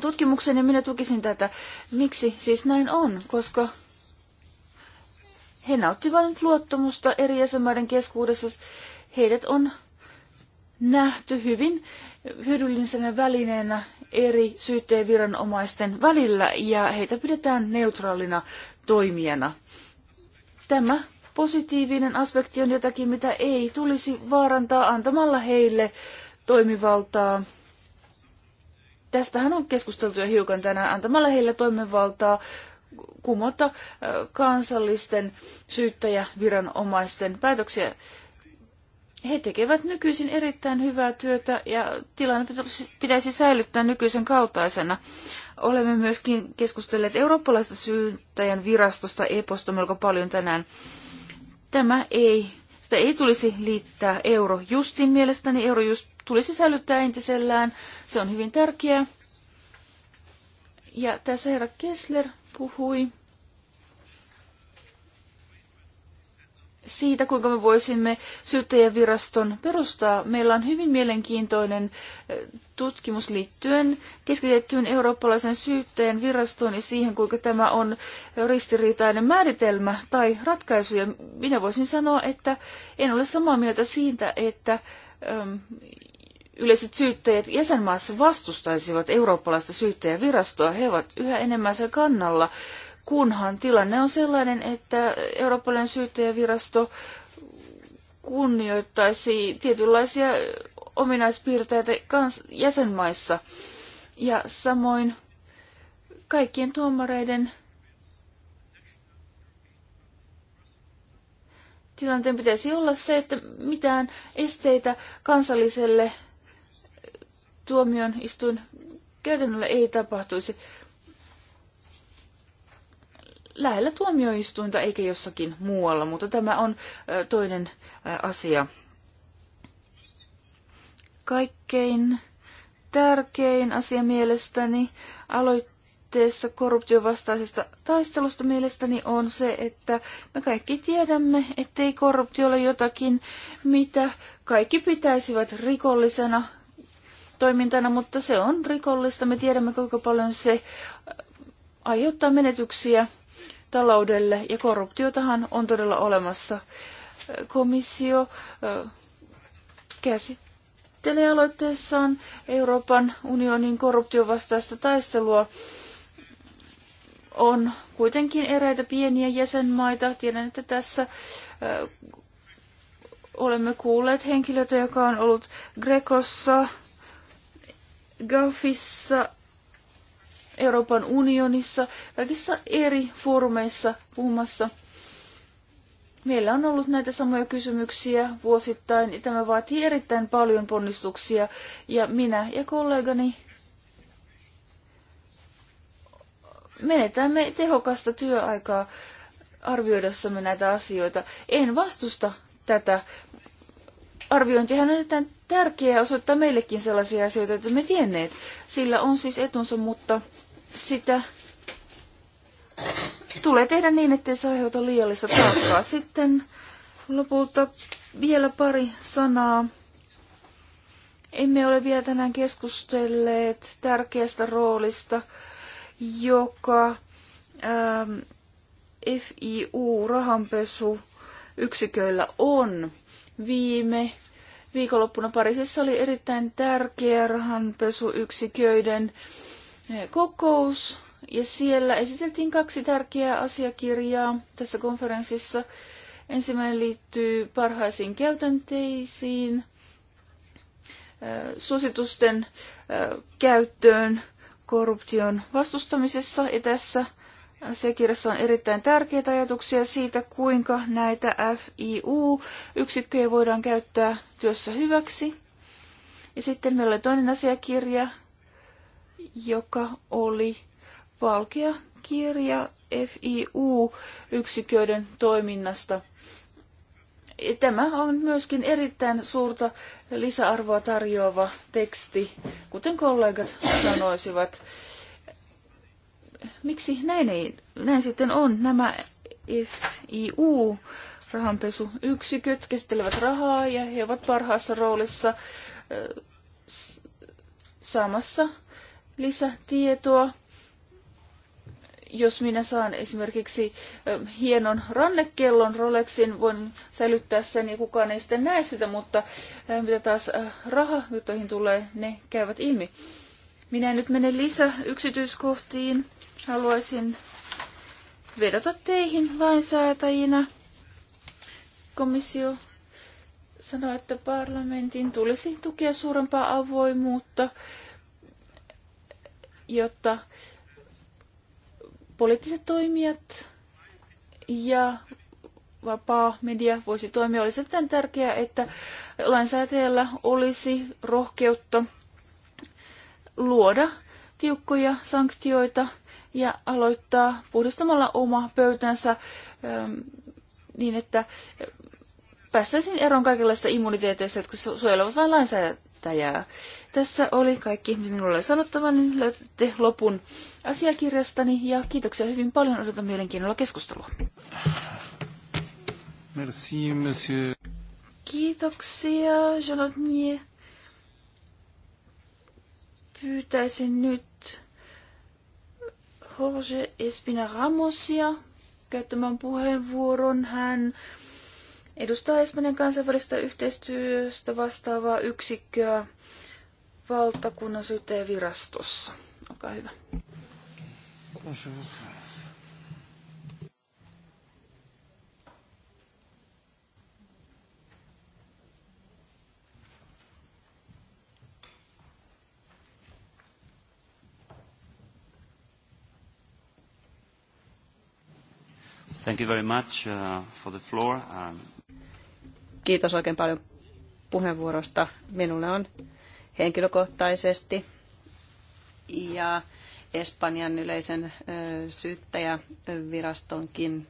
tutkimukseen ja minä tukisin tätä. Miksi siis näin on? Koska he nauttivat nyt luottamusta eri jäsenmaiden keskuudessa. Heidät on nähty hyvin hyödyllisenä välineenä eri viranomaisten välillä ja heitä pidetään neutraalina toimijana. Tämä positiivinen aspekti on jotakin, mitä ei tulisi vaarantaa antamalla heille toimivaltaa. Tästähän on keskusteltu jo hiukan tänään antamalla heille toimivaltaa kumota kansallisten syyttäjäviranomaisten päätöksiä. He tekevät nykyisin erittäin hyvää työtä ja tilanne pitäisi säilyttää nykyisen kaltaisena. Olemme myöskin keskustelleet eurooppalaista syyttäjän virastosta eposta melko paljon tänään. Tämä ei, sitä ei tulisi liittää eurojustin mielestäni. Eurojust tulisi säilyttää entisellään. Se on hyvin tärkeää. Ja tässä herra Kessler puhui siitä, kuinka me voisimme syyttäjäviraston perustaa. Meillä on hyvin mielenkiintoinen tutkimus liittyen keskitettyyn eurooppalaisen syyttäjän virastoon ja siihen, kuinka tämä on ristiriitainen määritelmä tai ratkaisu. Ja minä voisin sanoa, että en ole samaa mieltä siitä, että yleiset syyttäjät jäsenmaassa vastustaisivat eurooppalaista syyttäjävirastoa. He ovat yhä enemmän sen kannalla, kunhan tilanne on sellainen, että Eurooppalainen syyttäjävirasto kunnioittaisi tietynlaisia ominaispiirteitä jäsenmaissa. Ja samoin kaikkien tuomareiden tilanteen pitäisi olla se, että mitään esteitä kansalliselle tuomion istuin käytännöllä ei tapahtuisi lähellä tuomioistuinta eikä jossakin muualla, mutta tämä on toinen asia. Kaikkein tärkein asia mielestäni aloitteessa korruptiovastaisesta taistelusta mielestäni on se, että me kaikki tiedämme, ettei korruptio ole jotakin, mitä kaikki pitäisivät rikollisena toimintana, mutta se on rikollista. Me tiedämme, kuinka paljon se aiheuttaa menetyksiä taloudelle, ja korruptiotahan on todella olemassa. Komissio käsittelee aloitteessaan Euroopan unionin korruptiovastaista taistelua. On kuitenkin eräitä pieniä jäsenmaita. Tiedän, että tässä olemme kuulleet henkilöitä, joka on ollut Grekossa, Gafissa Euroopan unionissa, kaikissa eri foorumeissa puhumassa. Meillä on ollut näitä samoja kysymyksiä vuosittain, ja tämä vaatii erittäin paljon ponnistuksia, ja minä ja kollegani menetämme tehokasta työaikaa arvioidessamme näitä asioita. En vastusta tätä. Arviointihan on erittäin tärkeää osoittaa meillekin sellaisia asioita, joita me tienneet. Sillä on siis etunsa, mutta sitä tulee tehdä niin, ettei se aiheuta liiallista taakkaa. Sitten lopulta vielä pari sanaa. Emme ole vielä tänään keskustelleet tärkeästä roolista, joka ähm, FIU-rahanpesu yksiköillä on. Viime viikonloppuna Pariisissa oli erittäin tärkeä rahanpesuyksiköiden eh, kokous. Ja siellä esiteltiin kaksi tärkeää asiakirjaa tässä konferenssissa. Ensimmäinen liittyy parhaisiin käytänteisiin, eh, suositusten eh, käyttöön korruption vastustamisessa. Ja tässä se kirjassa on erittäin tärkeitä ajatuksia siitä, kuinka näitä FIU-yksikköjä voidaan käyttää työssä hyväksi. Ja sitten meillä oli toinen asiakirja, joka oli valkea kirja FIU-yksiköiden toiminnasta. Tämä on myöskin erittäin suurta lisäarvoa tarjoava teksti, kuten kollegat sanoisivat miksi näin, ei, näin sitten on? Nämä FIU rahanpesuyksiköt käsittelevät rahaa ja he ovat parhaassa roolissa saamassa lisätietoa. Jos minä saan esimerkiksi hienon rannekellon Rolexin, voin säilyttää sen ja kukaan ei sitten näe sitä, mutta mitä taas raha, tulee, ne käyvät ilmi. Minä en nyt mene lisä yksityiskohtiin. Haluaisin vedota teihin lainsäätäjinä. Komissio sanoi, että parlamentin tulisi tukea suurempaa avoimuutta, jotta poliittiset toimijat ja vapaa media voisi toimia. Olisi erittäin tärkeää, että lainsäätäjällä olisi rohkeutta luoda tiukkoja sanktioita – ja aloittaa puhdistamalla oma pöytänsä ähm, niin, että päästäisiin eroon kaikenlaista immuniteeteista, jotka suojelevat vain lainsäätäjää. Tässä oli kaikki, mitä minulla oli sanottava, niin löytätte lopun asiakirjastani ja kiitoksia hyvin paljon. Odotan mielenkiinnolla keskustelua. Merci, monsieur. Kiitoksia, Jalotnier. Pyytäisin nyt Jorge Espina Ramosia käyttämään puheenvuoron. Hän edustaa Espanjan kansainvälistä yhteistyöstä vastaavaa yksikköä valtakunnan virastossa. Olkaa hyvä. Bonjour. Thank you very much uh, for the floor. Kiitos oikein paljon puheenvuorosta. Minulle on henkilökohtaisesti ja Espanjan yleisen syyttäjävirastonkin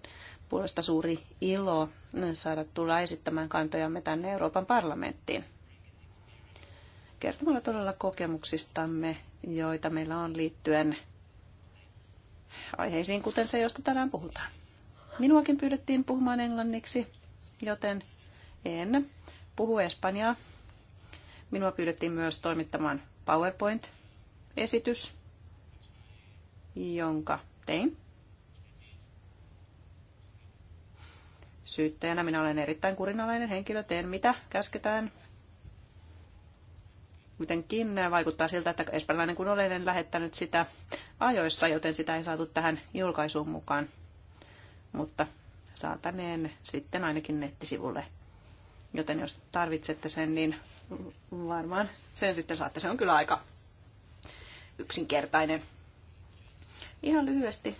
puolesta suuri ilo saada tulla esittämään kantojamme tänne Euroopan parlamenttiin. Kertomalla todella kokemuksistamme, joita meillä on liittyen aiheisiin, kuten se, josta tänään puhutaan. Minuakin pyydettiin puhumaan englanniksi, joten en puhu espanjaa. Minua pyydettiin myös toimittamaan PowerPoint-esitys, jonka tein. Syyttäjänä minä olen erittäin kurinalainen henkilö, teen mitä käsketään. Kuitenkin vaikuttaa siltä, että espanjalainen kun olen, en lähettänyt sitä ajoissa, joten sitä ei saatu tähän julkaisuun mukaan mutta saataneen sitten ainakin nettisivulle. Joten jos tarvitsette sen, niin varmaan sen sitten saatte. Se on kyllä aika yksinkertainen. Ihan lyhyesti.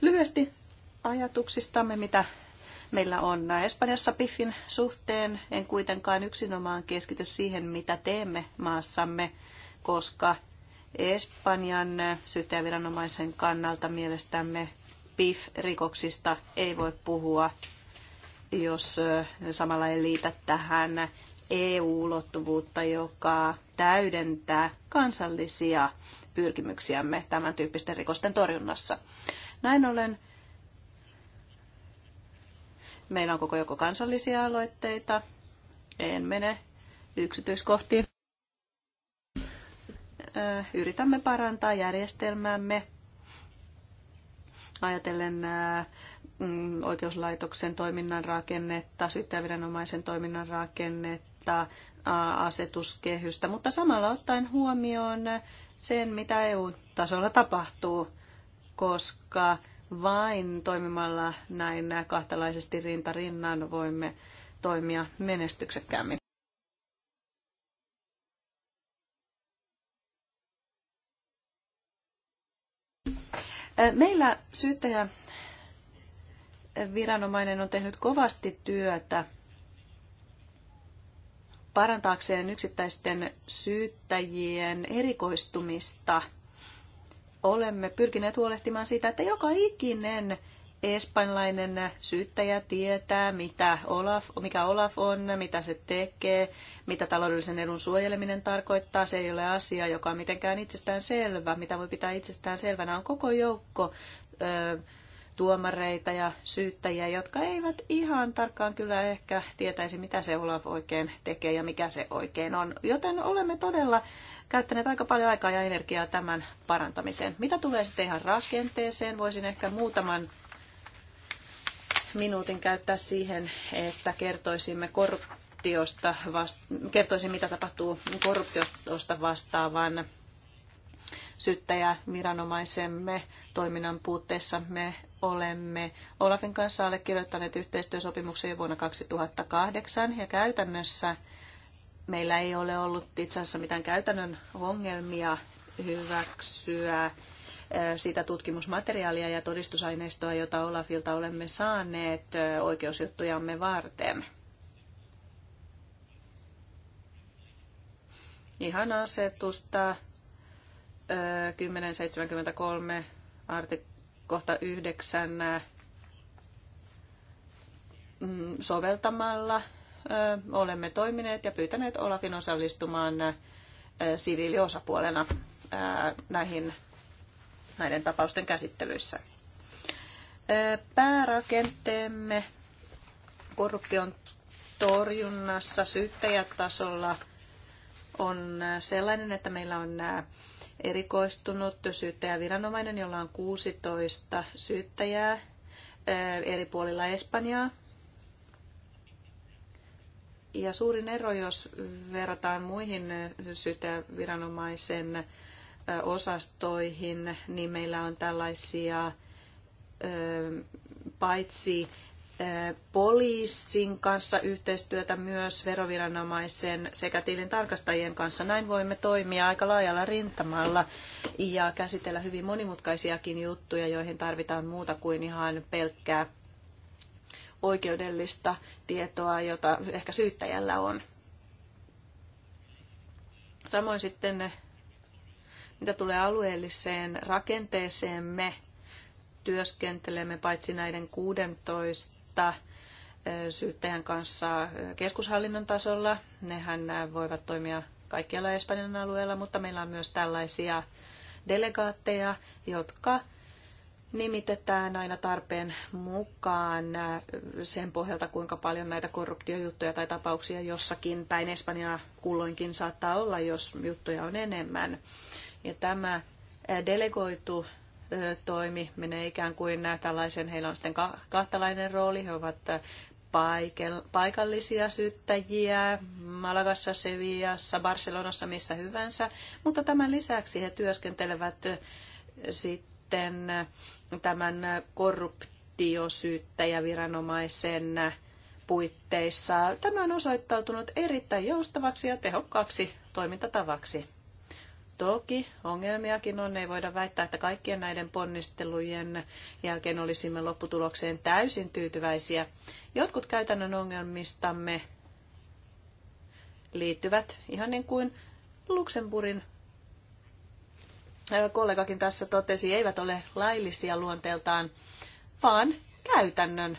Lyhyesti ajatuksistamme, mitä meillä on Espanjassa PIFin suhteen. En kuitenkaan yksinomaan keskity siihen, mitä teemme maassamme, koska Espanjan syyttäjäviranomaisen kannalta mielestämme PIF-rikoksista ei voi puhua, jos samalla ei liitä tähän EU-ulottuvuutta, joka täydentää kansallisia pyrkimyksiämme tämän tyyppisten rikosten torjunnassa. Näin ollen meillä on koko joko kansallisia aloitteita, en mene yksityiskohtiin, yritämme parantaa järjestelmäämme ajatellen mm, oikeuslaitoksen toiminnan rakennetta, syyttäjäviranomaisen toiminnan rakennetta, asetuskehystä, mutta samalla ottaen huomioon sen, mitä EU-tasolla tapahtuu, koska vain toimimalla näin kahtalaisesti rinta rinnan voimme toimia menestyksekkäämmin. Meillä syyttäjä viranomainen on tehnyt kovasti työtä parantaakseen yksittäisten syyttäjien erikoistumista. Olemme pyrkineet huolehtimaan siitä, että joka ikinen espanjalainen syyttäjä tietää, mitä Olaf, mikä Olaf on, mitä se tekee, mitä taloudellisen edun suojeleminen tarkoittaa. Se ei ole asia, joka on mitenkään itsestään selvä, mitä voi pitää itsestään selvänä. On koko joukko ö, tuomareita ja syyttäjiä, jotka eivät ihan tarkkaan kyllä ehkä tietäisi, mitä se Olaf oikein tekee ja mikä se oikein on. Joten olemme todella käyttäneet aika paljon aikaa ja energiaa tämän parantamiseen. Mitä tulee sitten ihan rakenteeseen, voisin ehkä muutaman minuutin käyttää siihen, että kertoisimme korruptiosta, vasta- kertoisin mitä tapahtuu korruptiosta vastaavan syyttäjäviranomaisemme toiminnan puutteessa. Me olemme Olafin kanssa allekirjoittaneet yhteistyösopimuksen jo vuonna 2008 ja käytännössä meillä ei ole ollut itse asiassa mitään käytännön ongelmia hyväksyä sitä tutkimusmateriaalia ja todistusaineistoa, jota Olafilta olemme saaneet oikeusjuttujamme varten. Ihan asetusta 1073 artikohta 9 soveltamalla olemme toimineet ja pyytäneet Olafin osallistumaan siviiliosapuolena näihin näiden tapausten käsittelyissä. Päärakenteemme korruption torjunnassa syyttäjätasolla on sellainen, että meillä on nämä erikoistunut syyttäjäviranomainen, jolla on 16 syyttäjää eri puolilla Espanjaa. Ja suurin ero, jos verrataan muihin syyttäjäviranomaisen osastoihin, niin meillä on tällaisia paitsi poliisin kanssa yhteistyötä myös veroviranomaisen sekä tilintarkastajien kanssa. Näin voimme toimia aika laajalla rintamalla ja käsitellä hyvin monimutkaisiakin juttuja, joihin tarvitaan muuta kuin ihan pelkkää oikeudellista tietoa, jota ehkä syyttäjällä on. Samoin sitten mitä tulee alueelliseen rakenteeseen me työskentelemme paitsi näiden 16 syyttäjän kanssa keskushallinnon tasolla. Nehän voivat toimia kaikkialla Espanjan alueella, mutta meillä on myös tällaisia delegaatteja, jotka nimitetään aina tarpeen mukaan sen pohjalta, kuinka paljon näitä korruptiojuttuja tai tapauksia jossakin päin Espanjaa kulloinkin saattaa olla, jos juttuja on enemmän. Ja tämä delegoitu toimi menee ikään kuin tällaisen, heillä on sitten kahtalainen rooli, he ovat paikallisia syyttäjiä Malagassa, Sevillassa, Barcelonassa, missä hyvänsä, mutta tämän lisäksi he työskentelevät sitten tämän korruptiosyyttäjäviranomaisen puitteissa. Tämä on osoittautunut erittäin joustavaksi ja tehokkaaksi toimintatavaksi. Toki ongelmiakin on, ei voida väittää, että kaikkien näiden ponnistelujen jälkeen olisimme lopputulokseen täysin tyytyväisiä. Jotkut käytännön ongelmistamme liittyvät ihan niin kuin Luxemburgin äh, kollegakin tässä totesi, eivät ole laillisia luonteeltaan, vaan käytännön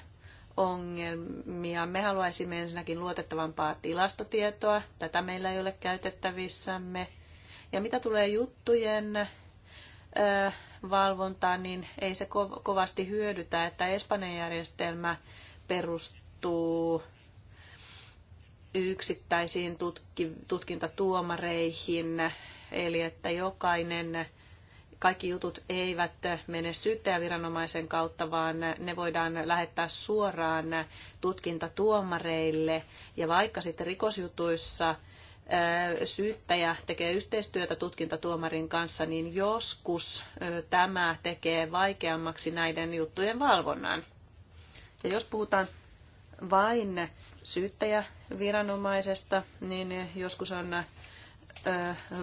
ongelmia. Me haluaisimme ensinnäkin luotettavampaa tilastotietoa. Tätä meillä ei ole käytettävissämme. Ja mitä tulee juttujen valvontaan, niin ei se kovasti hyödytä, että Espanjan järjestelmä perustuu yksittäisiin tutki, tutkintatuomareihin, eli että jokainen, kaikki jutut eivät mene syyttäjäviranomaisen kautta, vaan ne voidaan lähettää suoraan tutkintatuomareille. Ja vaikka sitten rikosjutuissa – syyttäjä tekee yhteistyötä tutkintatuomarin kanssa, niin joskus tämä tekee vaikeammaksi näiden juttujen valvonnan. Ja jos puhutaan vain syyttäjäviranomaisesta, niin joskus on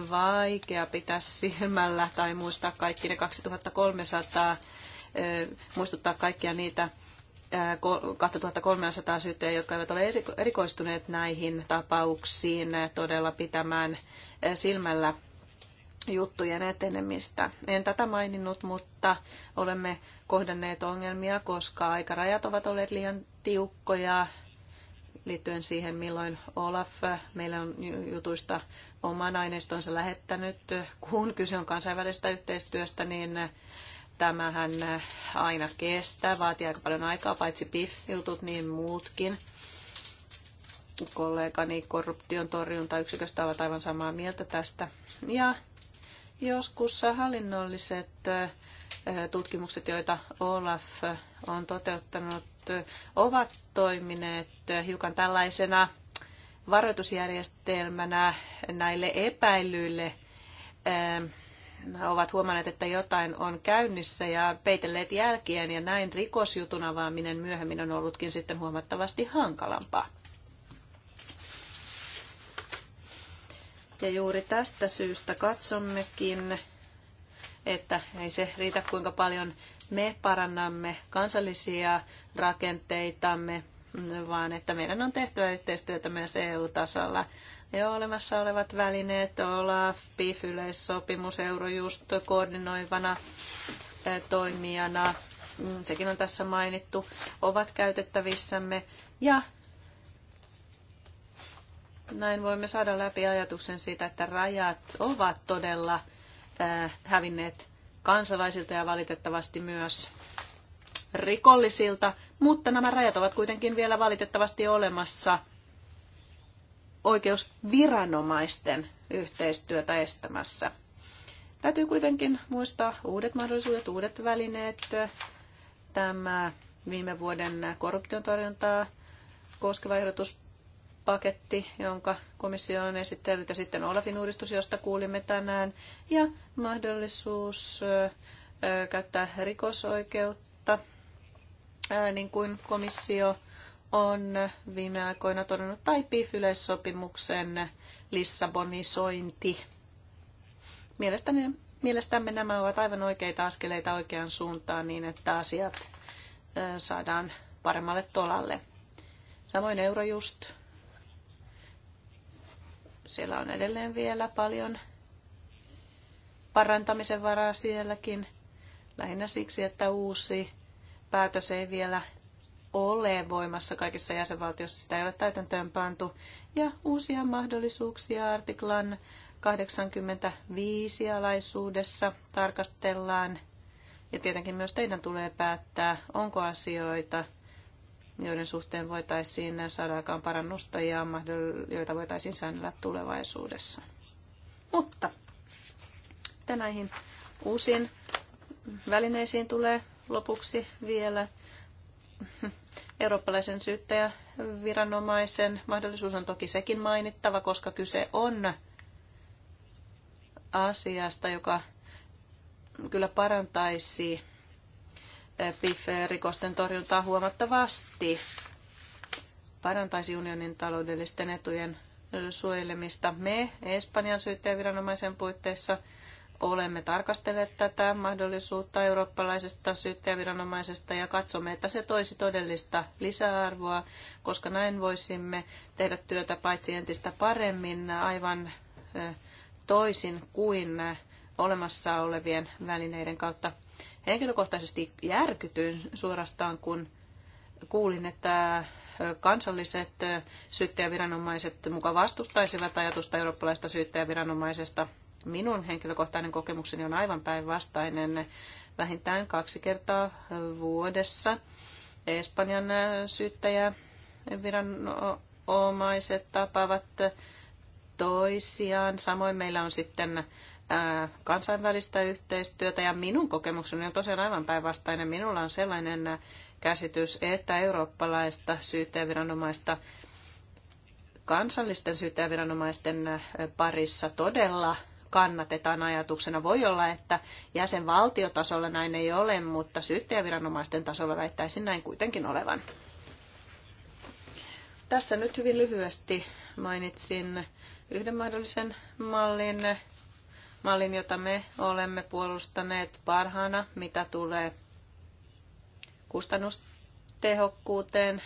vaikea pitää silmällä tai muistaa kaikki ne 2300, muistuttaa kaikkia niitä 2300 syyttäjää, jotka eivät ole erikoistuneet näihin tapauksiin todella pitämään eh, silmällä juttujen etenemistä. En tätä maininnut, mutta olemme kohdanneet ongelmia, koska aikarajat ovat olleet liian tiukkoja liittyen siihen, milloin Olaf eh, meillä on jutuista oman aineistonsa lähettänyt. Kun kyse on kansainvälisestä yhteistyöstä, niin eh, tämähän aina kestää, vaatii aika paljon aikaa, paitsi PIF-jutut, niin muutkin. Kollegani korruption torjuntayksiköstä ovat aivan samaa mieltä tästä. Ja joskus hallinnolliset tutkimukset, joita Olaf on toteuttanut, ovat toimineet hiukan tällaisena varoitusjärjestelmänä näille epäilyille ovat huomanneet, että jotain on käynnissä ja peitelleet jälkien ja näin rikosjutun avaaminen myöhemmin on ollutkin sitten huomattavasti hankalampaa. Ja juuri tästä syystä katsommekin, että ei se riitä kuinka paljon me parannamme kansallisia rakenteitamme, vaan että meidän on tehtävä yhteistyötä myös EU-tasolla jo olemassa olevat välineet, OLAF, PIF, yleissopimus, Eurojust koordinoivana toimijana, mm, sekin on tässä mainittu, ovat käytettävissämme ja näin voimme saada läpi ajatuksen siitä, että rajat ovat todella hävinneet kansalaisilta ja valitettavasti myös rikollisilta, mutta nämä rajat ovat kuitenkin vielä valitettavasti olemassa – oikeusviranomaisten yhteistyötä estämässä. Täytyy kuitenkin muistaa uudet mahdollisuudet, uudet välineet. Tämä viime vuoden korruption torjuntaa koskeva ehdotuspaketti, jonka komissio on esittänyt ja sitten Olafin uudistus, josta kuulimme tänään, ja mahdollisuus käyttää rikosoikeutta, niin kuin komissio on viime aikoina todennut, tai yleissopimuksen Lissabonisointi. Mielestäni, mielestämme nämä ovat aivan oikeita askeleita oikeaan suuntaan niin, että asiat saadaan paremmalle tolalle. Samoin Eurojust. Siellä on edelleen vielä paljon parantamisen varaa sielläkin. Lähinnä siksi, että uusi päätös ei vielä ole voimassa kaikissa jäsenvaltioissa, sitä ei ole täytäntöönpantu. Ja uusia mahdollisuuksia artiklan 85 alaisuudessa tarkastellaan. Ja tietenkin myös teidän tulee päättää, onko asioita, joiden suhteen voitaisiin saada aikaan parannusta ja joita voitaisiin säännellä tulevaisuudessa. Mutta mitä näihin uusiin välineisiin tulee lopuksi vielä Eurooppalaisen syyttäjäviranomaisen mahdollisuus on toki sekin mainittava, koska kyse on asiasta, joka kyllä parantaisi eh, PIF-rikosten e torjuntaa huomattavasti, parantaisi unionin taloudellisten etujen eh, suojelemista. Me Espanjan syyttäjäviranomaisen puitteissa – olemme tarkastelleet tätä mahdollisuutta eurooppalaisesta syyttäjäviranomaisesta ja katsomme, että se toisi todellista lisäarvoa, koska näin voisimme tehdä työtä paitsi entistä paremmin aivan toisin kuin olemassa olevien välineiden kautta. Henkilökohtaisesti järkytyin suorastaan, kun kuulin, että kansalliset syyttäjäviranomaiset muka vastustaisivat ajatusta eurooppalaista syyttäjäviranomaisesta – minun henkilökohtainen kokemukseni on aivan päinvastainen. Vähintään kaksi kertaa vuodessa Espanjan syyttäjä viranomaiset tapaavat toisiaan. Samoin meillä on sitten kansainvälistä yhteistyötä ja minun kokemukseni on tosiaan aivan päinvastainen. Minulla on sellainen käsitys, että eurooppalaista syyttäjäviranomaista kansallisten syyttäjäviranomaisten parissa todella kannatetaan ajatuksena. Voi olla, että jäsenvaltiotasolla näin ei ole, mutta syyttäjäviranomaisten tasolla väittäisin näin kuitenkin olevan. Tässä nyt hyvin lyhyesti mainitsin yhden mahdollisen mallin, mallin jota me olemme puolustaneet parhaana, mitä tulee kustannustehokkuuteen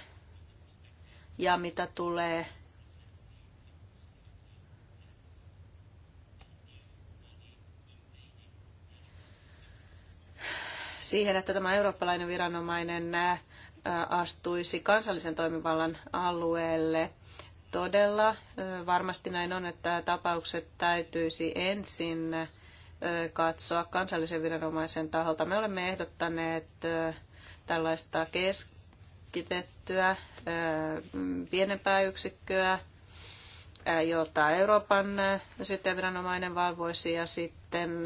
ja mitä tulee siihen, että tämä eurooppalainen viranomainen astuisi kansallisen toimivallan alueelle. Todella varmasti näin on, että tapaukset täytyisi ensin katsoa kansallisen viranomaisen taholta. Me olemme ehdottaneet tällaista keskitettyä pienempää yksikköä, jota Euroopan syyttäjäviranomainen valvoisi ja sitten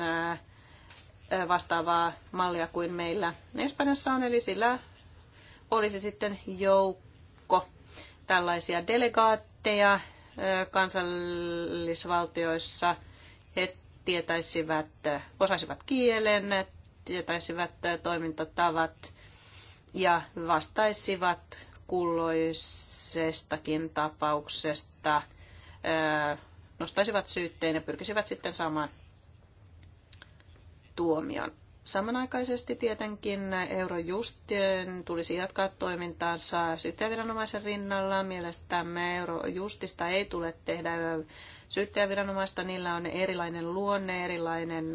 vastaavaa mallia kuin meillä Espanjassa on, eli sillä olisi sitten joukko tällaisia delegaatteja kansallisvaltioissa. He tietäisivät, osaisivat kielen, tietäisivät toimintatavat ja vastaisivat kulloisestakin tapauksesta, nostaisivat syytteen ja pyrkisivät sitten saamaan tuomion. Samanaikaisesti tietenkin Eurojust tulisi jatkaa toimintaansa syyttäjäviranomaisen rinnalla. Mielestämme Eurojustista ei tule tehdä syyttäjäviranomaista. Niillä on erilainen luonne, erilainen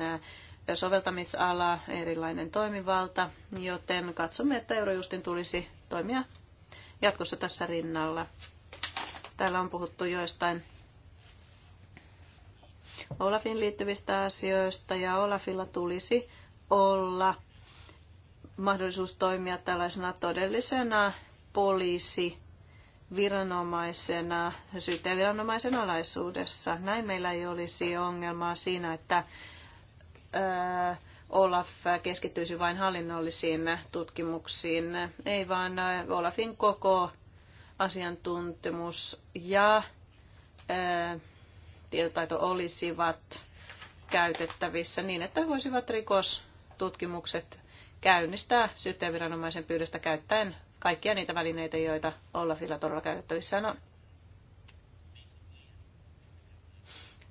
soveltamisala, erilainen toimivalta, joten katsomme, että Eurojustin tulisi toimia jatkossa tässä rinnalla. Täällä on puhuttu joistain Olafin liittyvistä asioista ja Olafilla tulisi olla mahdollisuus toimia tällaisena todellisena poliisi viranomaisena, syyttäjäviranomaisen alaisuudessa. Näin meillä ei olisi ongelmaa siinä, että ää, Olaf keskittyisi vain hallinnollisiin tutkimuksiin, ei vaan Olafin koko asiantuntemus ja ää, tietotaito olisivat käytettävissä niin, että voisivat rikostutkimukset käynnistää syyttäjäviranomaisen pyydestä käyttäen kaikkia niitä välineitä, joita Olafilla todella käytettävissään on.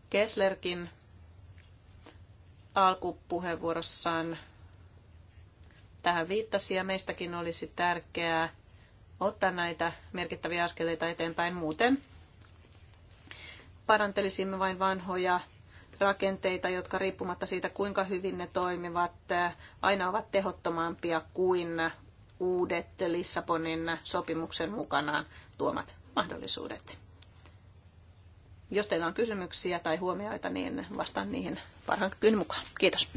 Kesslerkin alkupuheenvuorossaan tähän viittasi ja meistäkin olisi tärkeää ottaa näitä merkittäviä askeleita eteenpäin. Muuten parantelisimme vain vanhoja rakenteita, jotka riippumatta siitä, kuinka hyvin ne toimivat, aina ovat tehottomampia kuin uudet Lissabonin sopimuksen mukanaan tuomat mahdollisuudet. Jos teillä on kysymyksiä tai huomioita, niin vastaan niihin parhaan kykyyn mukaan. Kiitos.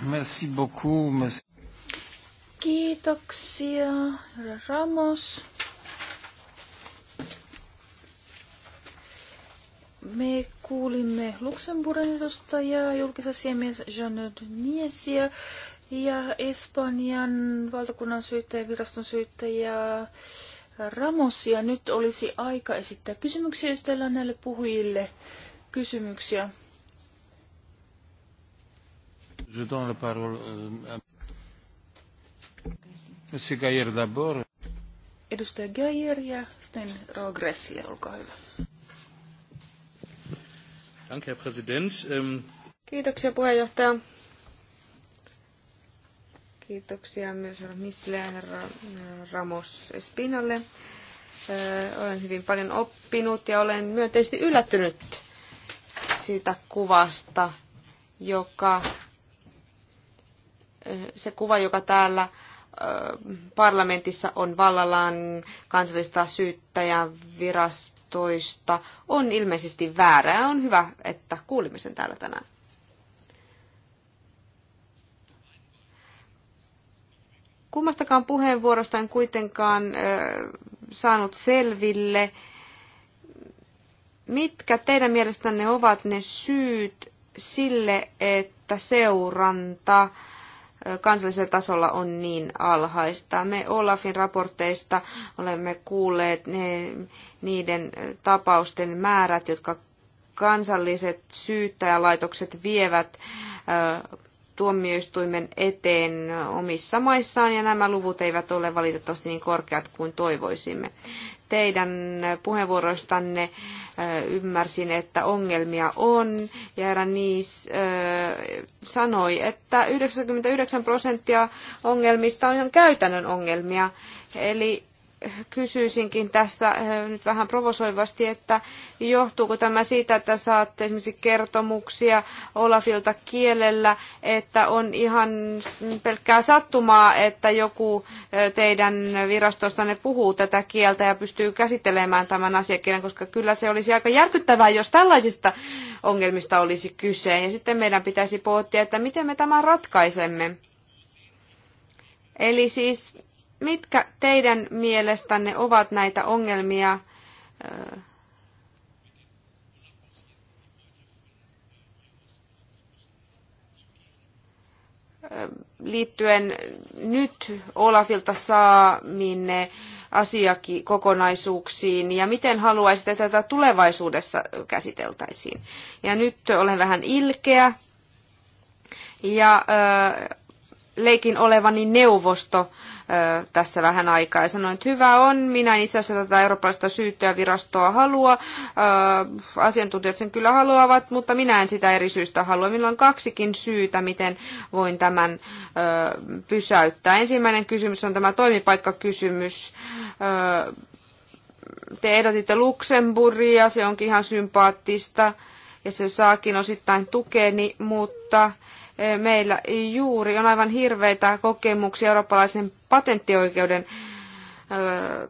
Merci beaucoup. Merci. Kiitoksia, Ramos. Me kuulimme Luxemburgin edustajaa, julkisasiamies Jean-Claude Niesia ja Espanjan valtakunnan syyttäjä, viraston syyttäjä Ramos. Ja nyt olisi aika esittää kysymyksiä, jos teillä on näille puhujille kysymyksiä. Euh, Edustaja Gaillard ja sitten Roa olkaa hyvä. Danke, Herr Präsident. Ähm, Kiitoksia puheenjohtaja. Kiitoksia myös Nissille ja herra äh, Ramos Espinalle. Äh, olen hyvin paljon oppinut ja olen myönteisesti yllättynyt siitä kuvasta, joka äh, se kuva, joka täällä parlamentissa on vallallaan kansallista syyttäjän 2016 on ilmeisesti väärä ja on hyvä, että kuulimme sen täällä tänään. Kummastakaan puheenvuorosta en kuitenkaan ö, saanut selville, mitkä teidän mielestänne ovat ne syyt sille, että seuranta ö, kansallisella tasolla on niin alhaista. Me Olafin raporteista olemme kuulleet ne, niiden tapausten määrät, jotka kansalliset syyttäjälaitokset vievät tuomioistuimen eteen omissa maissaan, ja nämä luvut eivät ole valitettavasti niin korkeat kuin toivoisimme teidän puheenvuoroistanne ymmärsin, että ongelmia on. Ja herra Niis sanoi, että 99 prosenttia ongelmista on ihan käytännön ongelmia. Eli kysyisinkin tässä eh, nyt vähän provosoivasti, että johtuuko tämä siitä, että saatte esimerkiksi kertomuksia Olafilta kielellä, että on ihan pelkkää sattumaa, että joku eh, teidän virastostanne puhuu tätä kieltä ja pystyy käsittelemään tämän asiakirjan, koska kyllä se olisi aika järkyttävää, jos tällaisista ongelmista olisi kyse. Ja sitten meidän pitäisi pohtia, että miten me tämän ratkaisemme. Eli siis mitkä teidän mielestänne ovat näitä ongelmia, liittyen nyt Olafilta saaminne asiakikokonaisuuksiin ja miten haluaisitte tätä tulevaisuudessa käsiteltäisiin. Ja nyt olen vähän ilkeä ja ö, leikin olevani neuvosto tässä vähän aikaa ja sanoin, että hyvä on, minä en itse asiassa tätä eurooppalaista syyttäjävirastoa halua, asiantuntijat sen kyllä haluavat, mutta minä en sitä eri syystä halua. Minulla on kaksikin syytä, miten voin tämän pysäyttää. Ensimmäinen kysymys on tämä toimipaikkakysymys te ehdotitte Luxemburgia, se onkin ihan sympaattista ja se saakin osittain tukeni, mutta meillä juuri on aivan hirveitä kokemuksia eurooppalaisen patenttioikeuden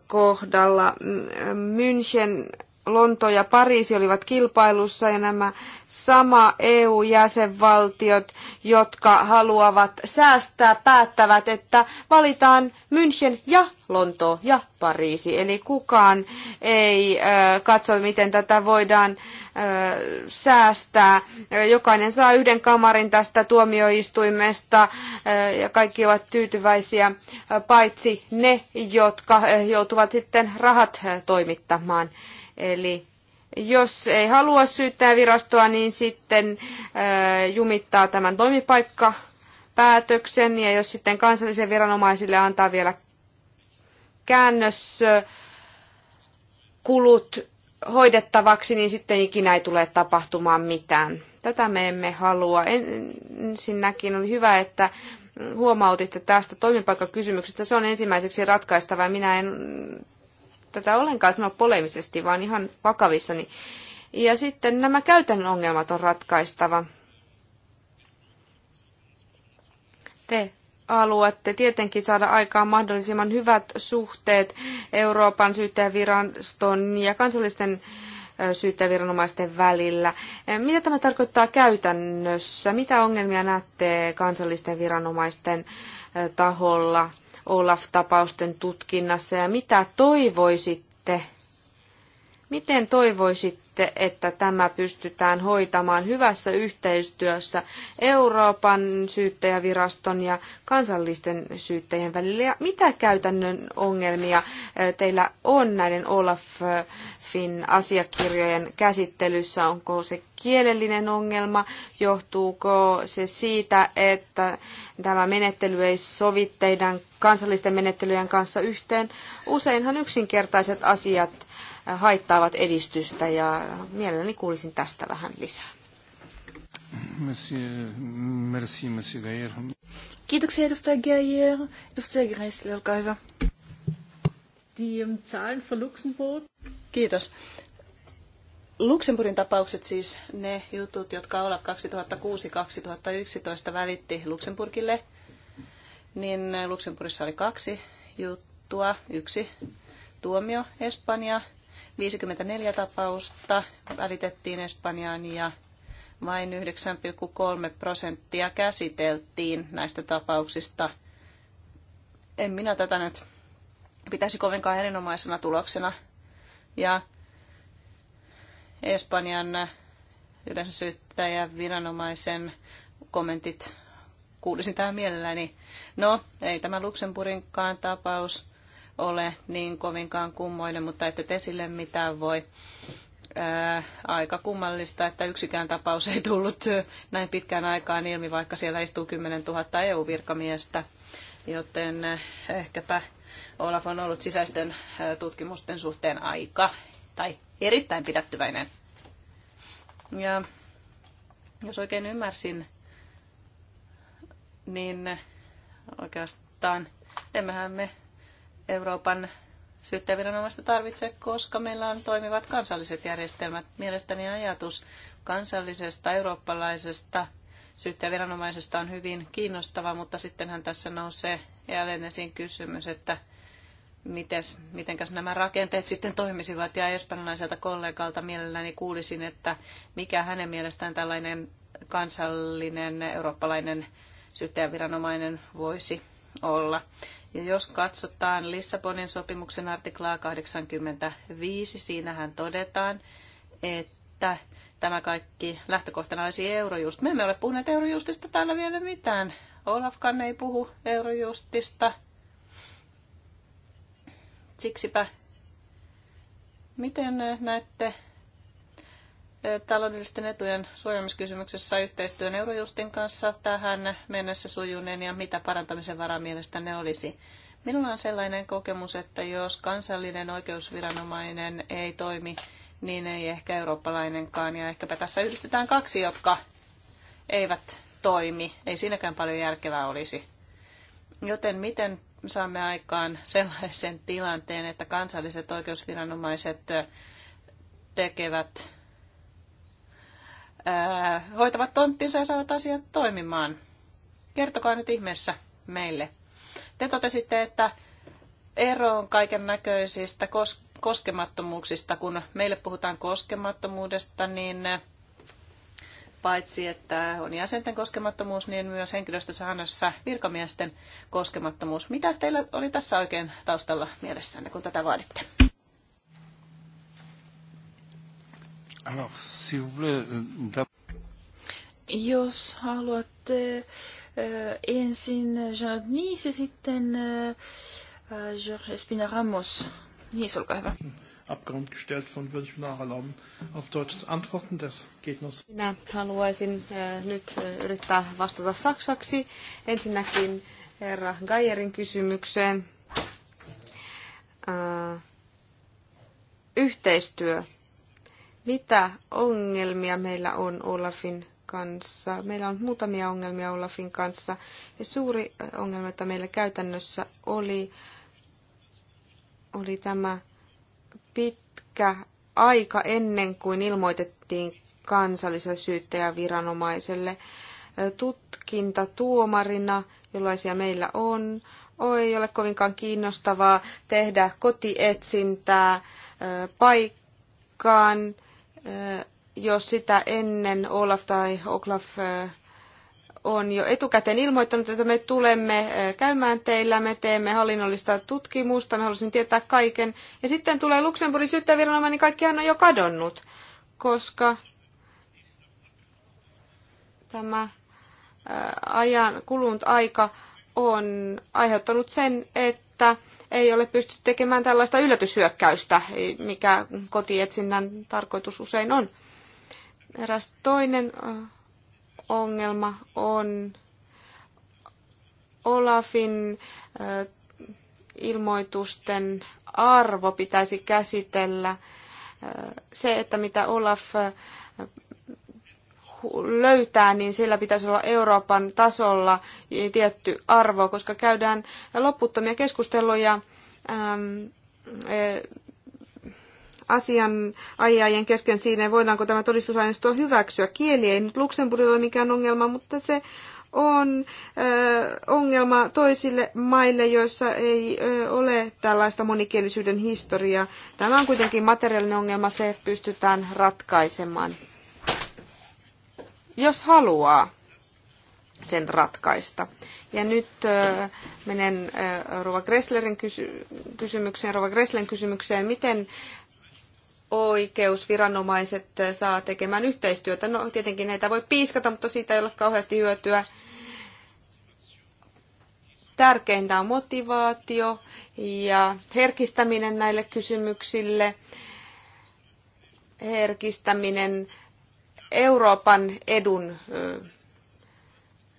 kohdalla. München Lonto ja Pariisi olivat kilpailussa ja nämä sama EU-jäsenvaltiot, jotka haluavat säästää, päättävät, että valitaan München ja Lonto ja Pariisi. Eli kukaan ei äh, katso, miten tätä voidaan säästää. Jokainen saa yhden kamarin tästä tuomioistuimesta ja kaikki ovat tyytyväisiä, paitsi ne, jotka joutuvat sitten rahat toimittamaan. Eli jos ei halua syyttää virastoa, niin sitten jumittaa tämän toimipaikkapäätöksen ja jos sitten kansallisen viranomaisille antaa vielä käännöskulut hoidettavaksi, niin sitten ikinä ei tule tapahtumaan mitään. Tätä me emme halua. Ensinnäkin on hyvä, että huomautitte tästä toimipaikkakysymyksestä. Se on ensimmäiseksi ratkaistava. Minä en tätä ollenkaan sanoa polemisesti, vaan ihan vakavissani. Ja sitten nämä käytännön ongelmat on ratkaistava. Te haluatte tietenkin saada aikaan mahdollisimman hyvät suhteet Euroopan syyttäjäviraston ja kansallisten syyttäjäviranomaisten välillä. E, mitä tämä tarkoittaa käytännössä? Mitä ongelmia näette kansallisten viranomaisten taholla? Olaf-tapausten tutkinnassa ja mitä toivoisitte, miten toivoisitte, sanoitte, että tämä pystytään hoitamaan hyvässä yhteistyössä Euroopan syyttäjäviraston ja kansallisten syyttäjien välillä. Ja mitä käytännön ongelmia teillä on näiden Olafin asiakirjojen käsittelyssä? Onko se kielellinen ongelma? Johtuuko se siitä, että tämä menettely ei sovi teidän kansallisten menettelyjen kanssa yhteen? Useinhan yksinkertaiset asiat haittaavat edistystä ja mielelläni kuulisin tästä vähän lisää. Monsieur, merci, monsieur Gaillard. Kiitoksia edustaja Gaillard. Edustaja Greisler, olkaa hyvä. Die ähm, Zahlen von Luxemburg. Kiitos. Luxemburgin tapaukset siis ne jutut, jotka Olaf 2006-2011 välitti Luxemburgille, niin Luxemburgissa oli kaksi juttua, yksi tuomio Espanja 54 tapausta välitettiin Espanjaan ja vain 9,3 prosenttia käsiteltiin näistä tapauksista. En minä tätä nyt pitäisi kovinkaan erinomaisena tuloksena. Ja Espanjan yleensä syyttäjä viranomaisen kommentit kuulisin tähän mielelläni. No, ei tämä Luxemburginkaan tapaus ole niin kovinkaan kummoinen, mutta ette te sille mitään voi. Ää, aika kummallista, että yksikään tapaus ei tullut näin pitkään aikaan ilmi, vaikka siellä istuu 10 000 EU-virkamiestä. Joten ehkäpä Olaf on ollut sisäisten tutkimusten suhteen aika tai erittäin pidättyväinen. Ja jos oikein ymmärsin, niin oikeastaan emmehän me Euroopan syyttäjäviranomaista tarvitse, koska meillä on toimivat kansalliset järjestelmät. Mielestäni ajatus kansallisesta, eurooppalaisesta syyttäjäviranomaisesta on hyvin kiinnostava, mutta sittenhän tässä nousee jälleen esiin kysymys, että mites, mitenkäs nämä rakenteet sitten toimisivat. Ja espanjalaiselta kollegalta mielelläni kuulisin, että mikä hänen mielestään tällainen kansallinen, eurooppalainen syyttäjäviranomainen voisi olla. Ja jos katsotaan Lissabonin sopimuksen artiklaa 85, siinähän todetaan, että tämä kaikki lähtökohtana olisi Eurojust. Me emme ole puhuneet Eurojustista täällä vielä mitään. Olafkan ei puhu Eurojustista. Siksipä, miten näette taloudellisten etujen suojaamiskysymyksessä yhteistyön Eurojustin kanssa tähän mennessä sujuneen ja mitä parantamisen varaa ne olisi? Minulla on sellainen kokemus, että jos kansallinen oikeusviranomainen ei toimi, niin ei ehkä eurooppalainenkaan. Ja ehkäpä tässä yhdistetään kaksi, jotka eivät toimi. Ei siinäkään paljon järkevää olisi. Joten miten saamme aikaan sellaisen tilanteen, että kansalliset oikeusviranomaiset tekevät hoitavat tonttinsa ja saavat asiat toimimaan. Kertokaa nyt ihmeessä meille. Te totesitte, että ero on kaiken näköisistä kos- koskemattomuuksista. Kun meille puhutaan koskemattomuudesta, niin paitsi että on jäsenten koskemattomuus, niin myös henkilöstösäännössä virkamiesten koskemattomuus. Mitä teillä oli tässä oikein taustalla mielessänne, kun tätä vaaditte? Euh, Jos haluatte äh, ensin Jean Nice ja sitten Georges äh, äh, Espina Ramos. Niis, olkaa hyvä. Abgrund gestellt von, würde erlauben, auf Deutsch zu antworten. Das geht Minä haluaisin äh, nyt yrittää vastata saksaksi. Ensinnäkin herra Geierin kysymykseen. Äh, yhteistyö mitä ongelmia meillä on Olafin kanssa. Meillä on muutamia ongelmia Olafin kanssa. Ja suuri ongelma, jota meillä käytännössä oli, oli tämä pitkä aika ennen kuin ilmoitettiin kansalliselle syyttäjäviranomaiselle tutkintatuomarina, jollaisia meillä on. Oi, ei ole kovinkaan kiinnostavaa tehdä kotietsintää paikkaan jos sitä ennen Olaf tai Oklaf on jo etukäteen ilmoittanut, että me tulemme käymään teillä, me teemme hallinnollista tutkimusta, me haluaisimme tietää kaiken. Ja sitten tulee Luxemburgin syyttäjäviranomainen, niin kaikkihan on jo kadonnut, koska tämä ajan kulunut aika on aiheuttanut sen, että ei ole pystytty tekemään tällaista yllätyshyökkäystä, mikä kotietsinnän tarkoitus usein on. Eräs toinen ongelma on Olafin ilmoitusten arvo pitäisi käsitellä. Se, että mitä Olaf löytää, niin sillä pitäisi olla Euroopan tasolla tietty arvo, koska käydään loputtomia keskusteluja äm, e, eh, asianajajien kesken siinä, voidaanko tämä todistusaineisto hyväksyä. Kieli ei nyt Luxemburgilla ole mikään ongelma, mutta se on ö, eh, ongelma toisille maille, joissa ei ö, eh, ole tällaista monikielisyyden historiaa. Tämä on kuitenkin materiaalinen ongelma, se pystytään ratkaisemaan jos haluaa sen ratkaista. Ja nyt äh, menen äh, Rova Gresslerin kysy- kysymykseen, Rova Gresslen kysymykseen, miten oikeusviranomaiset saa tekemään yhteistyötä. No tietenkin heitä voi piiskata, mutta siitä ei ole kauheasti hyötyä. Tärkeintä on motivaatio ja herkistäminen näille kysymyksille. Herkistäminen Euroopan edun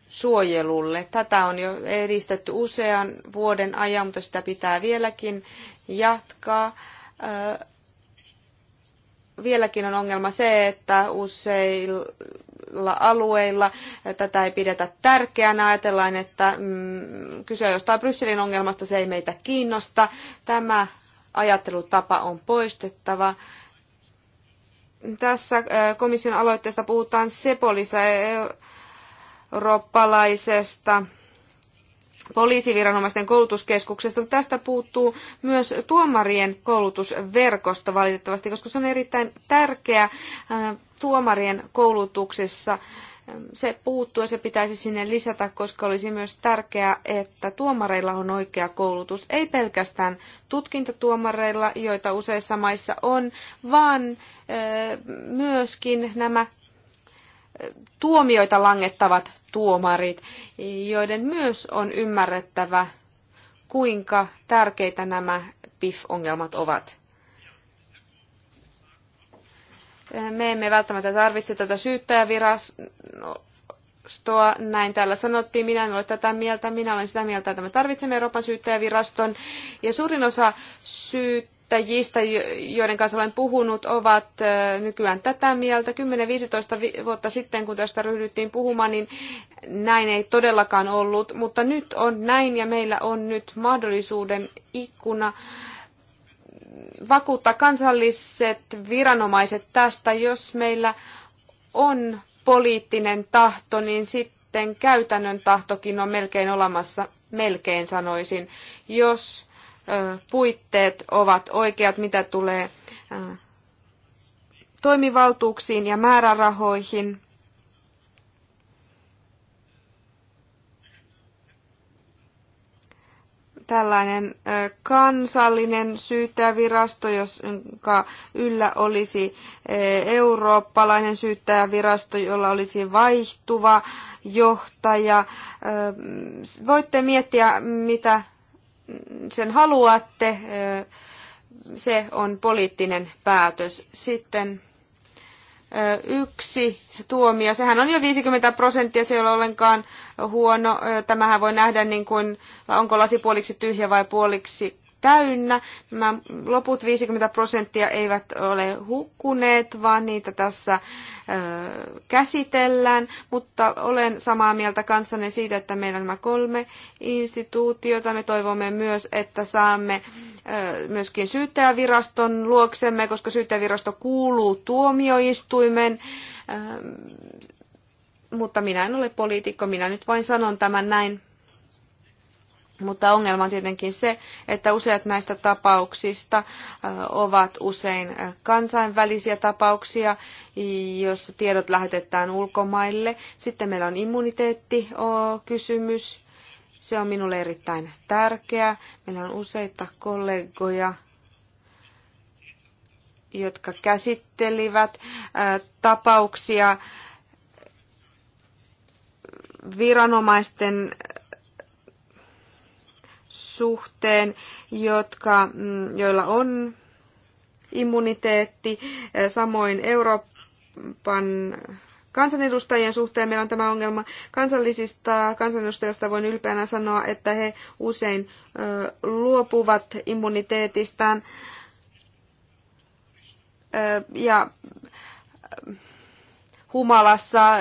suojelulle. Tätä on jo edistetty usean vuoden ajan, mutta sitä pitää vieläkin jatkaa. Vieläkin on ongelma se, että useilla alueilla tätä ei pidetä tärkeänä. Ajatellaan, että mm, kyse on jostain Brysselin ongelmasta, se ei meitä kiinnosta. Tämä ajattelutapa on poistettava tässä äh, komission aloitteesta puhutaan Sepolissa eurooppalaisesta poliisiviranomaisten koulutuskeskuksesta, mutta tästä puuttuu myös tuomarien koulutusverkosto valitettavasti, koska se on erittäin tärkeä äh, tuomarien koulutuksessa se puuttuu ja se pitäisi sinne lisätä, koska olisi myös tärkeää, että tuomareilla on oikea koulutus, ei pelkästään tutkintatuomareilla, joita useissa maissa on, vaan myöskin nämä tuomioita langettavat tuomarit, joiden myös on ymmärrettävä, kuinka tärkeitä nämä PIF-ongelmat ovat. Me emme välttämättä tarvitse tätä syyttäjävirastoa, näin täällä sanottiin. Minä en ole tätä mieltä, minä olen sitä mieltä, että me tarvitsemme Euroopan syyttäjäviraston. Ja suurin osa syyttäjistä, joiden kanssa olen puhunut, ovat nykyään tätä mieltä. 10-15 vuotta sitten, kun tästä ryhdyttiin puhumaan, niin näin ei todellakaan ollut, mutta nyt on näin ja meillä on nyt mahdollisuuden ikkuna vakuuttaa kansalliset viranomaiset tästä, jos meillä on poliittinen tahto, niin sitten käytännön tahtokin on melkein olemassa, melkein sanoisin, jos puitteet ovat oikeat, mitä tulee toimivaltuuksiin ja määrärahoihin. tällainen kansallinen syyttäjävirasto, jonka yllä olisi eurooppalainen syyttäjävirasto, jolla olisi vaihtuva johtaja. Voitte miettiä, mitä sen haluatte. Se on poliittinen päätös. Sitten yksi tuomio. Sehän on jo 50 prosenttia, se ei ole ollenkaan huono. Tämähän voi nähdä, niin kuin, onko lasi puoliksi tyhjä vai puoliksi täynnä. Nämä loput 50 prosenttia eivät ole hukkuneet, vaan niitä tässä käsitellään, mutta olen samaa mieltä kanssanne siitä, että meillä on nämä kolme instituutiota. Me toivomme myös, että saamme mm myöskin syyttäjäviraston luoksemme, koska syyttäjävirasto kuuluu tuomioistuimen, mutta minä en ole poliitikko, minä nyt vain sanon tämän näin. Mutta ongelma on tietenkin se, että useat näistä tapauksista ovat usein kansainvälisiä tapauksia, joissa tiedot lähetetään ulkomaille. Sitten meillä on immuniteettikysymys. kysymys se on minulle erittäin tärkeää. Meillä on useita kollegoja, jotka käsittelivät tapauksia viranomaisten suhteen, jotka, mm, joilla on immuniteetti, samoin Euroopan kansanedustajien suhteen meillä on tämä ongelma. Kansallisista kansanedustajista voin ylpeänä sanoa, että he usein luopuvat immuniteetistään. ja humalassa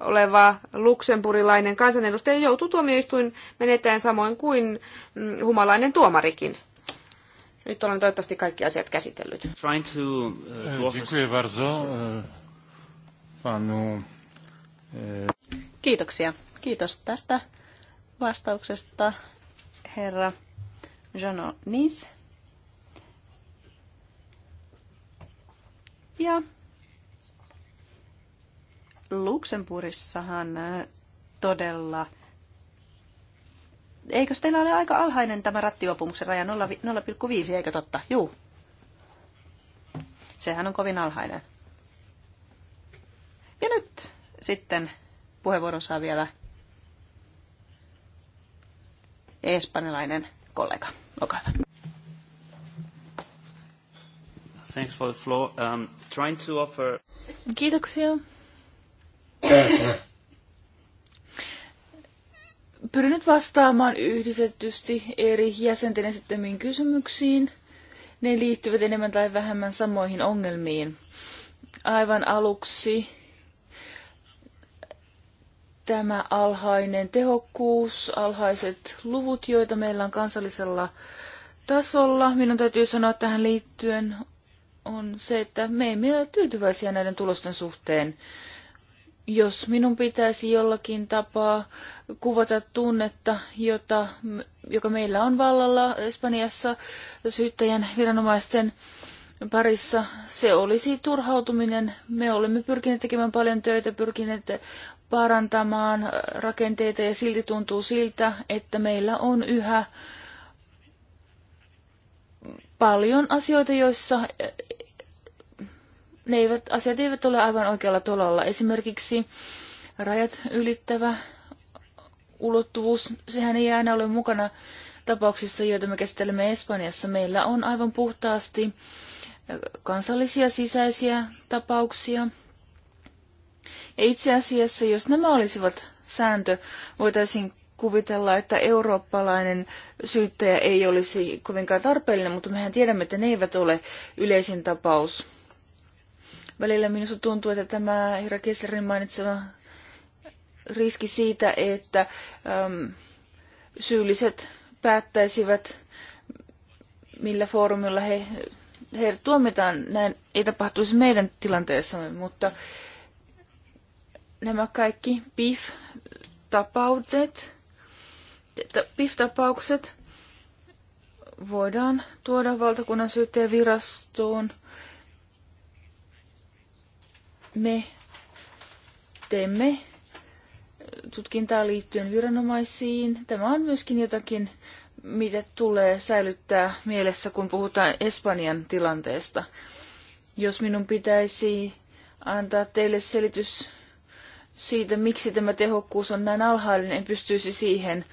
oleva luksemburilainen kansanedustaja joutuu tuomioistuin menettäen samoin kuin mm, humalainen tuomarikin. Nyt olen toivottavasti kaikki asiat käsitellyt. Uh, eh, eh, eh, Kiitoksia. Kiitos tästä vastauksesta, herra Jano Nis. Ja Luxemburgissahan todella Eikös teillä ole aika alhainen tämä rattiopumuksen raja 0,5, eikö totta? Juu. Sehän on kovin alhainen. Ja nyt sitten puheenvuoron saa vielä espanjalainen kollega. Olkaa hyvä. Thanks for the floor. Um, trying to offer... Kiitoksia. pyrin nyt vastaamaan yhdistetysti eri jäsenten esittämiin kysymyksiin. Ne liittyvät enemmän tai vähemmän samoihin ongelmiin. Aivan aluksi tämä alhainen tehokkuus, alhaiset luvut, joita meillä on kansallisella tasolla, minun täytyy sanoa tähän liittyen, on se, että me emme ole tyytyväisiä näiden tulosten suhteen jos minun pitäisi jollakin tapaa kuvata tunnetta, jota, joka meillä on vallalla Espanjassa syyttäjän viranomaisten parissa, se olisi turhautuminen. Me olemme pyrkineet tekemään paljon töitä, pyrkineet parantamaan rakenteita ja silti tuntuu siltä, että meillä on yhä paljon asioita, joissa ne eivät, asiat eivät ole aivan oikealla tolalla. Esimerkiksi rajat ylittävä ulottuvuus, sehän ei aina ole mukana tapauksissa, joita me käsittelemme Espanjassa. Meillä on aivan puhtaasti kansallisia sisäisiä tapauksia. Ja itse asiassa, jos nämä olisivat sääntö, voitaisiin kuvitella, että eurooppalainen syyttäjä ei olisi kovinkaan tarpeellinen, mutta mehän tiedämme, että ne eivät ole yleisin tapaus Välillä minusta tuntuu, että tämä herra Kesslerin mainitsema riski siitä, että äm, syylliset päättäisivät, millä foorumilla he, heidät tuomitaan, näin ei tapahtuisi meidän tilanteessamme, mutta nämä kaikki PIF-tapaudet, PIF-tapaukset voidaan tuoda valtakunnan syyttäjän virastoon – me teemme tutkintaa liittyen viranomaisiin. Tämä on myöskin jotakin, mitä tulee säilyttää mielessä, kun puhutaan Espanjan tilanteesta. Jos minun pitäisi antaa teille selitys siitä, miksi tämä tehokkuus on näin alhainen, en pystyisi siihen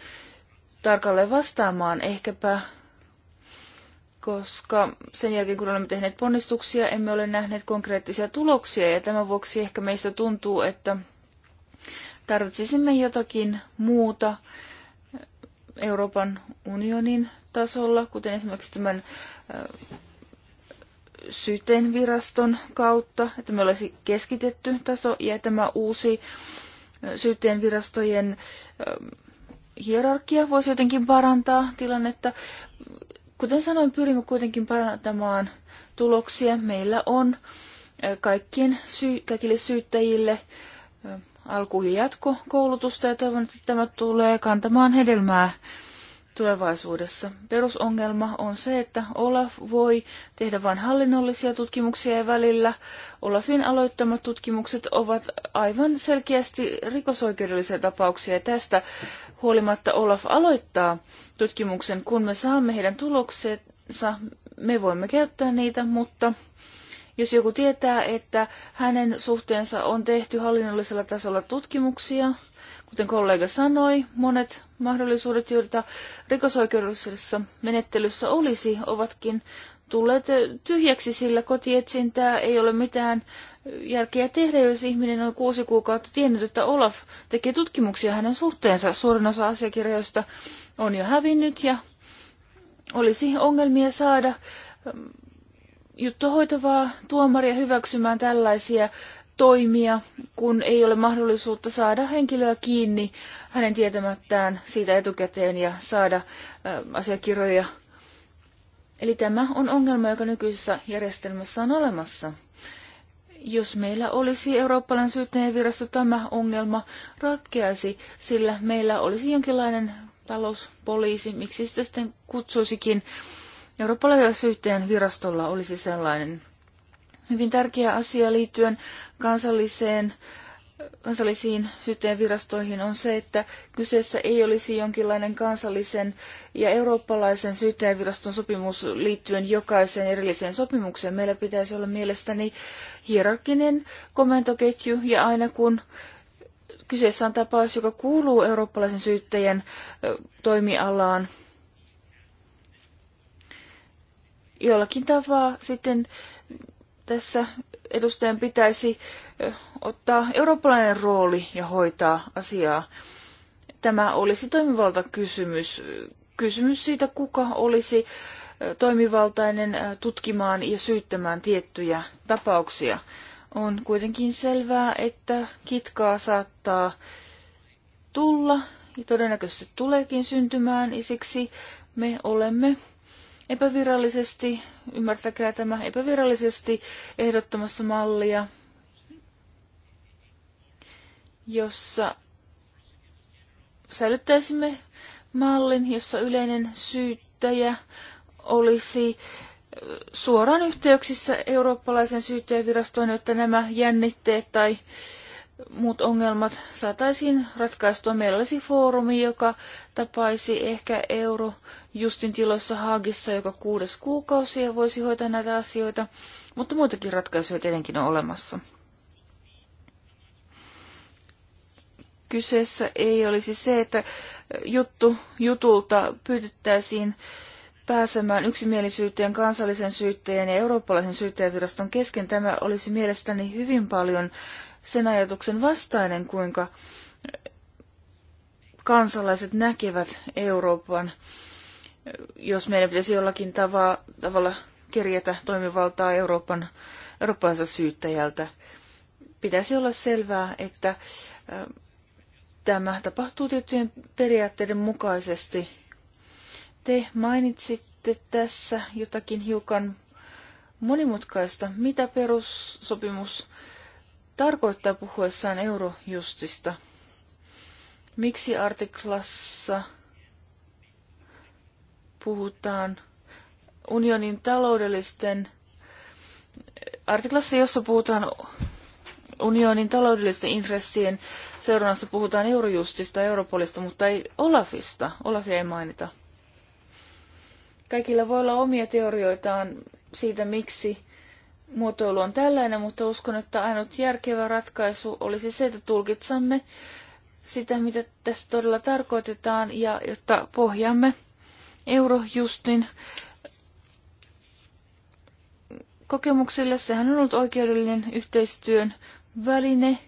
tarkalleen vastaamaan. Ehkäpä koska sen jälkeen kun olemme tehneet ponnistuksia, emme ole nähneet konkreettisia tuloksia ja tämän vuoksi ehkä meistä tuntuu, että tarvitsisimme jotakin muuta Euroopan unionin tasolla, kuten esimerkiksi tämän syten viraston kautta, että me olisi keskitetty taso ja tämä uusi syytteen virastojen hierarkia voisi jotenkin parantaa tilannetta. Kuten sanoin, pyrimme kuitenkin parantamaan tuloksia. Meillä on kaikkien syy, kaikille syyttäjille alku- ja jatkokoulutusta ja toivon, että tämä tulee kantamaan hedelmää tulevaisuudessa. Perusongelma on se, että Olaf voi tehdä vain hallinnollisia tutkimuksia ja välillä Olafin aloittamat tutkimukset ovat aivan selkeästi rikosoikeudellisia tapauksia tästä huolimatta Olaf aloittaa tutkimuksen. Kun me saamme heidän tuloksensa, me voimme käyttää niitä, mutta jos joku tietää, että hänen suhteensa on tehty hallinnollisella tasolla tutkimuksia, kuten kollega sanoi, monet mahdollisuudet, joita rikosoikeudellisessa menettelyssä olisi, ovatkin tulleet tyhjäksi, sillä kotietsintää ei ole mitään jälkeä tehdä, jos ihminen on kuusi kuukautta tiennyt, että Olaf tekee tutkimuksia hänen suhteensa. Suurin osa asiakirjoista on jo hävinnyt ja olisi ongelmia saada mm, juttu hoitavaa tuomaria hyväksymään tällaisia toimia, kun ei ole mahdollisuutta saada henkilöä kiinni hänen tietämättään siitä etukäteen ja saada mm, asiakirjoja. Eli tämä on ongelma, joka nykyisessä järjestelmässä on olemassa. Jos meillä olisi eurooppalainen syyttäjävirasto, tämä ongelma ratkeaisi, sillä meillä olisi jonkinlainen talouspoliisi, miksi sitä sitten kutsuisikin. Eurooppalaisella syyttäjän virastolla olisi sellainen hyvin tärkeä asia liittyen kansalliseen kansallisiin syyttäjänvirastoihin on se, että kyseessä ei olisi jonkinlainen kansallisen ja eurooppalaisen syyttäjänviraston sopimus liittyen jokaiseen erilliseen sopimukseen. Meillä pitäisi olla mielestäni hierarkinen komentoketju ja aina kun kyseessä on tapaus, joka kuuluu eurooppalaisen syyttäjän toimialaan, jollakin tavalla sitten tässä edustajan pitäisi ottaa eurooppalainen rooli ja hoitaa asiaa. Tämä olisi toimivalta kysymys. Kysymys siitä, kuka olisi toimivaltainen tutkimaan ja syyttämään tiettyjä tapauksia. On kuitenkin selvää, että kitkaa saattaa tulla ja todennäköisesti tuleekin syntymään, ja siksi me olemme epävirallisesti, ymmärtäkää tämä, epävirallisesti ehdottamassa mallia, jossa säilyttäisimme mallin, jossa yleinen syyttäjä olisi suoraan yhteyksissä eurooppalaisen syyttäjävirastoon, jotta nämä jännitteet tai muut ongelmat saataisiin ratkaistua. Meillä olisi foorumi, joka tapaisi ehkä Eurojustin tiloissa Haagissa joka kuudes kuukausi ja voisi hoitaa näitä asioita, mutta muitakin ratkaisuja tietenkin on olemassa. Kyseessä ei olisi se, että juttu jutulta pyytettäisiin pääsemään yksimielisyyteen kansallisen syyttäjän ja eurooppalaisen syyttäjäviraston kesken. Tämä olisi mielestäni hyvin paljon sen ajatuksen vastainen, kuinka kansalaiset näkevät Euroopan, jos meidän pitäisi jollakin tava, tavalla kerjätä toimivaltaa Euroopan, eurooppalaisen syyttäjältä. Pitäisi olla selvää, että tämä tapahtuu tiettyjen periaatteiden mukaisesti. Te mainitsitte tässä jotakin hiukan monimutkaista. Mitä perussopimus tarkoittaa puhuessaan eurojustista? Miksi artiklassa puhutaan unionin taloudellisten, artiklassa jossa puhutaan unionin taloudellisten intressien seurannasta puhutaan Eurojustista, Europolista, mutta ei Olafista. Olafia ei mainita. Kaikilla voi olla omia teorioitaan siitä, miksi muotoilu on tällainen, mutta uskon, että ainut järkevä ratkaisu olisi se, että tulkitsemme sitä, mitä tässä todella tarkoitetaan, ja jotta pohjaamme Eurojustin kokemuksille. Sehän on ollut oikeudellinen yhteistyön väline.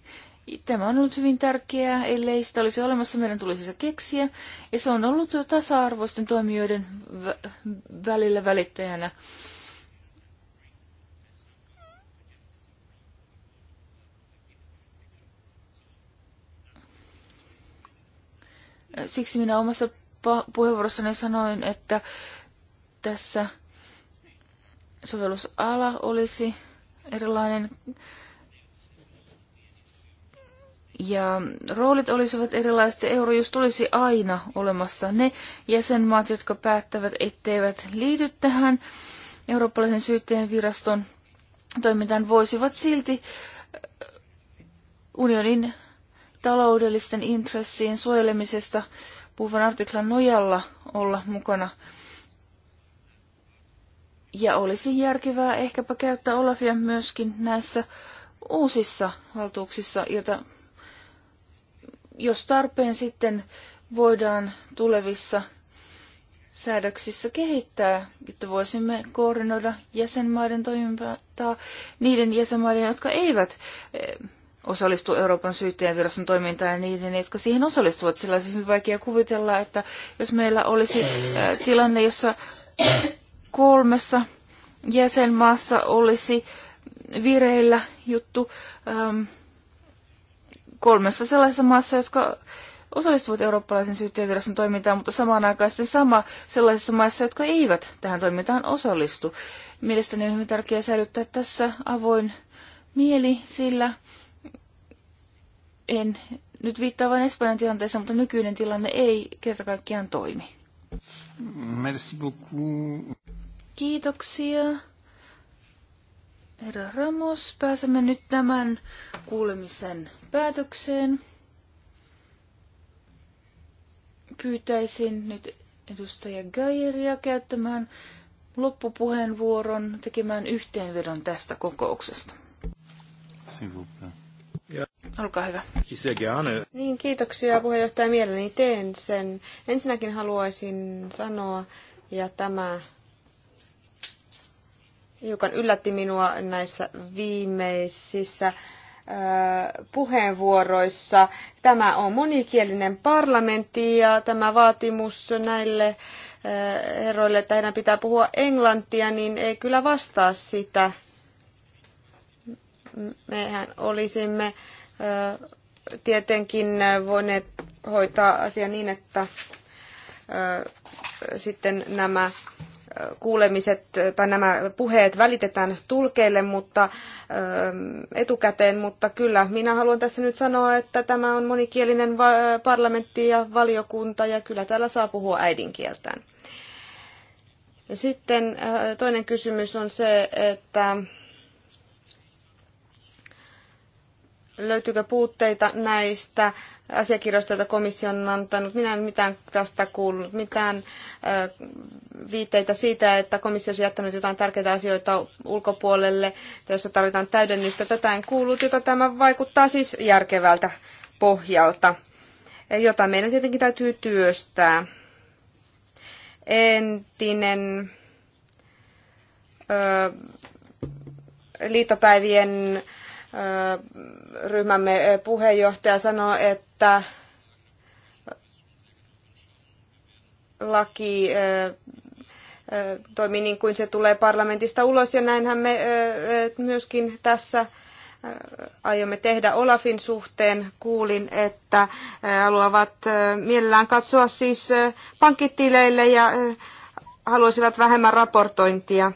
Tämä on ollut hyvin tärkeää, ellei sitä olisi olemassa, meidän tulisi se keksiä. Ja se on ollut tasa-arvoisten toimijoiden välillä välittäjänä. Siksi minä omassa puheenvuorossani sanoin, että tässä sovellusala olisi erilainen ja roolit olisivat erilaiset. Eurojust olisi aina olemassa ne jäsenmaat, jotka päättävät, etteivät liity tähän eurooppalaisen syyttäjän viraston toimintaan, voisivat silti äh, unionin taloudellisten intressien suojelemisesta puhuvan artiklan nojalla olla mukana. Ja olisi järkevää ehkäpä käyttää Olafia myöskin näissä uusissa valtuuksissa, joita jos tarpeen sitten voidaan tulevissa säädöksissä kehittää, että voisimme koordinoida jäsenmaiden toimintaa niiden jäsenmaiden, jotka eivät eh, osallistu Euroopan syyttäjänviraston toimintaan ja niiden, jotka siihen osallistuvat. Sillä olisi hyvin vaikea kuvitella, että jos meillä olisi eh, tilanne, jossa kolmessa jäsenmaassa olisi vireillä juttu, ähm, kolmessa sellaisessa maassa, jotka osallistuvat eurooppalaisen syyttäjäviraston toimintaan, mutta samaan aikaan sitten sama sellaisessa maassa, jotka eivät tähän toimintaan osallistu. Mielestäni on hyvin tärkeää säilyttää tässä avoin mieli, sillä en nyt viittaa vain Espanjan tilanteessa, mutta nykyinen tilanne ei kerta kaikkiaan toimi. Merci beaucoup. Kiitoksia. Herra Ramos, pääsemme nyt tämän kuulemisen päätökseen. Pyytäisin nyt edustaja Gairia käyttämään loppupuheenvuoron tekemään yhteenvedon tästä kokouksesta. Olkaa hyvä. Niin, kiitoksia puheenjohtaja. Mielelläni teen sen. Ensinnäkin haluaisin sanoa, ja tämä hiukan yllätti minua näissä viimeisissä puheenvuoroissa. Tämä on monikielinen parlamentti ja tämä vaatimus näille herroille, että heidän pitää puhua englantia, niin ei kyllä vastaa sitä. Mehän olisimme tietenkin voineet hoitaa asia niin, että sitten nämä kuulemiset tai nämä puheet välitetään tulkeille, mutta ähm, etukäteen, mutta kyllä minä haluan tässä nyt sanoa, että tämä on monikielinen parlamentti ja valiokunta ja kyllä täällä saa puhua äidinkieltään. Sitten äh, toinen kysymys on se, että löytyykö puutteita näistä asiakirjoista, joita komissio on antanut. Minä en mitään tästä kuullut, mitään viitteitä siitä, että komissio olisi jättänyt jotain tärkeitä asioita ulkopuolelle, joissa tarvitaan täydennystä. Tätä en kuullut, jota tämä vaikuttaa siis järkevältä pohjalta, e, jota meidän tietenkin täytyy työstää. Entinen ö, liittopäivien ö, ryhmämme eh, puheenjohtaja sanoi, että laki eh, eh, toimii niin kuin se tulee parlamentista ulos ja näinhän me myöskin tässä aiomme tehdä Olafin suhteen. Kuulin, että haluavat mielellään katsoa siis pankkitileille ja haluaisivat vähemmän raportointia.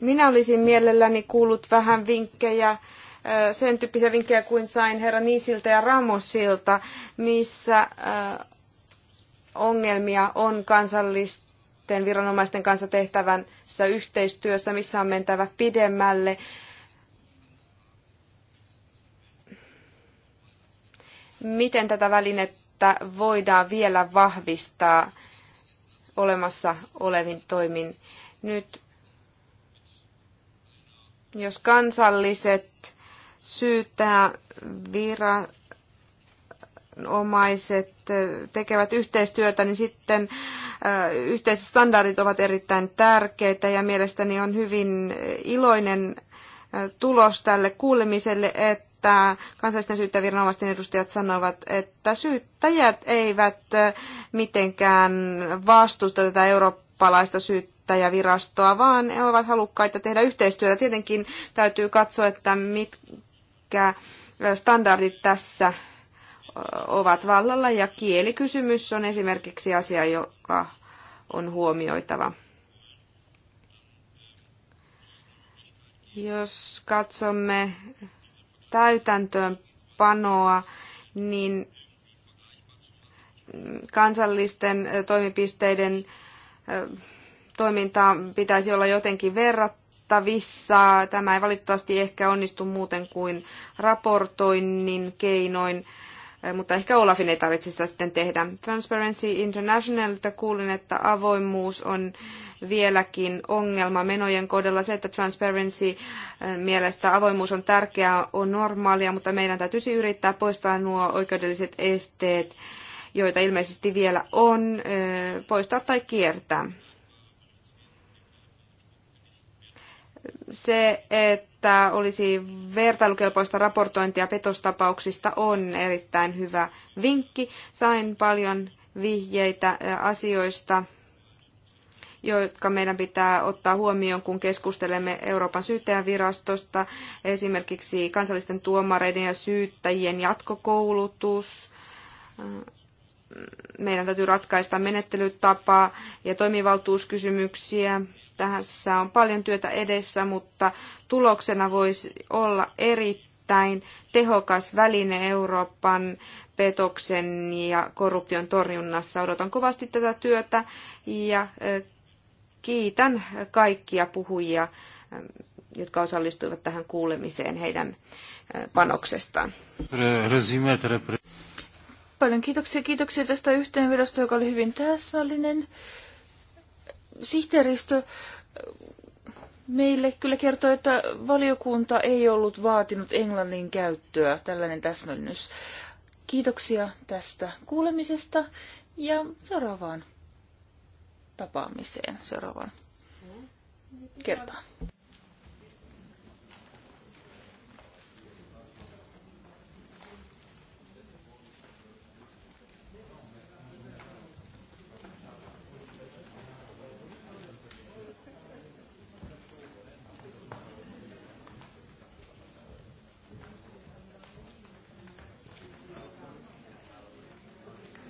Minä olisin mielelläni kuullut vähän vinkkejä sen tyyppisiä vinkkejä kuin sain herra Niisiltä ja Ramosilta, missä ongelmia on kansallisten viranomaisten kanssa tehtävässä yhteistyössä, missä on mentävä pidemmälle. Miten tätä välinettä voidaan vielä vahvistaa olemassa olevin toimin? Nyt jos kansalliset syyttää viranomaiset tekevät yhteistyötä, niin sitten yhteiset standardit ovat erittäin tärkeitä ja mielestäni on hyvin iloinen tulos tälle kuulemiselle, että kansallisten syyttäviranomaisten edustajat sanoivat, että syyttäjät eivät mitenkään vastusta tätä eurooppalaista syyttäjävirastoa, vaan he ovat halukkaita tehdä yhteistyötä. Tietenkin täytyy katsoa, että mit, standardit tässä ovat vallalla ja kielikysymys on esimerkiksi asia, joka on huomioitava. Jos katsomme täytäntöönpanoa, niin kansallisten toimipisteiden toimintaa pitäisi olla jotenkin verrattu korjattavissa. Tämä ei valitettavasti ehkä onnistu muuten kuin raportoinnin keinoin, eh, mutta ehkä Olafin ei tarvitse sitä sitten tehdä. Transparency että kuulin, että avoimuus on vieläkin ongelma menojen kohdalla. Se, että transparency eh, mielestä avoimuus on tärkeää, on normaalia, mutta meidän täytyisi yrittää poistaa nuo oikeudelliset esteet, joita ilmeisesti vielä on, eh, poistaa tai kiertää. se, että olisi vertailukelpoista raportointia petostapauksista, on erittäin hyvä vinkki. Sain paljon vihjeitä asioista, jotka meidän pitää ottaa huomioon, kun keskustelemme Euroopan syyttäjävirastosta, esimerkiksi kansallisten tuomareiden ja syyttäjien jatkokoulutus, meidän täytyy ratkaista menettelytapaa ja toimivaltuuskysymyksiä, tässä on paljon työtä edessä, mutta tuloksena voisi olla erittäin tehokas väline Euroopan petoksen ja korruption torjunnassa. Odotan kovasti tätä työtä ja kiitän kaikkia puhujia, jotka osallistuivat tähän kuulemiseen heidän panoksestaan. Paljon kiitoksia, kiitoksia tästä yhteenvedosta, joka oli hyvin täsmällinen sihteeristö meille kyllä kertoi, että valiokunta ei ollut vaatinut englannin käyttöä, tällainen täsmennys. Kiitoksia tästä kuulemisesta ja seuraavaan tapaamiseen, seuraavaan kertaan.